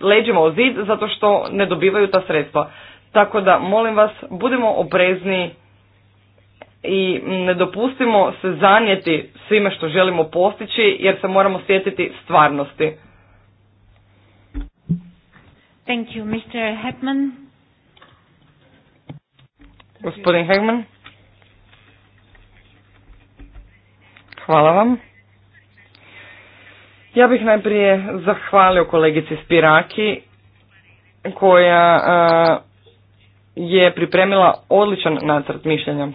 leđima u zid zato što ne dobivaju ta sredstva. Tako da molim vas budimo oprezni i ne dopustimo se zanijeti svime što želimo postići jer se moramo sjetiti stvarnosti. Thank you, Mr. Hepman. Gospodin Hegman. Hvala vam. Ja bih najprije zahvalio kolegici Spiraki koja eh, je pripremila odličan nacrt mišljenja.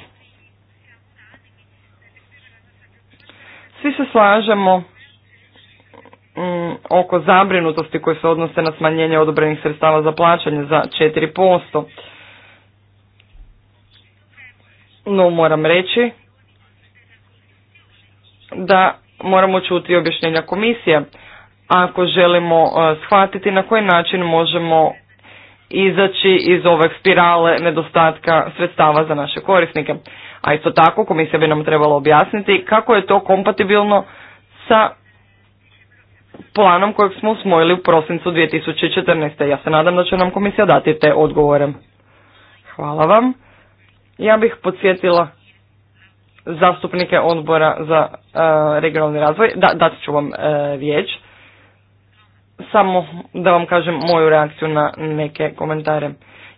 Svi se slažemo mm, oko zabrinutosti koje se odnose na smanjenje odobrenih sredstava za plaćanje za 4%. No moram reći da moramo čuti objašnjenja komisije ako želimo e, shvatiti na koji način možemo izaći iz ove spirale nedostatka sredstava za naše korisnike. A isto tako komisija bi nam trebala objasniti kako je to kompatibilno sa planom kojeg smo usmojili u prosincu 2014. Ja se nadam da će nam komisija dati te odgovore. Hvala vam. Ja bih podsjetila zastupnike odbora za e, regionalni razvoj. Da, dati ću vam uh, riječ. Samo da vam kažem moju reakciju na neke komentare.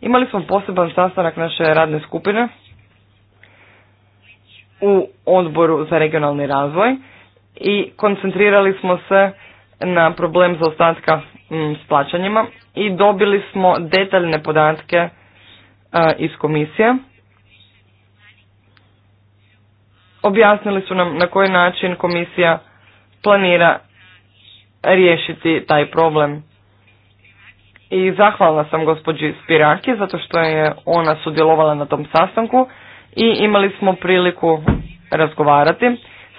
Imali smo poseban sastanak naše radne skupine u odboru za regionalni razvoj i koncentrirali smo se na problem zaostatka mm, s plaćanjima i dobili smo detaljne podatke e, iz komisije. Objasnili su nam na koji način komisija planira riješiti taj problem. I zahvalna sam gospođi Spiraki zato što je ona sudjelovala na tom sastanku i imali smo priliku razgovarati.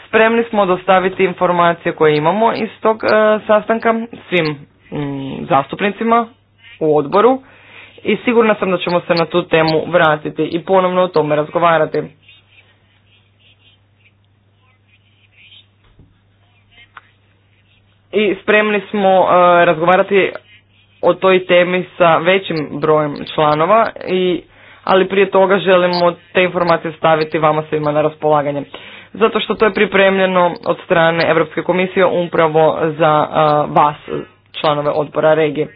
Spremni smo dostaviti informacije koje imamo iz tog e, sastanka svim mm, zastupnicima u odboru i sigurna sam da ćemo se na tu temu vratiti i ponovno o tome razgovarati. I spremni smo e, razgovarati o toj temi sa većim brojem članova i ali prije toga želimo te informacije staviti vama svima na raspolaganje. Zato što to je pripremljeno od strane Europske komisije upravo za vas, članove odbora regije.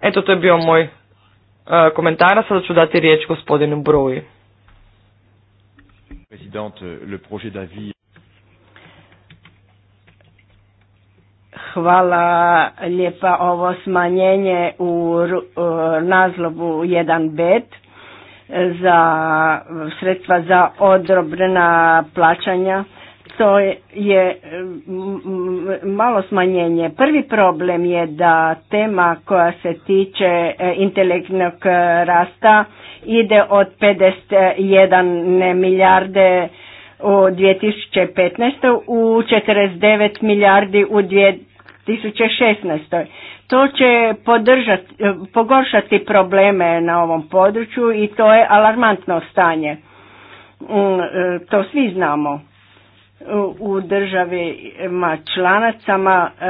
Eto, to je bio moj uh, komentar, sada ću dati riječ gospodinu Bruji. Hvala lijepa ovo smanjenje u uh, nazlovu 1 bet za sredstva za odrobrena plaćanja. To je malo smanjenje. Prvi problem je da tema koja se tiče e, intelektnog e, rasta ide od 51 milijarde u 2015. u 49 milijardi u 2016. To će e, pogoršati probleme na ovom području i to je alarmantno stanje. Mm, e, to svi znamo u državima članacama e,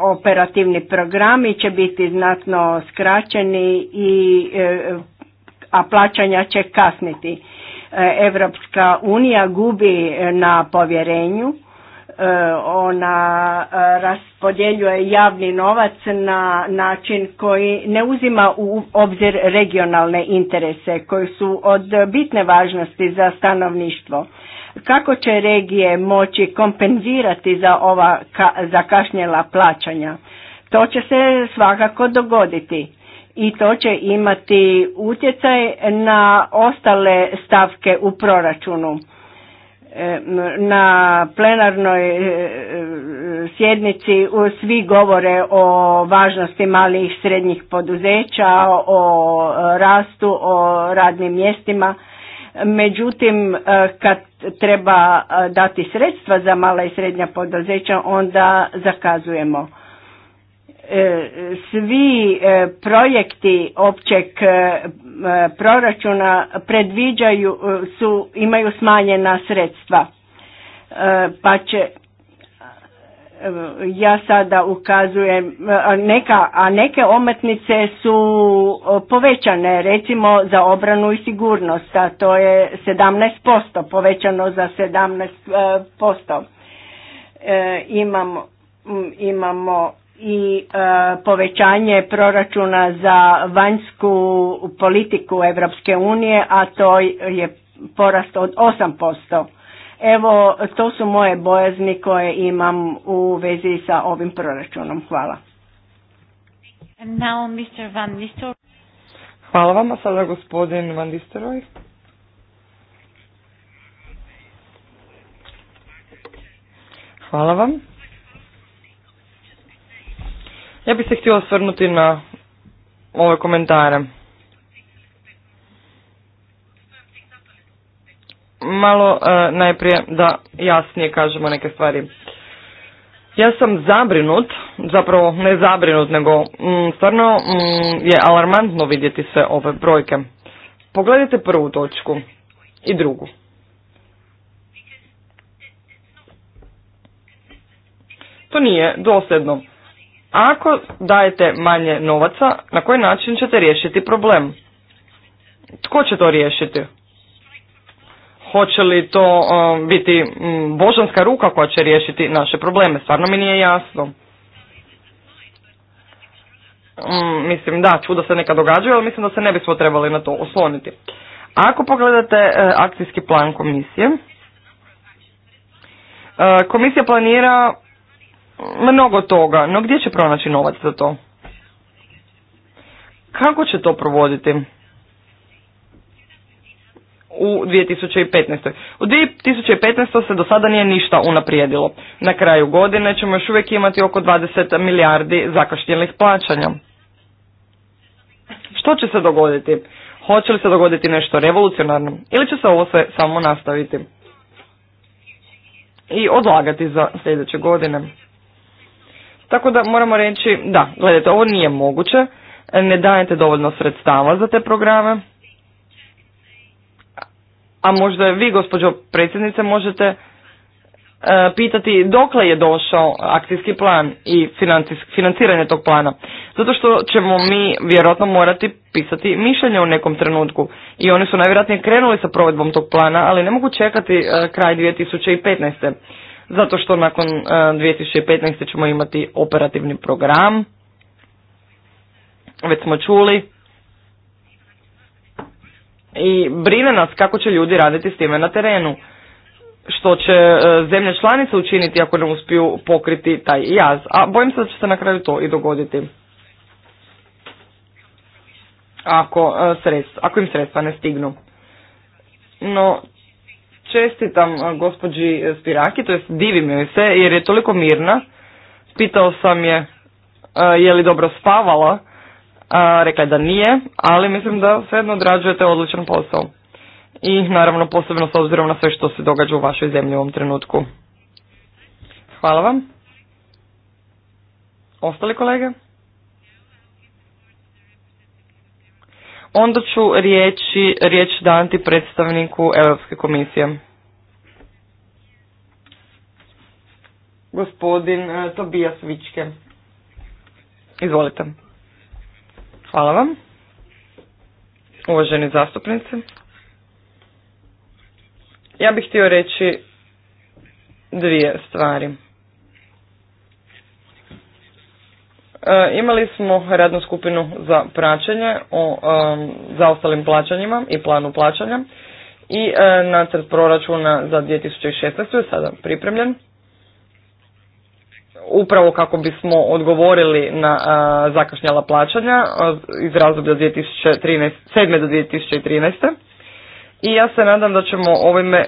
operativni programi će biti znatno skraćeni i a plaćanja će kasniti. Evropska unija gubi na povjerenju E, ona e, raspodjeljuje javni novac na način koji ne uzima u obzir regionalne interese koji su od bitne važnosti za stanovništvo. Kako će regije moći kompenzirati za ova zakašnjela plaćanja? To će se svakako dogoditi i to će imati utjecaj na ostale stavke u proračunu E, na plenarnoj e, sjednici svi govore o važnosti malih i srednjih poduzeća, o e, rastu, o radnim mjestima. Međutim, kad treba dati sredstva za mala i srednja poduzeća, onda zakazujemo. E, svi e, projekti općeg e, proračuna predviđaju su imaju smanjena sredstva pa će ja sada ukazujem neka a neke ometnice su povećane recimo za obranu i sigurnost a to je 17% povećano za 17% imamo imamo i e, povećanje proračuna za vanjsku politiku Europske unije, a to je porast od 8%. Evo, to su moje bojazni koje imam u vezi sa ovim proračunom. Hvala. now Mr. Van Hvala vam, a sada gospodin Van Nistelrooy. Hvala vam. Ja bih se htio osvrnuti na ove komentare. Malo e, najprije da jasnije kažemo neke stvari. Ja sam zabrinut, zapravo ne zabrinut, nego mm, stvarno mm, je alarmantno vidjeti sve ove brojke. Pogledajte prvu točku i drugu. To nije dosljedno. Ako dajete manje novaca, na koji način ćete riješiti problem? Tko će to riješiti? Hoće li to um, biti mm, božanska ruka koja će riješiti naše probleme? Stvarno mi nije jasno. Mm, mislim, da, čuda se neka događaju, ali mislim da se ne bismo trebali na to osloniti. Ako pogledate e, akcijski plan komisije, e, komisija planira mnogo toga, no gdje će pronaći novac za to? Kako će to provoditi? U 2015. U 2015. se do sada nije ništa unaprijedilo. Na kraju godine ćemo još uvijek imati oko 20 milijardi zakašnjelih plaćanja. Što će se dogoditi? Hoće li se dogoditi nešto revolucionarno ili će se ovo sve samo nastaviti i odlagati za sljedeće godine? Tako da moramo reći, da, gledajte, ovo nije moguće, ne dajete dovoljno sredstava za te programe, a možda vi, gospođo predsjednice, možete e, pitati dokle je došao akcijski plan i financiranje tog plana. Zato što ćemo mi vjerojatno morati pisati mišljenje u nekom trenutku. I oni su najvjerojatnije krenuli sa provedbom tog plana, ali ne mogu čekati e, kraj 2015 zato što nakon 2015. E, ćemo imati operativni program. Već smo čuli. I brine nas kako će ljudi raditi s time na terenu. Što će e, zemlje članice učiniti ako ne uspiju pokriti taj jaz. A bojim se da će se na kraju to i dogoditi. Ako, e, ako im sredstva ne stignu. No, čestitam eh, gospođi eh, Spiraki, to jest divim joj se jer je toliko mirna. Pitao sam je eh, je li dobro spavala, rekla je da nije, ali mislim da svejedno odrađujete odličan posao. I naravno posebno s obzirom na sve što se događa u vašoj zemlji u ovom trenutku. Hvala vam. Ostali kolege? onda ću riječi, riječ dati predstavniku Europske komisije. Gospodin uh, eh, Tobijas Vičke. Izvolite. Hvala vam. Uvaženi zastupnici. Ja bih htio reći dvije stvari. E, imali smo radnu skupinu za praćenje o e, zaostalim plaćanjima i planu plaćanja i e, nacrt proračuna za 2016. je sada pripremljen. Upravo kako bismo odgovorili na zakašnjala plaćanja iz razdoblja 2013, 7. do 2013. I ja se nadam da ćemo ovime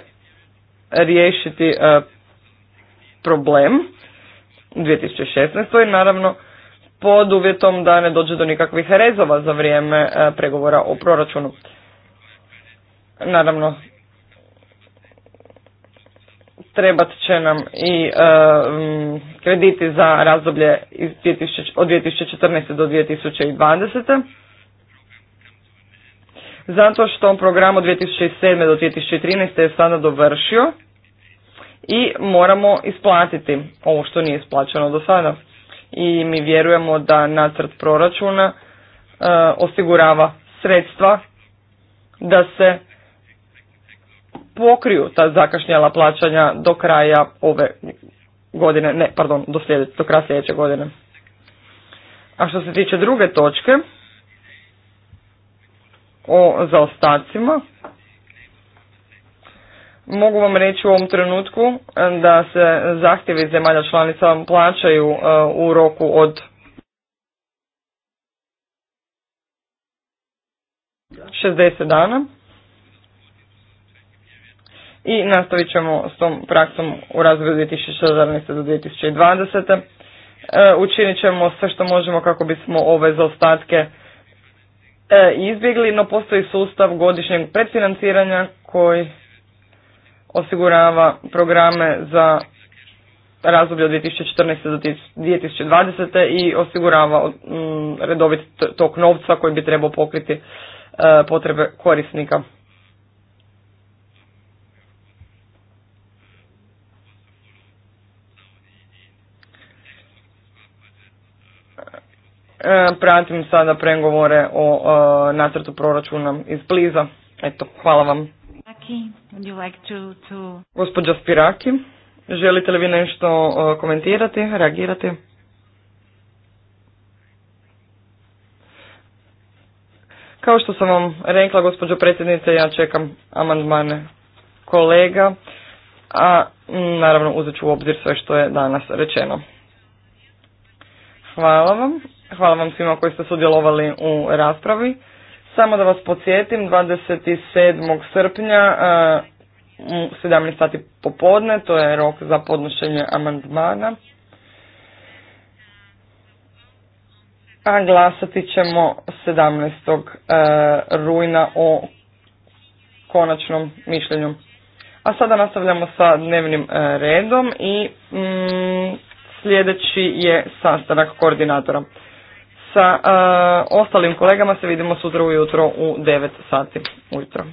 riješiti problem 2016. i naravno pod uvjetom da ne dođe do nikakvih rezova za vrijeme e, pregovora o proračunu. Naravno, trebat će nam i e, mm, krediti za razdoblje iz od 2014. do 2020. Zato što program od 2007. do 2013. je sada dovršio i moramo isplatiti ovo što nije isplaćeno do sada i mi vjerujemo da nacrt proračuna e, osigurava sredstva da se pokriju ta zakašnjela plaćanja do kraja ove godine, ne, pardon, do, do kraja sljedeće godine. A što se tiče druge točke o zaostacima, Mogu vam reći u ovom trenutku eh, da se zahtjevi zemalja članica plaćaju eh, u roku od 60 dana i nastavit ćemo s tom praksom u razdoblju 2014. do 2020. Eh, učinit ćemo sve što možemo kako bismo ove zaostatke izbjegli, no postoji sustav godišnjeg predfinanciranja koji osigurava programe za razdoblje od 2014. do 2020. i osigurava mm, redovit tok novca koji bi trebao pokriti e, potrebe korisnika. E, pratim sada pregovore o e, nacrtu proračuna iz bliza. Eto, hvala vam. Spiraki, would you like to, to... Spiraki, želite li vi nešto komentirati, reagirati? Kao što sam vam rekla, gospođo predsjednice, ja čekam amandmane kolega, a naravno uzet ću u obzir sve što je danas rečeno. Hvala vam. Hvala vam svima koji ste sudjelovali u raspravi. Samo da vas podsjetim, 27. srpnja e, u 17 sati popodne, to je rok za podnošenje amandmana. A glasati ćemo 17. E, rujna o konačnom mišljenju. A sada nastavljamo sa dnevnim e, redom i mm, sljedeći je sastanak koordinatora sa e, ostalim kolegama se vidimo sutra ujutro u 9 sati ujutro.